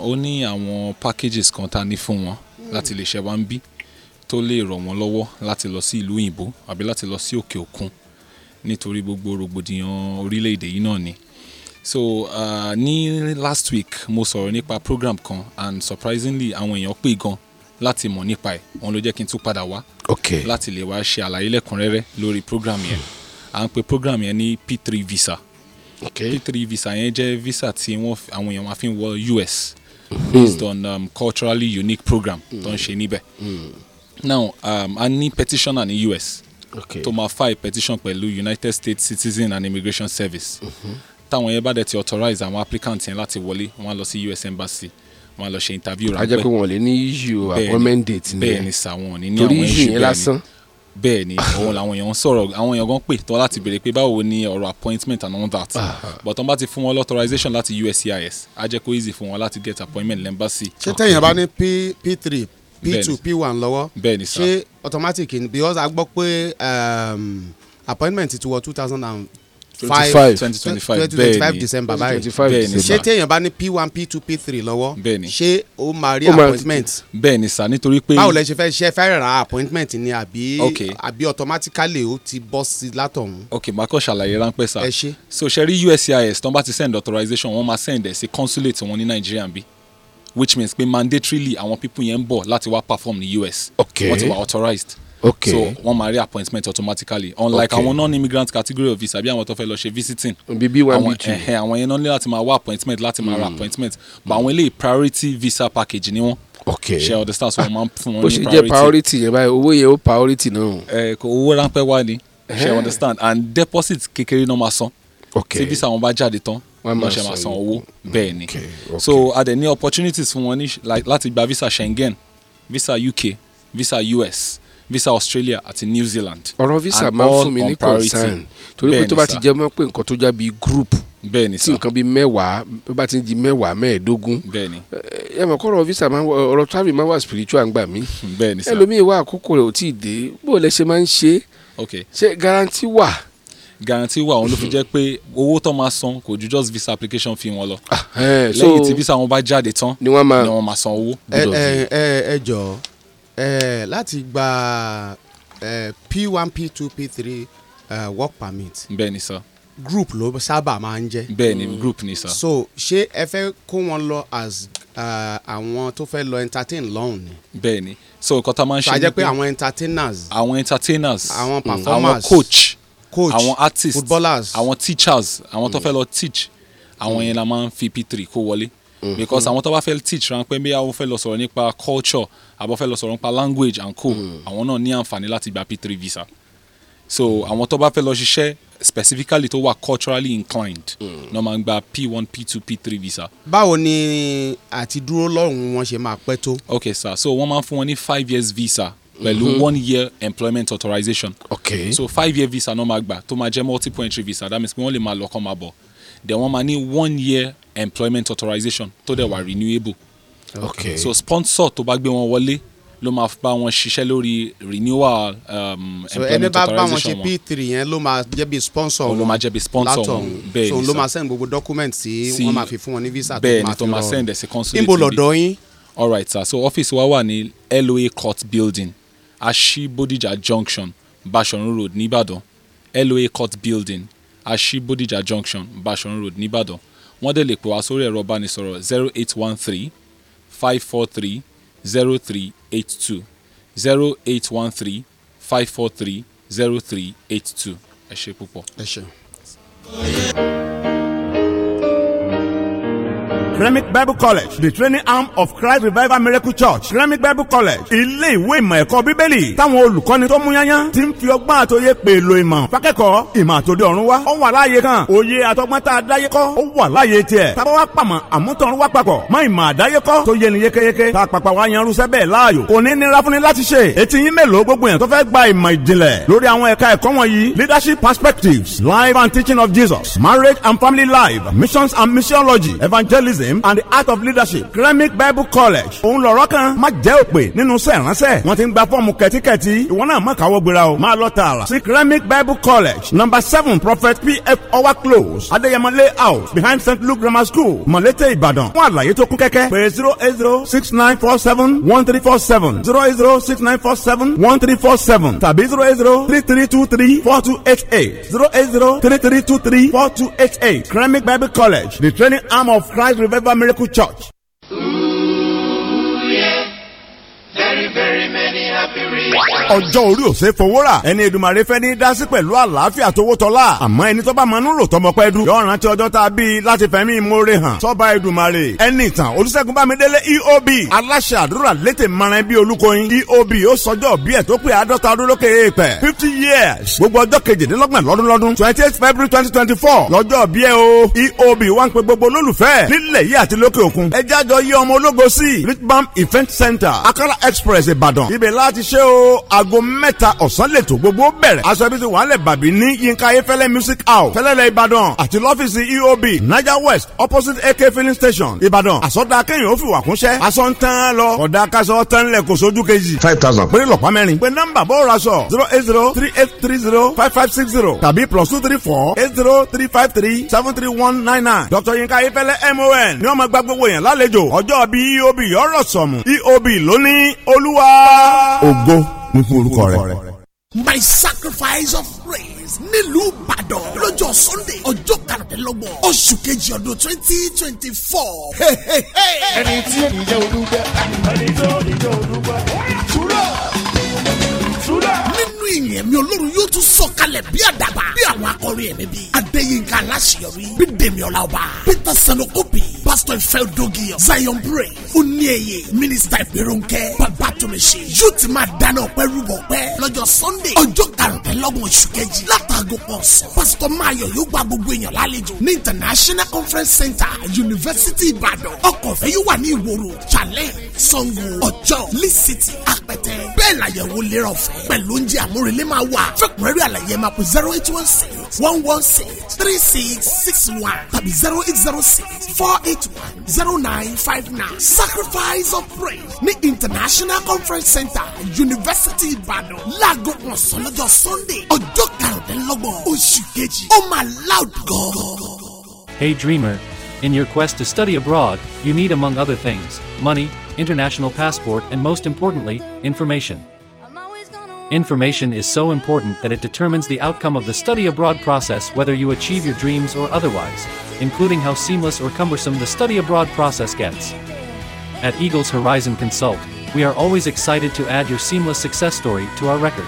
ó ní àwọn packages kan tá a ní fún wọn láti iléeṣẹ́ wa ń bí tó lè ràn wọ́n lọ́wọ́ láti lọ sí ìlú òyìnbó àbí láti lọ sí òkè òkun. Mm nítorí gbogbo rògbòdìyàn orílẹ̀-èdè yìí náà ni so uh, ní last week mo sọ̀rọ̀ nípa program kan and surprisingly àwọn èèyàn pè gan láti mọ̀ nípa ẹ̀ òun ló jẹ́ kí n tún padà wá okay. láti lè wá ṣe àlàyé lẹ́kùnrẹ́rẹ́ lórí program yẹn à ń pe program yẹn ní P3 visa okay. P3 visa yẹn jẹ́ visa tí wọ́n àwọn èèyàn máa fi ń wọ US mhm. based on um, culturally unique program mm. tó ń ṣe níbẹ̀ mm. now um, a ní petitioner ní US To máa file petition pẹ̀lú United States Citizen and Immigration Service mhm. táwọn yẹn bá dẹ̀ ti authorize àwọn applicant yẹn láti wọlé wọ́n á lọ sí US Embassy wọ́n á lọ ṣe interview ráńpẹ́. a jẹ́ pé wọ́n lè ní issue appointment date ni bẹ́ẹ̀ ni sàwọn ò ní ní àwọn issue bẹ́ẹ̀ ni bẹ́ẹ̀ ni òun làwọn èèyàn ń sọ̀rọ̀ àwọn èèyàn gan pè tọ́ láti béèrè pé báwo ni ọ̀rọ̀ appointment and all that ah. but wọ́n bá ti fún wọn authorization láti USCIS á jẹ́ kó easy fún wọn láti get appointment lẹ́mbàsì. ṣé tẹ̀yìn bá ní p p three p two, p one lọ́wọ́ bẹ́ẹ̀ni sá automatic ni because a gbọ́ pé um, appointment ti wọ two thousand and five twenty twenty five bẹ́ẹ̀ni twenty december báyìí bẹ́ẹ̀ni ṣé téèyàn bá ní p one p two p three lọ́wọ́ bẹ́ẹ̀ni ṣé ó máa rí appointment bẹ́ẹ̀ni sá nítorí pé báwo lẹ ṣe fẹ́ ṣe fẹ́ ra appointment ni àbí àbí automatically ó ti bọ́ sí látọ̀hún. ok màá kọ́ ṣàlàyé ráńpẹ́ sá ẹ ṣe so ṣe rí USCIS tán bá ti send authorization wọ́n máa send ẹ̀ sí consulate wọn ní nàìjíríà bíi which means pé mandatorily àwọn people yẹn ń bọ̀ láti wá perform ní US okay wọ́n ti wà authorized okay so wọ́n máa rí appointment automatically unlike àwọn okay. non-immigrant category of visa bí àwọn to fẹ́ lọ ṣe visiting bí bí wà B jù àwọn yẹn only ní láti máa appointment láti máa ra hmm. appointment but àwọn eléyìí priority visa package ni wọ́n okay ṣe understand so wọ́n máa fún wọn ní priority bó ṣe jẹ́ priority yẹn báyìí owó yẹn ó priority náà. ẹ kò owó ráńpẹ́ wá ni ṣe understand and deposit kékeré náà máa san okay tí visa wọn bá jáde tán wọ́n máa ṣe máa san owó mm, bẹ́ẹ̀ ni so a dẹ̀ ní opportunities fún wọn láti gba visa Schengen visa UK visa US visa Australia àti New Zealand ọ̀rọ̀ visa máa ń fún mi ní concern torí pé tó bá ti jẹ́ mọ́ pé nǹkan tó já bíi group bẹ́ẹ̀ni sá tí nǹkan bíi mẹ́wàá bí bá ti di mẹ́wàá mẹ́ẹ̀ẹ́dógún bẹ́ẹ̀ni ẹ mọ̀ visa máa ọ̀rọ̀ travel máa wà spiritual gbà mí bẹ́ẹ̀ni sá ẹlòmíì wà àkókò rẹ̀ ò tí ì dé bó o lẹ ṣe máa ń ṣe ṣe guarantee wà guarantee wa wọn ló fi jẹ́ pé owó tó máa san kò ju just visa application fee wọn lọ ah, lẹ́yìn tí visa wọn bá jáde tán ni wọ́n máa san owó. ẹ ẹ jọ ẹ láti gba p one p two p three work permit. bẹ́ẹ̀ni sir. group ló sábà máa ń jẹ́. bẹ́ẹ̀ni group ni sir. so ṣé ẹ fẹ́ kó wọn lọ as àwọn tó fẹ́ lọ entertain lọ́hùn ni. bẹ́ẹ̀ni so nǹkan tá a máa ń ṣe ni pé àwọn entertainers. àwọn entertainers. àwọn hmm, performers. àwọn coach coach àwọn artists. footballers àwọn teachers àwọn tó mm. fẹ́ lọ teach àwọn mm. yẹn la máa ń fi p3 kó wọlé mm-hmm. because àwọn tó bá fẹ́ teach ránpẹ́ bí àwọn fẹ́ lọ sọ̀rọ̀ nípa culture àbọ̀ fẹ́ lọ sọ̀rọ̀ nípa language and co mm. àwọn náà ní àǹfààní láti gba p3 visa so àwọn tó bá fẹ́ lọ ṣiṣẹ́ specifically tó wà culturally inclined náà máa ń gba p1 p2 p3 visa. báwo ni àti dúró lọ́rùn wọn ṣe máa pẹ́ tó. ok sir so wọ́n máa ń fún wọn ní five years visa pẹ̀lú mm -hmm. one year employment authorization. okay so five year visa náà máa To tó máa multiple entry visa that means pé wọ́n lè máa lọ kán máa bọ̀ then wọ́n máa ní one year employment authorization tó dẹ̀ wa renewable. okay so sponsor to bá gbé wọn wọlé ló máa bá wọn ṣiṣẹ́ lórí renewal um, so employment authorization wọn. so ẹni bá bá wọn ṣe p three yẹn ló máa jẹ́ bí sponsor oh, wọn ló máa jẹ́ bí sponsor wọn bẹ́ẹ̀ ni so ló ma send gbogbo document sí wọ́n máa fi fún wọn ní visa tó bẹ́ẹ̀ ni tó máa send ẹ̀ sí consulate níbo lọ́dọ̀ yín. all right sir so office wa wà ní LOA court building aṣíbódìjà junction bashorun road nìbàdàn loa court building aṣíbódìjà junction bashorun road nìbàdàn wọ́n dẹ̀ lè pè wá sórí ẹ̀rọ ìbánisọ̀rọ̀ zero eight one three five four three zero three eight two zero eight one three five four three zero three eight two ẹ ṣe púpọ̀. ẹ ṣe. Remic Bible College, the training arm of Christ Revival Miracle Church, Remic Bible College, ilé ìwé ìmọ̀ ẹ̀kọ́ bíbélì, táwọn olùkọ́ni tó mú yányán ti ń fi ọgbọ́n àtòyé pè lo ìmọ̀. Fákẹ́kọ̀ọ́ ìmọ̀ àtòdì ọ̀run wá. Ó wà láàyè kan, òye àtọgbọ́n tá a dáyé kọ́, ó wà láàyè tiẹ̀. Tábọ́ wá pàmò àmútọ̀run wá papọ̀, mọ ìmọ̀ àdáyé kọ́ tó yẹ ni yékéyéké. Tá a pàpà wá yan irúṣẹ́ bẹ́ẹ̀ láàyò. Kò ní nira fún ni láti ṣe. Etí yín mélòó gbogbo yẹn tó fẹ́ gba ìmọ̀ ìjìnlẹ̀ lórí àwọn ẹ̀ka ẹ̀kọ́ wọ̀nyí. Leadership perspectives, life and teaching of Jesus, marriage and family life, missions and missiology, evangelism evangelism and the art of leadership Gremic Bible College òun lọ̀rọ̀ kan má jẹ́ òpè nínú sẹ̀ránṣẹ́ wọ́n ti ń gba fọ́ọ̀mù kẹ́tíkẹ́tí ìwọ náà má káwọ́ gbéra o máa lọ tààrà sí Gremic Bible College number seven Prophet P.F. Owa close Adéyẹmọ House. behind St. Luke Grammar School Mọ̀lété Ìbàdàn fún àlàyé tó kún kẹ́kẹ́ pé zero eight zero six nine four seven one three four seven zero eight zero six nine four seven one three four seven tàbí zero eight zero three three two three four two eight eight zero eight zero three three two three four two eight eight Gremic Bible College the training arm of Christ Revival. Reverend Miracle Church ọjọ́ orí òsè fowó rà ẹni Èdùmàrè fẹ́ ní dásí pẹ̀lú àlàáfíà tówó tọ́lá àmọ́ ẹni tó bá rò tọmọ pẹ́ dùn yóò rántí ọjọ́ tá bí láti fẹ̀mí ìmoore hàn sọ́ba Èdùmàrè ẹni ìtàn Olúṣẹ́gun Bámidélé EOB aláṣẹ àdúrà létè marin bí olúkoyin EOB ó sọjọ́ bí ẹ̀ tó pé àádọ́ta ọdún lókè èèpẹ̀ fifty years gbogbo ọjọ́ kejìdínlọ́gbọ̀n lọ́dún lọ́dún twenty eight February twenty twenty four lọ́jọ́ aago mẹ́ta ọ̀sán lẹ́tọ̀ gbogbo bẹ̀rẹ̀ aṣọ ibi tí wàá lẹ̀ bàbí ní yínká ayéfẹ́lẹ́ music house fẹ́lẹ́lẹ̀ ìbàdàn àti lọ́fíìsì eob naija west opposite ak filling station ìbàdàn àsọdá kẹ́yìn ó fi wà kúnṣẹ́ aṣọ ń tán lọ ọ̀dà kaṣọ tán lẹ̀ kó sojú kejì. five thousand péré lọ́pàá mẹ́rin pé nọ́mbà bó ra sọ zero eight zero three eight three zero five five six zero tàbí plus two three four eight zero three five three seven three one nine nine dr yínká ayéfẹ́lẹ́ mon ni wọ́n máa gba gbogbo yẹn lálejò ọjọ́ bíi eob ọ̀rọ̀ sọ̀mù eob lónìí olúwa ògo nípò orúkọ rẹ. my sacrifice of praise nílùú ìbàdàn lọ́jọ́ sunday ọjọ́ kàrọ̀dẹ́lọ́gbọ̀n oṣù kejì ọdún twenty twenty four. ẹni tí ènìyàn olúgbẹ́ ẹni tó ènìyàn olúgbẹ́ ìyìn ẹ̀mí olórun yóò tún sọ̀kalẹ̀ bí àdàbà bí àwọn akọrin ẹ̀mí bíi adéyínká aláṣeyọrí bí dèmíọ́lá ọba peter sanokobi pastor ifeanyi dogiyan zion praise oníyeye minister ìgbéròǹkẹ́ babatunmise yóò ti máa dáná ọpẹ́ rúbọ ọpẹ́ lọ́jọ́ sunday ọjọ́ karùndínlọ́gbọ̀n oṣù kejì látàgò kan sọ pastor mayo yóò gba gbogbo èèyàn lálejò ní international conference center university ìbàdàn ọkọ̀ ọ̀fẹ́ yóò wà ní ìwòrò challenge Sango ọjọ́ lisiti apẹtẹ bẹ́ẹ̀ làyẹ̀wò lérò ọ̀fẹ́ pẹ̀lú oúnjẹ àmúrelé máa wà fẹ́kùnrẹ́rẹ́ àlàyé máa pè zero eight one six one one six three six six one tàbí zero eight zero six four eight one zero nine five nine sacrifice of praise ní international conference center university Ìbàdàn láago ọ̀sán Sunday ọjọ́ karùndínlọ́gbọ̀n oṣù kejì ó máa loud gan. Hey dreamer, in your quest to study abroad, you need among other things, money, international passport, and most importantly, information. Information is so important that it determines the outcome of the study abroad process whether you achieve your dreams or otherwise, including how seamless or cumbersome the study abroad process gets. At Eagles Horizon Consult, we are always excited to add your seamless success story to our record.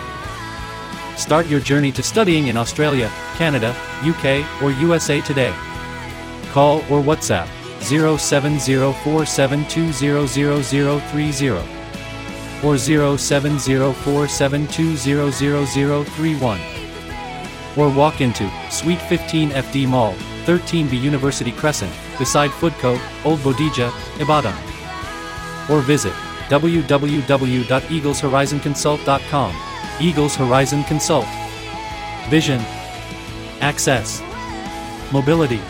Start your journey to studying in Australia, Canada, UK, or USA today. Call or WhatsApp 070472000030 or 070472000031 or walk into Suite 15 FD Mall, 13B University Crescent, beside Foodco, Old Bodija, Ibadan. Or visit www.eagleshorizonconsult.com. Eagles Horizon Consult. Vision. Access. Mobility.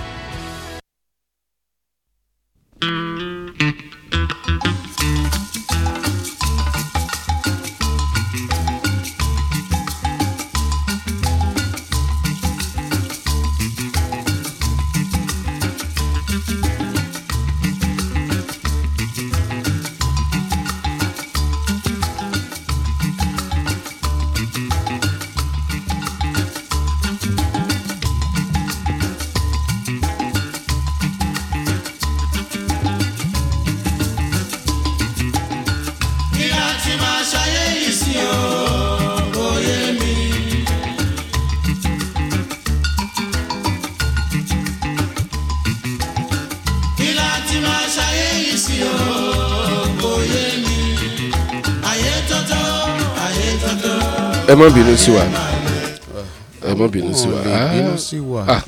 bínú sí wa ẹ bínú ah. sí wa ah.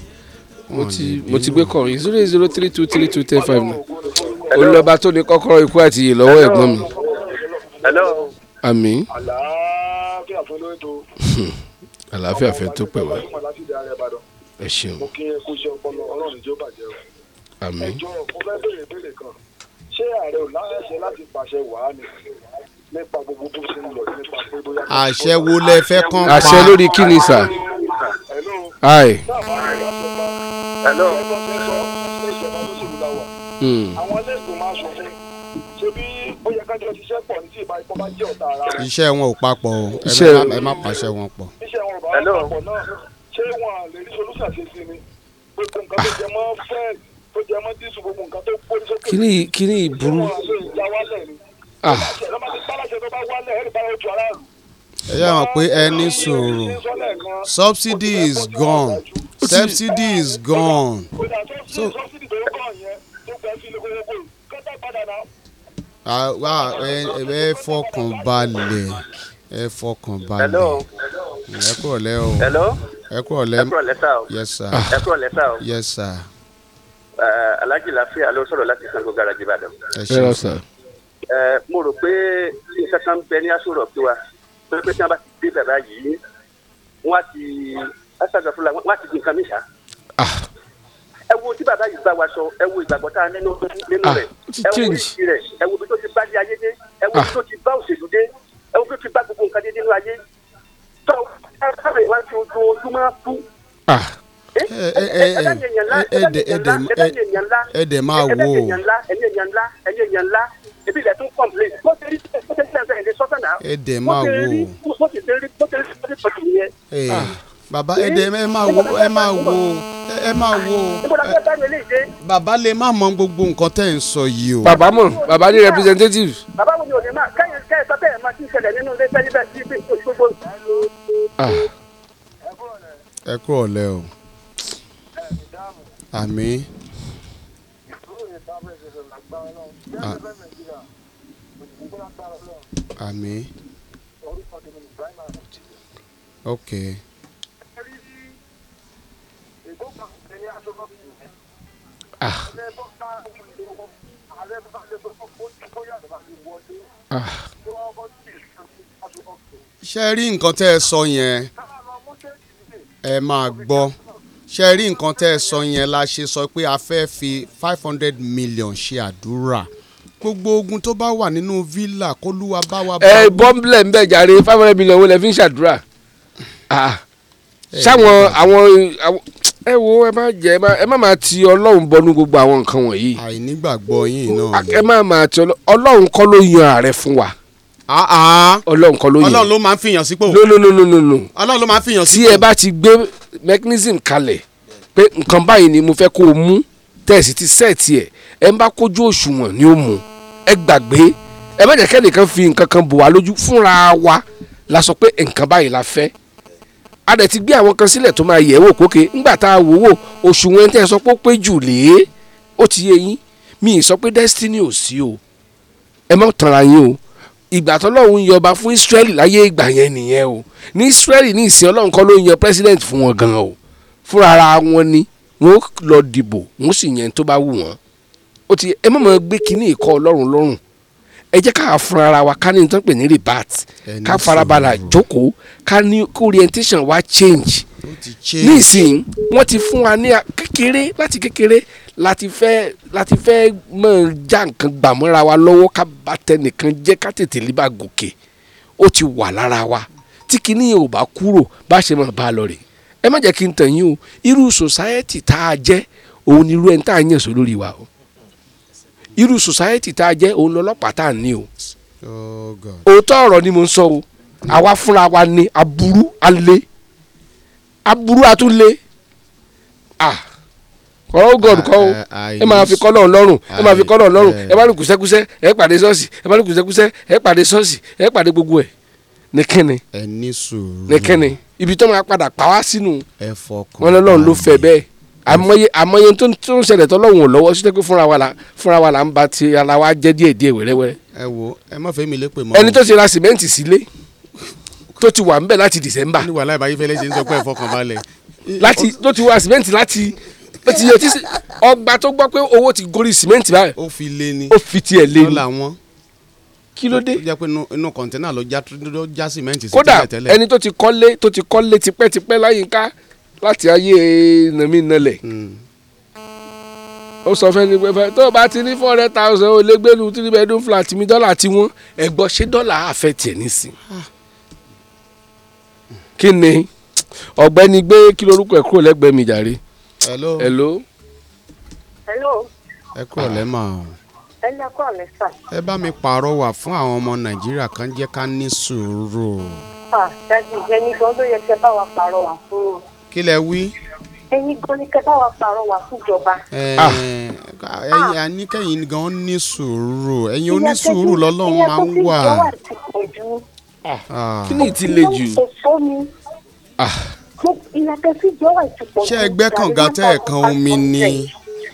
mo ti gbé kọrin zero zero three two three two ten five olùlọ́ba tó ní kọ́kọ́rọ́ ikú àti ìyè lọ́wọ́ ẹ̀gbọ́n mi. àmín. àlàáfíà fẹ́ tó pẹ̀ wá. ẹ ṣeun. mo ṣé ààrẹ ò láṣẹ láti pàṣẹ wàá ni nípa gbogbo tó ṣe ń lọ nípa pé bóyá. àṣẹ wo lẹ fẹ́ kán pa. àṣẹ lórí kí sà. ayi. Hmm. iṣẹ́ wọn ò papọ̀ o ẹ má pàṣẹ wọn pọ̀. iṣẹ́ wọn ò bá wọn papọ̀ náà ṣé wọn lè rí solúsà ṣe sí ni gbogbo nǹkan tó jẹ mọ́ Ah. ẹ yà wọ́n pé ẹni sòrò subsidy is gone subsidy is gone. so ah, ẹ fọkàn balẹ̀ ẹ fọkàn balẹ̀ ẹ kúrò lẹ́ o ẹ kúrò lẹ́ yes sir ẹ kúrò lẹ́ sá o yes sir. Eh, Alhaji Lafiya ló sọ̀rọ̀ láti Ṣàngó garaji Ìbàdàn. ẹ ṣe o sir mo rò pé iṣẹ́ kan ń bẹ ní aṣọ rọ̀bì wa pé pé tí wọ́n bá ti dé bàbá yìí wọ́n á ti aṣáájú àfúlà wọ́n á ti di nǹkan mìíràn. ẹ wo tí bàbá yìí bá wa sọ ẹ wo ìgbàgbọ́ tá a nínú nínú rẹ̀ ẹ wo oríṣi rẹ̀ ẹ wo bí tó ti bá di ayé dé ẹ wo bí tó ti bá òṣèlú dé ẹ wo bí tó ti bá gbogbo nǹkan dé nínú ayé tó ẹ sábẹ̀ wá sí ojú ojúmọ́ fún ẹ dẹ̀ máa wò ó ebi ilẹ̀ tún complain bó ṣe rí bó ṣe rí ẹsẹ̀ ìdí sọ́tẹ̀ náà ẹ dẹ̀ máa wò ó bó ṣe rí bó ṣe rí bó ṣe rí bọ́tì yẹn. Ah. bàbá ẹ ẹ máa wò ẹ máa wò ẹ máa wò bàbá lè má mọ gbogbo nǹkan tẹ́ ń sọ yìí o. bàbá mọ̀ bàbá ní representative. bàbá wo ni òní máa kẹ́yìn kẹ́yìn sọ́tẹ̀ ẹ̀ máa ti ṣẹlẹ̀ nínú ilé fẹ́ níbẹ̀ sí gbogbo. Ah. ẹ kú ọ̀lẹ́ o àmín. Ah. Àmín. Orúkọ tèmi Ok. Ah. Ah. Ṣé wọ́n bọ́ sí ìṣòro aṣọ́kọ́ fi yẹn? rí nǹkan tẹ́ ẹ sọ yẹn? Ẹ máa gbọ́ ṣe rí nǹkan tẹ́ ẹ sọ yẹn la ṣe sọ pé a fẹ́ fi five hundred million ṣe àdúrà gbogbo ogun tó bá wà nínú villa kólúwa bá wa. ẹ bọ́m̀bìlẹ̀ ń bẹ̀ jàre five hundred million owó lẹ fi ń ṣàdúrà sáwọn ah, ah. àwọn ẹ wo ẹ má jẹ ẹ má máa ti ọlọ́run bọnú gbogbo àwọn nǹkan wọ̀nyí. àìnígbàgbọ́ yín náà. ẹ má máa ti ọlọ́run kọ́ ló yan ààrẹ fún wa. Ah, ọlọ́run kọ́ ló yan. ọlọ́run ló máa ń fìyàn sípò. no no no no no no. ọlọ́run ló máa ń fìyàn sípò. tí ẹ bá ti gbé mechanism kalẹ̀ ẹ ń bá kójú òṣùwọ̀n ni ó mú ẹ gbàgbé ẹ má jẹ́ kẹ́nìkan fi nǹkan kan bò wá lójú fúnra wa la sọ pé nǹkan báyìí la fẹ́ a dẹ̀ ti gbé àwọn kan sílẹ̀ tó máa yẹ̀ wò kókè ńgbà tá a wò wò òṣùwọ̀n ẹni tẹ́ ẹ sọ pé ó pé jù lé ó ti yé yín mi ì sọ pé destiny ò sí o ẹ má tanra yín o ìgbà tọ́lọ́run yọ ọba fún Israẹli láyé ìgbà yẹn nìyẹn o ní Israẹli ní ìsìn Ọlọ́run kọ́ ló ń yan president fún wọn gan o fúnra ara wọn ni wọn lọ dìbò wọn sì yẹn tó bá wù wọn ó ti ẹ má máa gbé kinní ìkọ́ ọlọ́run lọ́rùn ẹ jẹ́ ká fún ara wa ká ní nítorí pé ní rebirth ká farabalà jókòó ká ní orientation wa change nísìnyí wọ́n ti fún wa ní kékeré láti kékeré láti fẹ́ láti fẹ́ já nǹkan gbàmọ́ra wa lọ́wọ́ ká bá tẹnìkan jẹ́ ká tètè lè bá gòkè ó ti wà lára wa tí kinní yẹn ò bá kúrò bá ṣe máa bá lọ rè ẹ má jẹ́ kí n tàn o irú society tá a jẹ́ òun ni irú ẹni tá a yàn sọ lórí wa o irú society tá a jẹ́ òun lọ́lọ́pàá tá a ní o oh, òótọ́ ọ̀rọ̀ ni mo ń sọ o àwa fúnra wa ni aburú alẹ́ aburú atúlẹ̀ ah kọ́ oh, god kọ́ o oh. ẹ máa fi kọ́ lọ́run lọ́rùn ẹ máa fi kọ́ lọ́run lọ́rùn ẹ bá rí kùsẹ́kùsẹ́ ẹ pàdé ṣọ́ọ̀ṣì ẹ bá rí kùsẹ́kùsẹ́ ẹ pàdé ṣọ́ọ̀ṣì ẹ pàdé gbogbo ẹ̀ ní kíni ní kíni ibi tó máa padà pa wá sínú wọn lọ́run ló fẹ́ bẹ́ẹ̀ àmọye àmọye tó ń ṣẹlẹ̀ tọ́lọ́hún ò lọ́wọ́ ṣíṣẹ́ pé fúnra wa la fúnra wa la ń ba ti ara wa jẹ́ díẹ̀ díẹ̀ wẹ́rẹ́wẹ́rẹ́. ẹ wo ẹ má fẹ́ mi lé pè mọ́. ẹni tó ti ra sìmẹ́ǹtì sílé tó ti wà ń bẹ̀ láti dìsẹ́mbà. ní wàhálà ìbáyé fẹ́lẹ́ ṣe ń sọ pé ẹ̀fọ́kàn balẹ̀. láti tó ti wà sìmẹ́ǹtì láti ó ti yẹ tí ọgbà tó gbọ́ pé owó ti gorí sìmẹ́ǹtì báyìí. ó fi lé kí ló dé. ó jẹ́ pé inú kọ̀ǹtẹ́nà ló já sìmẹ́ǹtì sí tẹ́lẹ̀ kódà ẹni tó ti kọ́lé tó ti kọ́lé tipẹ́tipẹ́ láyìíká láti ayé nàmínàlẹ̀ hmm. ó sọ fẹ́ ni pẹ́fẹ́ tó o bá ti ní four hundred thousand o lè gbénu three bedroom flat mi dọ́là tí wọ́n ẹ̀gbọ́ ṣé dọ́là affect ẹ̀ nísìn. kí ni ọ̀gbẹ́ni gbé kí lorúkọ ẹ̀ kúrò lẹ́gbẹ̀ẹ́ mi jàre. hello. hello. hello. ẹ kúrò lẹ́mọ̀ o. ẹ lẹ́kọ̀ọ́ mi sà. ẹ bá mi pàrọwà fún àwọn ọmọ nàìjíríà kan jẹ́ ká ní sùúrù. ṣáà ṣáà ti jẹ́ ní gbọ́dọ̀ yẹ kí ẹ bá wa pàrọwà fún kí lẹ wí. ẹ̀yin gan ni kẹta wà pààrọ̀ wà fúnjọba. Eh, ah. eh, ẹ̀yin àníkẹyìn gan ní sùúrù ẹ̀yin onísùúrù lọ́lọ́run máa ń wà. Ah, ah. kí ni ti le jù. ṣé ẹgbẹ́ kànga tẹ́ ẹ̀ kan omi ni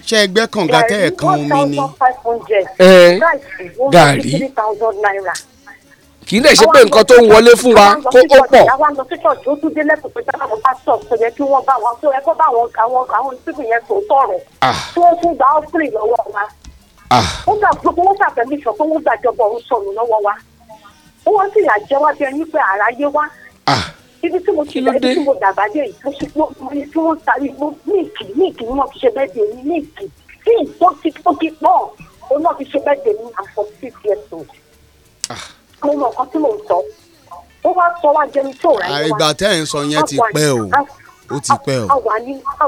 ṣé ẹgbẹ́ kànga tẹ́ ẹ̀ kan omi ni. gàrí kì í lè ṣe pé nǹkan tó ń wọlé fún wa kó ó pọ̀. àwa lọ sí ṣọ́ọ̀ṣì ó dé lẹ́kùn pé sábà wọn bá ṣọ́ọ̀ṣì tó yẹ kí wọ́n bá wọn tó yẹ kó bá wọn àwọn àwọn síbì yẹn tó tọ̀rọ̀ ah. tí wọ́n gba ọ́fìrì lọ́wọ́ wa. wọ́n ah. gbà pé wọ́n ṣàfẹ́mí sọ pé wọ́n gbàjọba òun sọnù lọ́wọ́ wa. wọ́n sì yà jẹ́ wá bí ẹni pé àráyé wá. Ah. ibi tí mo ti dá ibi tí mo dàgbà dé yìí mo ti mo mọ nǹkan tí mò ń sọ ó wá sọ wá jẹni tí ò rà yín wá. àìgbà tẹ́ ẹ̀ ń sọ yẹn ti pẹ́ o ó ti pẹ́ o. a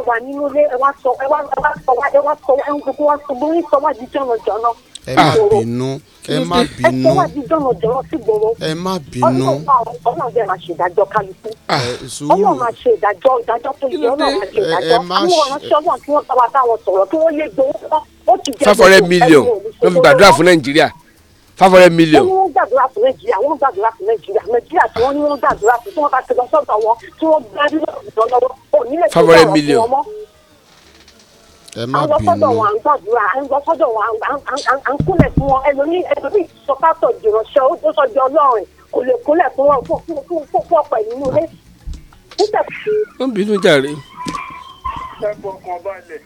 wà nínú ilé ẹ wá sọ ẹ wá sọ wá ẹ wá sọ wá ẹ ń gbogbo wá sọ bó ń sọ wá di jọ̀nàjọ̀nà. ẹ má bínú ẹ má bínú ẹ sọ wá di jọ̀nàjọ̀nà sí gbòòrò. ẹ má bínú. ọlọ́run bẹ́ẹ̀ máa ṣe ìdájọ́ kálukú. Ah, ọlọ́run máa ṣe ìdájọ́ ìdájọ́ tó yẹ ọlọ́run máa ṣe ìdájọ́ àwọn ọ̀ránṣẹ́ ọlọ́run tí wọ́n bá wa bá wọn sọ̀rọ̀ kí wọ́n yé gbowó five hundred million ló fi gbàdúrà fún nàìjíríà five hundred million. wọ́n ní wọ́n gbàdúrà fún nàìjíríà wọ́n gbàdúrà fún nàìjíríà nàìjíríà tí wọ́n ní wọ́n gbàdúrà fún tí wọ́n bá ti lọ sọ́dọ̀ wọn tí wọ́n gbá nílò ìdán lọ́wọ́ ò nílẹ̀ tí wọ́n bá wọn mọ́. ẹ má bínú. àwọn sọ́dọ̀ wọn à ń gbàdúrà à ń lọ sọ́dọ̀ wọn à ń kúnlẹ̀ fún wọn ẹlòmíì ẹlòmíì sọ́kátọ̀ jìrọ̀ṣẹ́ ó sọ di ọlọ́run kò lè kúnlẹ̀ fún wọn fún ọ̀pọ̀ ìnú rẹ̀. wọ́n bínú jàre. ẹ fọkàn balẹ̀.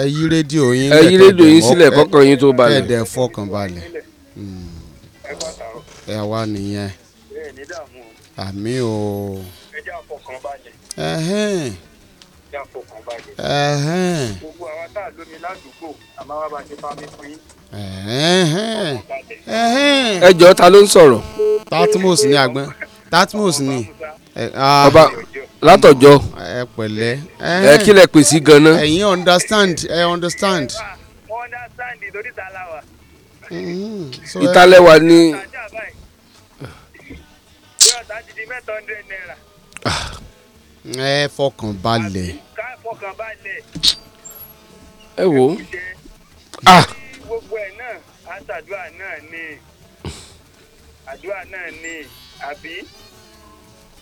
ẹ yí rédíò yín sílẹ̀ kọ́kọ́ yín tó balẹ̀. ẹ dẹ̀ fọkàn balẹ̀. ẹ wá nìyẹn. o. àmì o. ẹ ọba látọjọ. ẹ pẹlẹ. ẹ pèsè ganan. understand understand. ìtàlẹ́wà ni. ẹ fọkàn balẹ̀. ẹ wò ó. Ah. Ah. gbogbo ẹ̀ náà àtàdúrà náà ni àdúrà náà ni àbí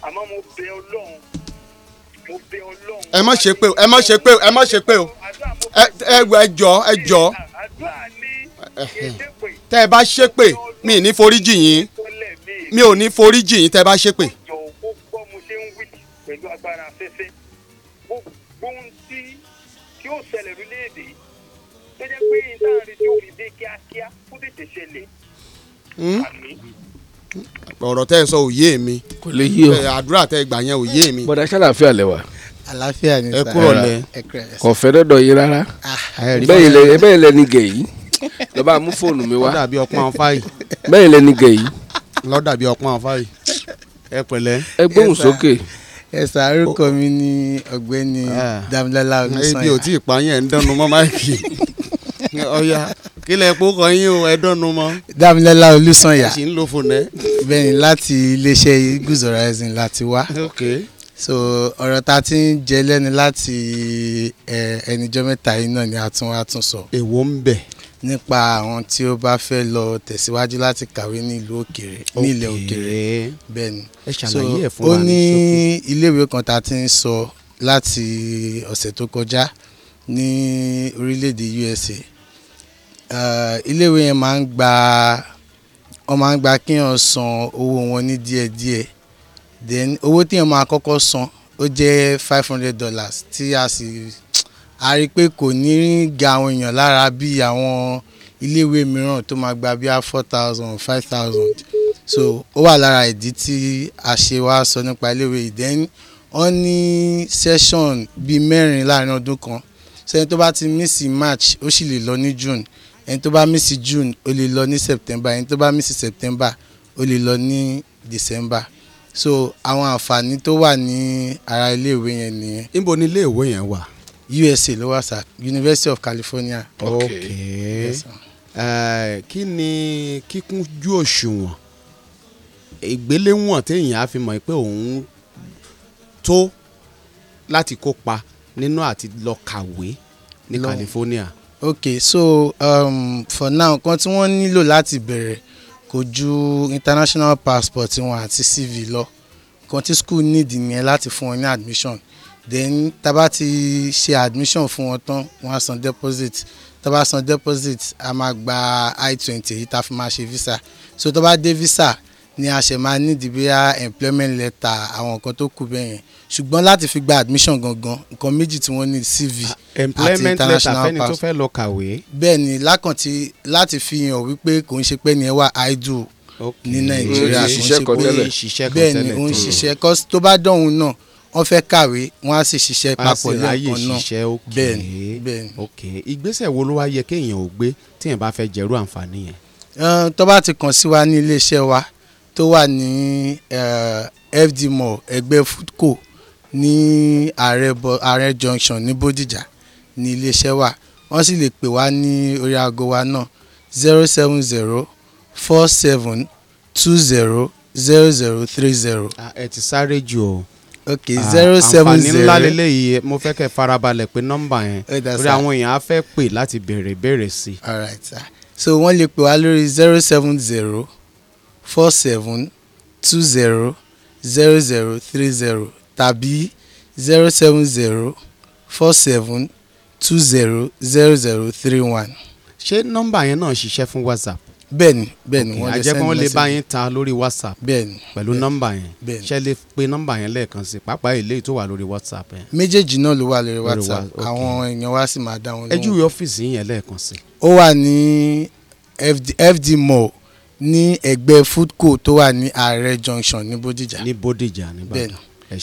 àmọ́ mo bẹ ọlọ́run ẹ má ṣe pé o ẹ má ṣe pé o ẹ má ṣe pé o ẹ jọ ẹ jọ tẹ́ ẹ bá ṣépè mi ní foríjì yín mi ò ní foríjì yín tẹ́ ẹ bá ṣépè. pẹ̀lú agbára afẹ́fẹ́ gbogbo ohun tí kí ó ṣẹlẹ̀ lórílẹ̀‐èdè tó jẹ́ pé ìta hmm? ọ̀rọ̀ tẹ́ ẹ sọ òye mi kò lè yé o àdúrà tẹ́ ẹ gbà yẹn òye mi. bọ̀dá ṣàlàfíà lẹ àlàáfíà ni sàrà ẹ kúrò ah, lẹ kọfẹ dọdọ yìí rárá bẹ́ẹ̀ lẹ ní gẹ̀ẹ́yì lọ bá mú fóònù mi wá. lọ́dà bíi ọpọ́n afáyì. bẹ́ẹ̀ lẹni gẹ̀ yìí. lọ́dà bíi ọpọ́n afáyì. ẹ pẹ̀lẹ́. ẹ gbóhùn sókè. ẹ sàárùkọ mi ni ọ̀gbẹ́ni ah. Damilola Olusanya. ebi ò tí ì pa yẹn ń dánu mọ́ máìkì ọ̀ya kílẹ̀ epo kan yín o ẹ dánu mọ́. Damilola Olusanya. kì í lo fònẹ́. bẹ́ẹ̀ni láti iléeṣẹ́ Eagles Rising láti wá. okay so ọ̀rọ̀ ta ti ń jẹ lẹ́nu láti ẹnìjọ́ mẹ́ta yìí náà ni a tún wá tún sọ. èwo ń bẹ nípa àwọn tí ó bá fẹ́ lọ tẹ̀síwájú láti kàwé nílùú òkèèrè ní ilẹ̀ bẹ́ẹ̀ ni so ó ní iléèwé kan tá a ti ń sọ láti ọ̀sẹ̀ tó kọjá ní orílẹ̀-èdè USA eh, iléèwé yẹn máa ń gba wọ́n máa ń gba kéèyàn san owó wọn ní díẹ̀díẹ̀ then owó téèyàn máa kọ́kọ́ san ó jẹ́ five hundred dollars tí a sì. Si, a rí i pé kò ní ga àwọn èèyàn lára bí àwọn iléèwé mìíràn tó máa gba bíi four thousand five thousand so ó wà lára ìdí tí a ṣe wá sọ nípa iléèwé then wọ́n ní session bíi mẹ́rin láàrin ọdún kan sẹ́ni tó bá ti mísì March ó sì lè lọ ní June ẹni tó bá mísì June ó lè lọ ní September ẹni tó bá mísì September ó lè lọ ní December so àwọn àǹfààní tó wà ní ara iléèwé yẹn nìyẹn. níbo ni iléèwé yẹn wà. USA ló wà University of California. ok, okay. Yes, eh, kí ni kíkúnjú òṣùwọ̀n ìgbéléwọ̀n téèyàn á fi mọ̀ pé òun tó láti kópa nínú àti lọ kàwé ní California. ok so um, for now nǹkan tí wọ́n nílò láti bẹ̀rẹ̀ kò ju international passport wọn àti CV lọ nǹkan tí school need nìyẹn láti fún wọn ní admission then taba ti ṣe admission fún wọn tán wọn á san deposit taba san deposit a máa gba i twenty èyí tá a fi máa ṣe visa so taba dé visa ni a ṣe máa nídìí bíyà employment letter àwọn nǹkan tó kù bẹ́ẹ̀ yẹn ṣùgbọ́n láti fi gba admission gangan nǹkan méjì tí wọ́n ní cv international ah, pass employment letter fẹ́ni tó fẹ́ lọ kàwé. bẹ́ẹ̀ ni lákàntí láti fi hàn wípé kò ń ṣe pé ni ẹ wà idle ní nàìjíríà kò ń ṣe pé bẹ́ẹ̀ ni ó ń ṣiṣẹ́ hmm. tó bá dọ̀hún náà wọ́n fẹ́ kàwé wọ́n á sì ṣiṣẹ́ papọ̀ ní ọ̀kan náà bẹ́ẹ̀ bẹ́ẹ̀. ok ìgbésẹ̀ wo ló wá yẹ kéèyàn ò gbé téèyàn bá fẹ́ jẹ̀rú àǹfààní yẹn. tó bá ti kàn sí wa ní iléeṣẹ́ wa tó wà ní eh, fd mall ẹgbẹ́ foodco ní ààrẹ junction ní bódìjà ní iléeṣẹ́ wa wọ́n sì lè pè wá ní orí aago wa náà zero seven zero four seven two zero zero zero three zero. ẹ ti sáré jù o ok zero ah, seven zero àǹfààní ńlá lélẹ́yìí mo fẹ́ kẹ́ farabalẹ̀ pé nọ́mbà yẹn lórí àwọn èèyàn á fẹ́ pè láti béèrè béèrè sí i. all right sir so wọ́n lè pè wá lórí zero seven zero four seven two zero zero zero three zero tàbí zero seven zero four seven two zero zero zero three one. ṣé nọ́mbà yẹn náà ṣiṣẹ́ fún whatsapp? bẹ́ẹ̀ni bẹ́ẹ̀ni wọ́n lè send message. àjẹpọ́n lè bá yín tan lórí whatsapp. bẹ́ẹ̀ni pẹ̀lú nọ́mbà yẹn. bẹ́ẹ̀ni ṣe lè pe nọ́mbà yẹn lẹ́ẹ̀kan sí pàápàá èlé tó wà lórí whatsapp yẹn. méjèèjì náà ló wà lórí whatsapp àwọn èèyàn wa sì máa dá wọn lóhùn. ẹ júwe ọ́fíìsì yẹn lẹ́ẹ̀kan sí. ó wà ní fd fd mall ní ẹgbẹ́ food co tó wà ní ààrẹ junction ní bódìjà. ní bódìjà ní bàdàn.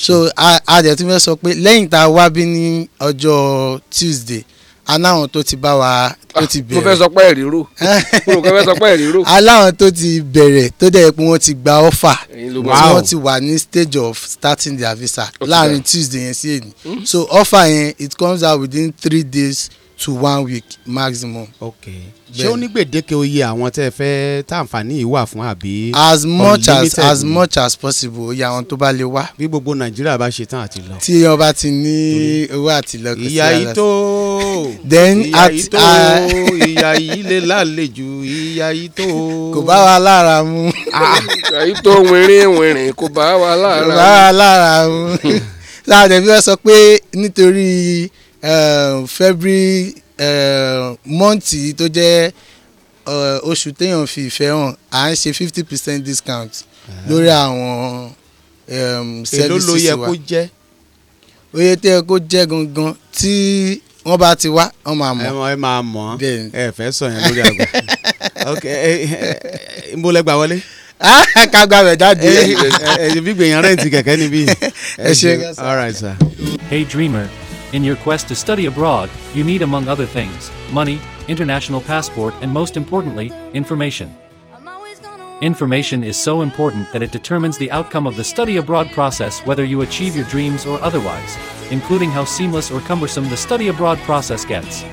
so a dẹ̀ tún fẹ́ sọ pé lẹ́yìn tá a wá bí ní ọjọ́ tuesday aláwọn tó ti bá wa tó ti ah, bẹ̀rẹ̀. mo fẹ́ sọ pé ìrírò eh, mo fẹ́ sọ pé ìrírò. aláwọn tó ti bẹ̀rẹ̀ tó dẹ̀ pé wọ́n ti gba ọ́fà wọ́n ti wà ní stage of starting their visa láàrin tuesday yẹn sí èyí hmm? so offer yẹn it comes out within three days to one week maximum. okay ṣé ó ní gbèdéke oye àwọn tẹ́ ẹ fẹ́ tàǹfààní yìí wà fún àbí. as much as as much as possible oye àwọn tó bá lè wá. bí gbogbo nàìjíríà bá ṣe tán àti lọ. tí ọba ti ní owó àti sí àlọ. ìyá yìí tó then at uh, ìyá yìí lè lálejò ìyá yìí tó. kò bá wa lára mu. Ah, ìyá yìí tó wìnrin wìnrin kò bá wa lára mu. kò bá wa lára mu. láàdẹ̀ bí wọ́n sọ pé nítorí um, February mọ́ǹtì um, tó jẹ́ uh, oṣù téèyàn fi ìfẹ́ hàn à ń ṣe fifty percent discount lórí ah. àwọn um, services wa. èló ló yẹ kó jẹ́. oye tó yẹ kó jẹ́ gangan tí wọ́n bá ti wá wọ́n máa mọ̀. ẹ mọ ẹ máa mọ̀ ẹ fẹ́ sọ yẹn lórí àgbà ok n bó lẹ́gbàá wọlé. Ah, ká gba bẹ̀ jáde. bí gbèyàn rẹ̀ǹtì kẹ̀kẹ́ níbí. ẹ ṣe all right sir. hey dreamer in your quest to study abroad you need among other things money international passport and most importantly information. Information is so important that it determines the outcome of the study abroad process whether you achieve your dreams or otherwise including how seamless or cumbersome the study abroad process gets.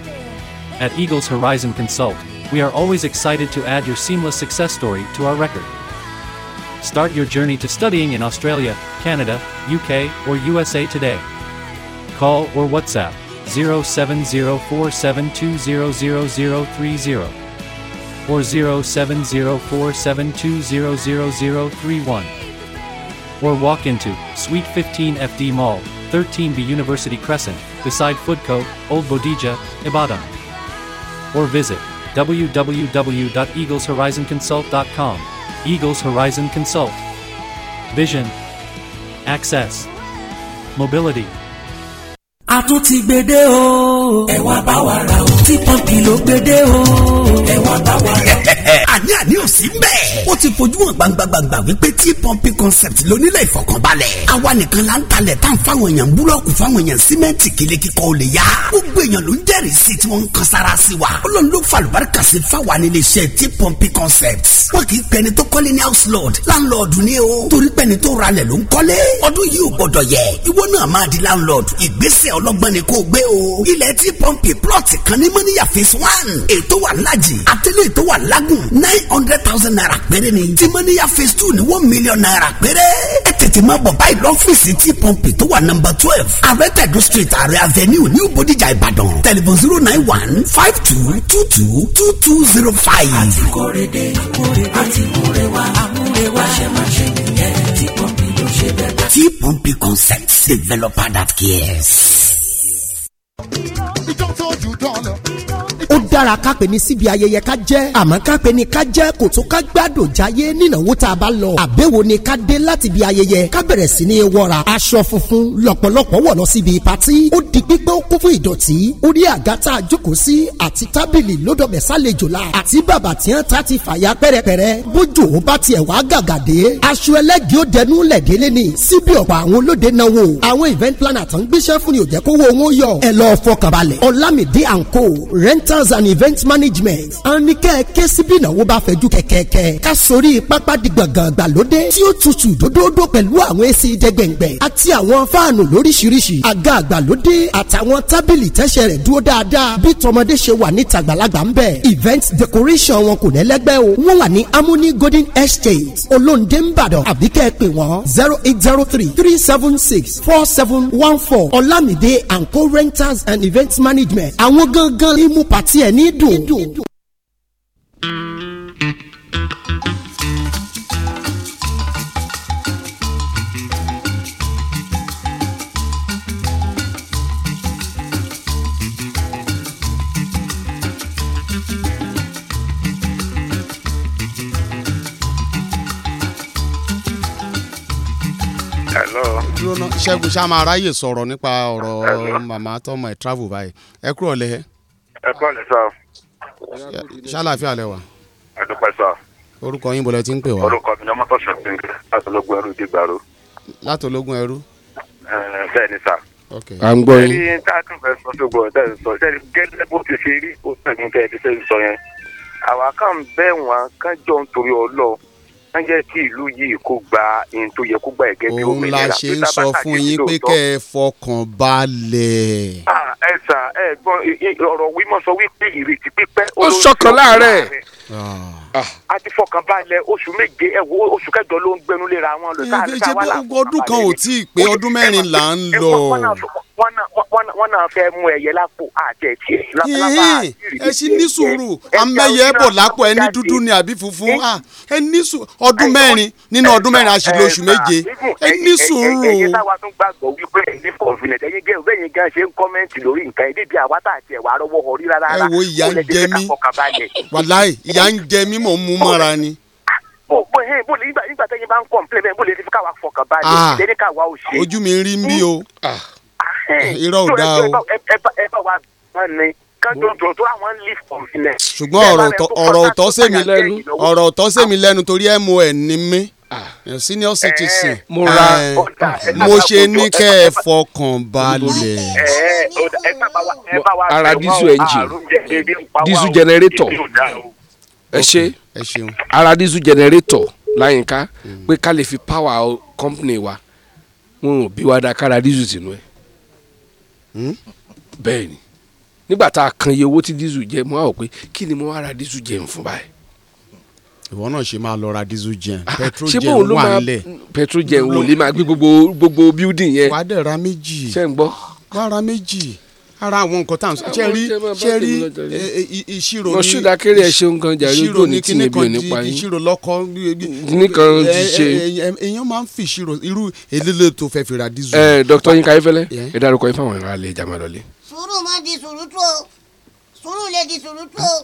At Eagles Horizon Consult, we are always excited to add your seamless success story to our record. Start your journey to studying in Australia, Canada, UK, or USA today. Call or WhatsApp 07047200030 or 070472000031 or walk into Suite 15 FD Mall, 13B University Crescent, beside Footco, Old Bodija, Ibadan. Or visit www.eagleshorizonconsult.com. Eagles Horizon Consult. Vision. Access. Mobility. a tún ti gbede o. ẹ wá bá wa ra o. tí pọ́ǹpì ló gbede o. ẹ wá bá wa ra o. bẹ́ẹ̀. àní àní ò sí bẹ́ẹ̀. ó ti fojú hàn gbangba-gbangba wípé tí pọ́ǹpì concept lónílẹ̀ ìfọkànbalẹ̀. àwa nìkan la ń talẹ̀ tán fáwọn èèyàn búlọ́ọ̀kù fáwọn èèyàn símẹ́ǹtì kílé kíkọ́ ò lè yá. gbogbo èèyàn ló ń jẹ́rìí sí tí wọ́n ń kan sára sí wa. ọlọ́run ló falùbáríkà sí fáwa nílé iṣẹ́ tí pọ́ǹpì concept. wọ́n kì í pẹni tó kọ́lé ní house lord landlord ni o. torí pẹni tó ralẹ̀ ló ń kọ́lé. ọdún yìí ò gbọ́dọ̀ di landlord. ìgbésẹ̀ ọlọ́gbọ́n ni kò o. ilẹ̀ tí pọ́ǹpì kan ní mọ́níyà phase one. ètò wà lájì àtẹ́lẹ̀ ètò wà lágùn nine hundred thousand naira péré ni timoniya phase two ni one million naira péré ẹ tètè máa bọ̀ báyìí lọ́fíìsì tí pọ́ǹpì tó wà nọ́mbà twelve ààrẹ street ààrẹ avenue new bodijà ìbàdàn tẹlifon zero nine one five two two two two two zero five. àti kórede àti kórewa àmúrewa ṣe máa ṣe nìyẹn tí pọ́ǹpì ló ṣe bẹ́ẹ̀. tí pọ́ǹpì concepts developer that cares dára ká pè ní síbi ayẹyẹ ká jẹ́ àmọ́ ká pè ní ká jẹ́ kò tó ká gbádùn jáyé nínáwó tá a bá lọ àbẹ̀wò ni ká dé láti ibi ayẹyẹ ká bẹ̀rẹ̀ sí ní wọra aṣọ funfun lọ́pọ̀lọpọ̀ wọ̀ lọ síbi patí ó di pípẹ́ ó kún fún ìdọ̀tí orí àga tá a jókòó sí àti tábìlì lódọ̀bẹ̀ sálejò la àti bàbà tí wọ́n ta ti fàya pẹ́rẹpẹ̀rẹ bójú ó bá tiẹ̀ wá gàgàdé aṣọ ẹlẹ́gì dẹnu lẹ̀dẹ́lẹ́ ni síbi ọ̀pọ̀ àwọn olóde náwó àwọn event planner tó ń gbéṣẹ́ fún ni ò jẹ́ kówó wọn yọ and and event management. a ní kẹ́ ẹ ké síbi ìnáwó bá fẹ̀jú kẹ̀kẹ́kẹ́. ká sórí pápá di gbọ̀ngàn gbàlódé tí ó tutù dódódó pẹ̀lú àwọn èsì dẹ́gbẹ̀ngbẹ̀ àti àwọn fáànù lóríṣiríṣi. àga àgbàlódé àtàwọn tábìlì tẹ́sẹ̀ rẹ̀ dúró dáadáa bí tọmọdé ṣe wà ní tàgbàlagbà ń bẹ̀. event decoration wọn kò lẹ́lẹ́gbẹ́ o. wọ́n wà ní Amoni Golden Estate Olóńdé ńbàdàn àbíkẹ́ ẹ pè wọ́n zero eight zero three three seven six four seven one four Olamide and co rentals and event management. àwọn gangan ní mú pàtí ẹ̀ ẹ̀ ní dùn. ṣẹ́gun ṣá máa ráyè sọ̀rọ̀ nípa ọ̀rọ̀ màmá tọmọ ẹ̀ travel báyìí ẹ kúrò lẹ́hẹ́ ẹ kọ́ lẹ sá. ṣàlàáfíà lẹ wà. àdúpẹ́ sá. orúkọ yín bọ̀lẹ́ tí ń pè wá. orúkọ mi ni ọmọ tọ́sán ti ń gbé látọlógún ẹrú ìdígbàrú. látọlógún ẹrú. bẹ́ẹ̀ ni sá. à ń gbọ́ yín. ẹni tá a tún fẹ́ sọ tó gbọ́ ọ̀tẹ́ sọ sẹ́ni gẹ́gẹ́ bó ti ṣe rí ó sẹ́ni kẹ́ẹ̀ ti sẹ́ni sọ yẹn àwa kàn bẹ́ẹ̀ wọn kàn jọ nítorí ọlọ́ọ̀ kán jẹ́ kí ìlú yìí kó gba ihun tó yẹ kó gba ẹ̀gẹ́ bí òmìnira. òun la ṣe ń sọ fún yín pé kẹ́ ẹ fọkàn balẹ̀. ẹ sà ẹ gbọ́n ọ̀rọ̀ wímọ̀ sọ wípé ìrètí pípẹ́. ó sọkàn láàárẹ̀. Ah. Ah. a ti fọkàn balẹ̀ oṣù méje ẹ oṣù kẹjọ ló ń gbẹnulera wọn lọ. ọdún kan ò tí ì pé ọdún mẹ́rin là ń lọ wọn náà fẹ́ mú ẹyẹ lápò àjẹ tiẹ̀. ẹ ṣì ní sùúrù àmẹyẹ bọ̀ lápò ẹni dúdú ni àbí funfun ẹ ah, ní sùúrù ọdún mẹ́rin nínú ọdún mẹ́rin a sì lò oṣù méje ẹ ní sùúrù. ẹyin táwa tún gbàgbọ́ wípé ní confidence ẹyin gẹ́ bẹ́ẹ̀ yín gan ṣe ń kọ́mẹ́ǹtì lórí nǹkan ẹ̀ níbi àwa tá àti ẹ̀wà rọwọ́ ọ̀rí rárá. ẹ wo ìyá ń jẹ mí wàláì ìyá ń jẹ mí mò mú mọ́ra ni bó bó ẹ bó nígbà nígbà tẹ́yìn bá ń kọ̀ǹpilẹ̀ bẹ́ẹ̀ bó lè fi káwa fọkàn balẹ̀ lẹ́ni ah, káwa ò ṣe. ojú mi ń rí o. Hmm. Ah irọ́ ò dáa o. ẹ bá wa gbà ní kájọjọ tó àwọn leaf confident. ṣùgbọ́n ọ̀rọ̀ ọ̀tọ̀ sèmi lẹ́nu ọ̀rọ̀ ọ̀tọ̀ sèmi lẹ́nu torí mon ni mí senior citizen mo ra mo ṣe ní kẹ́ ẹ fọkàn balẹ̀. ara diesel engine diesel generator ẹ ṣe ara diesel generator láyìnká hmm. pé ká lè fi power company wa wọn ò bí wa dá kára diesel sínú ẹ. Hmm? bẹ́ẹ̀ ni nígbà tá a kan iye owó tí dísù jẹ mo á wò pé kí ni mo wá ra dísù jẹ fún báyìí. ìwọ náà ṣe máa lọ ra dísù jẹ ah, ah, Petrogen wà nílẹ̀ petrojen wò lè máa gbé gbogbo gbogbo building yẹn. wàá dẹ̀ ra méjì. ṣé ń gbọ́. ra méjì ara àwọn nǹkan tá à ń sọ ṣe rí ṣe rí ìṣirò ní ìṣirò ní ìṣirò ní kíní kan di ìṣirò lọ́kọ́ nìkan ti ṣe èèyàn máa ń fi ìṣirò irú elele tó fẹ́ fi ra dízù. ẹ dr yinka ifẹlẹ ẹ dárúkọ ifá àwọn ìran alẹ ìjàmbá lọlẹ. sùúrù má di sùúrù tó sùúrù lè di sùúrù tó.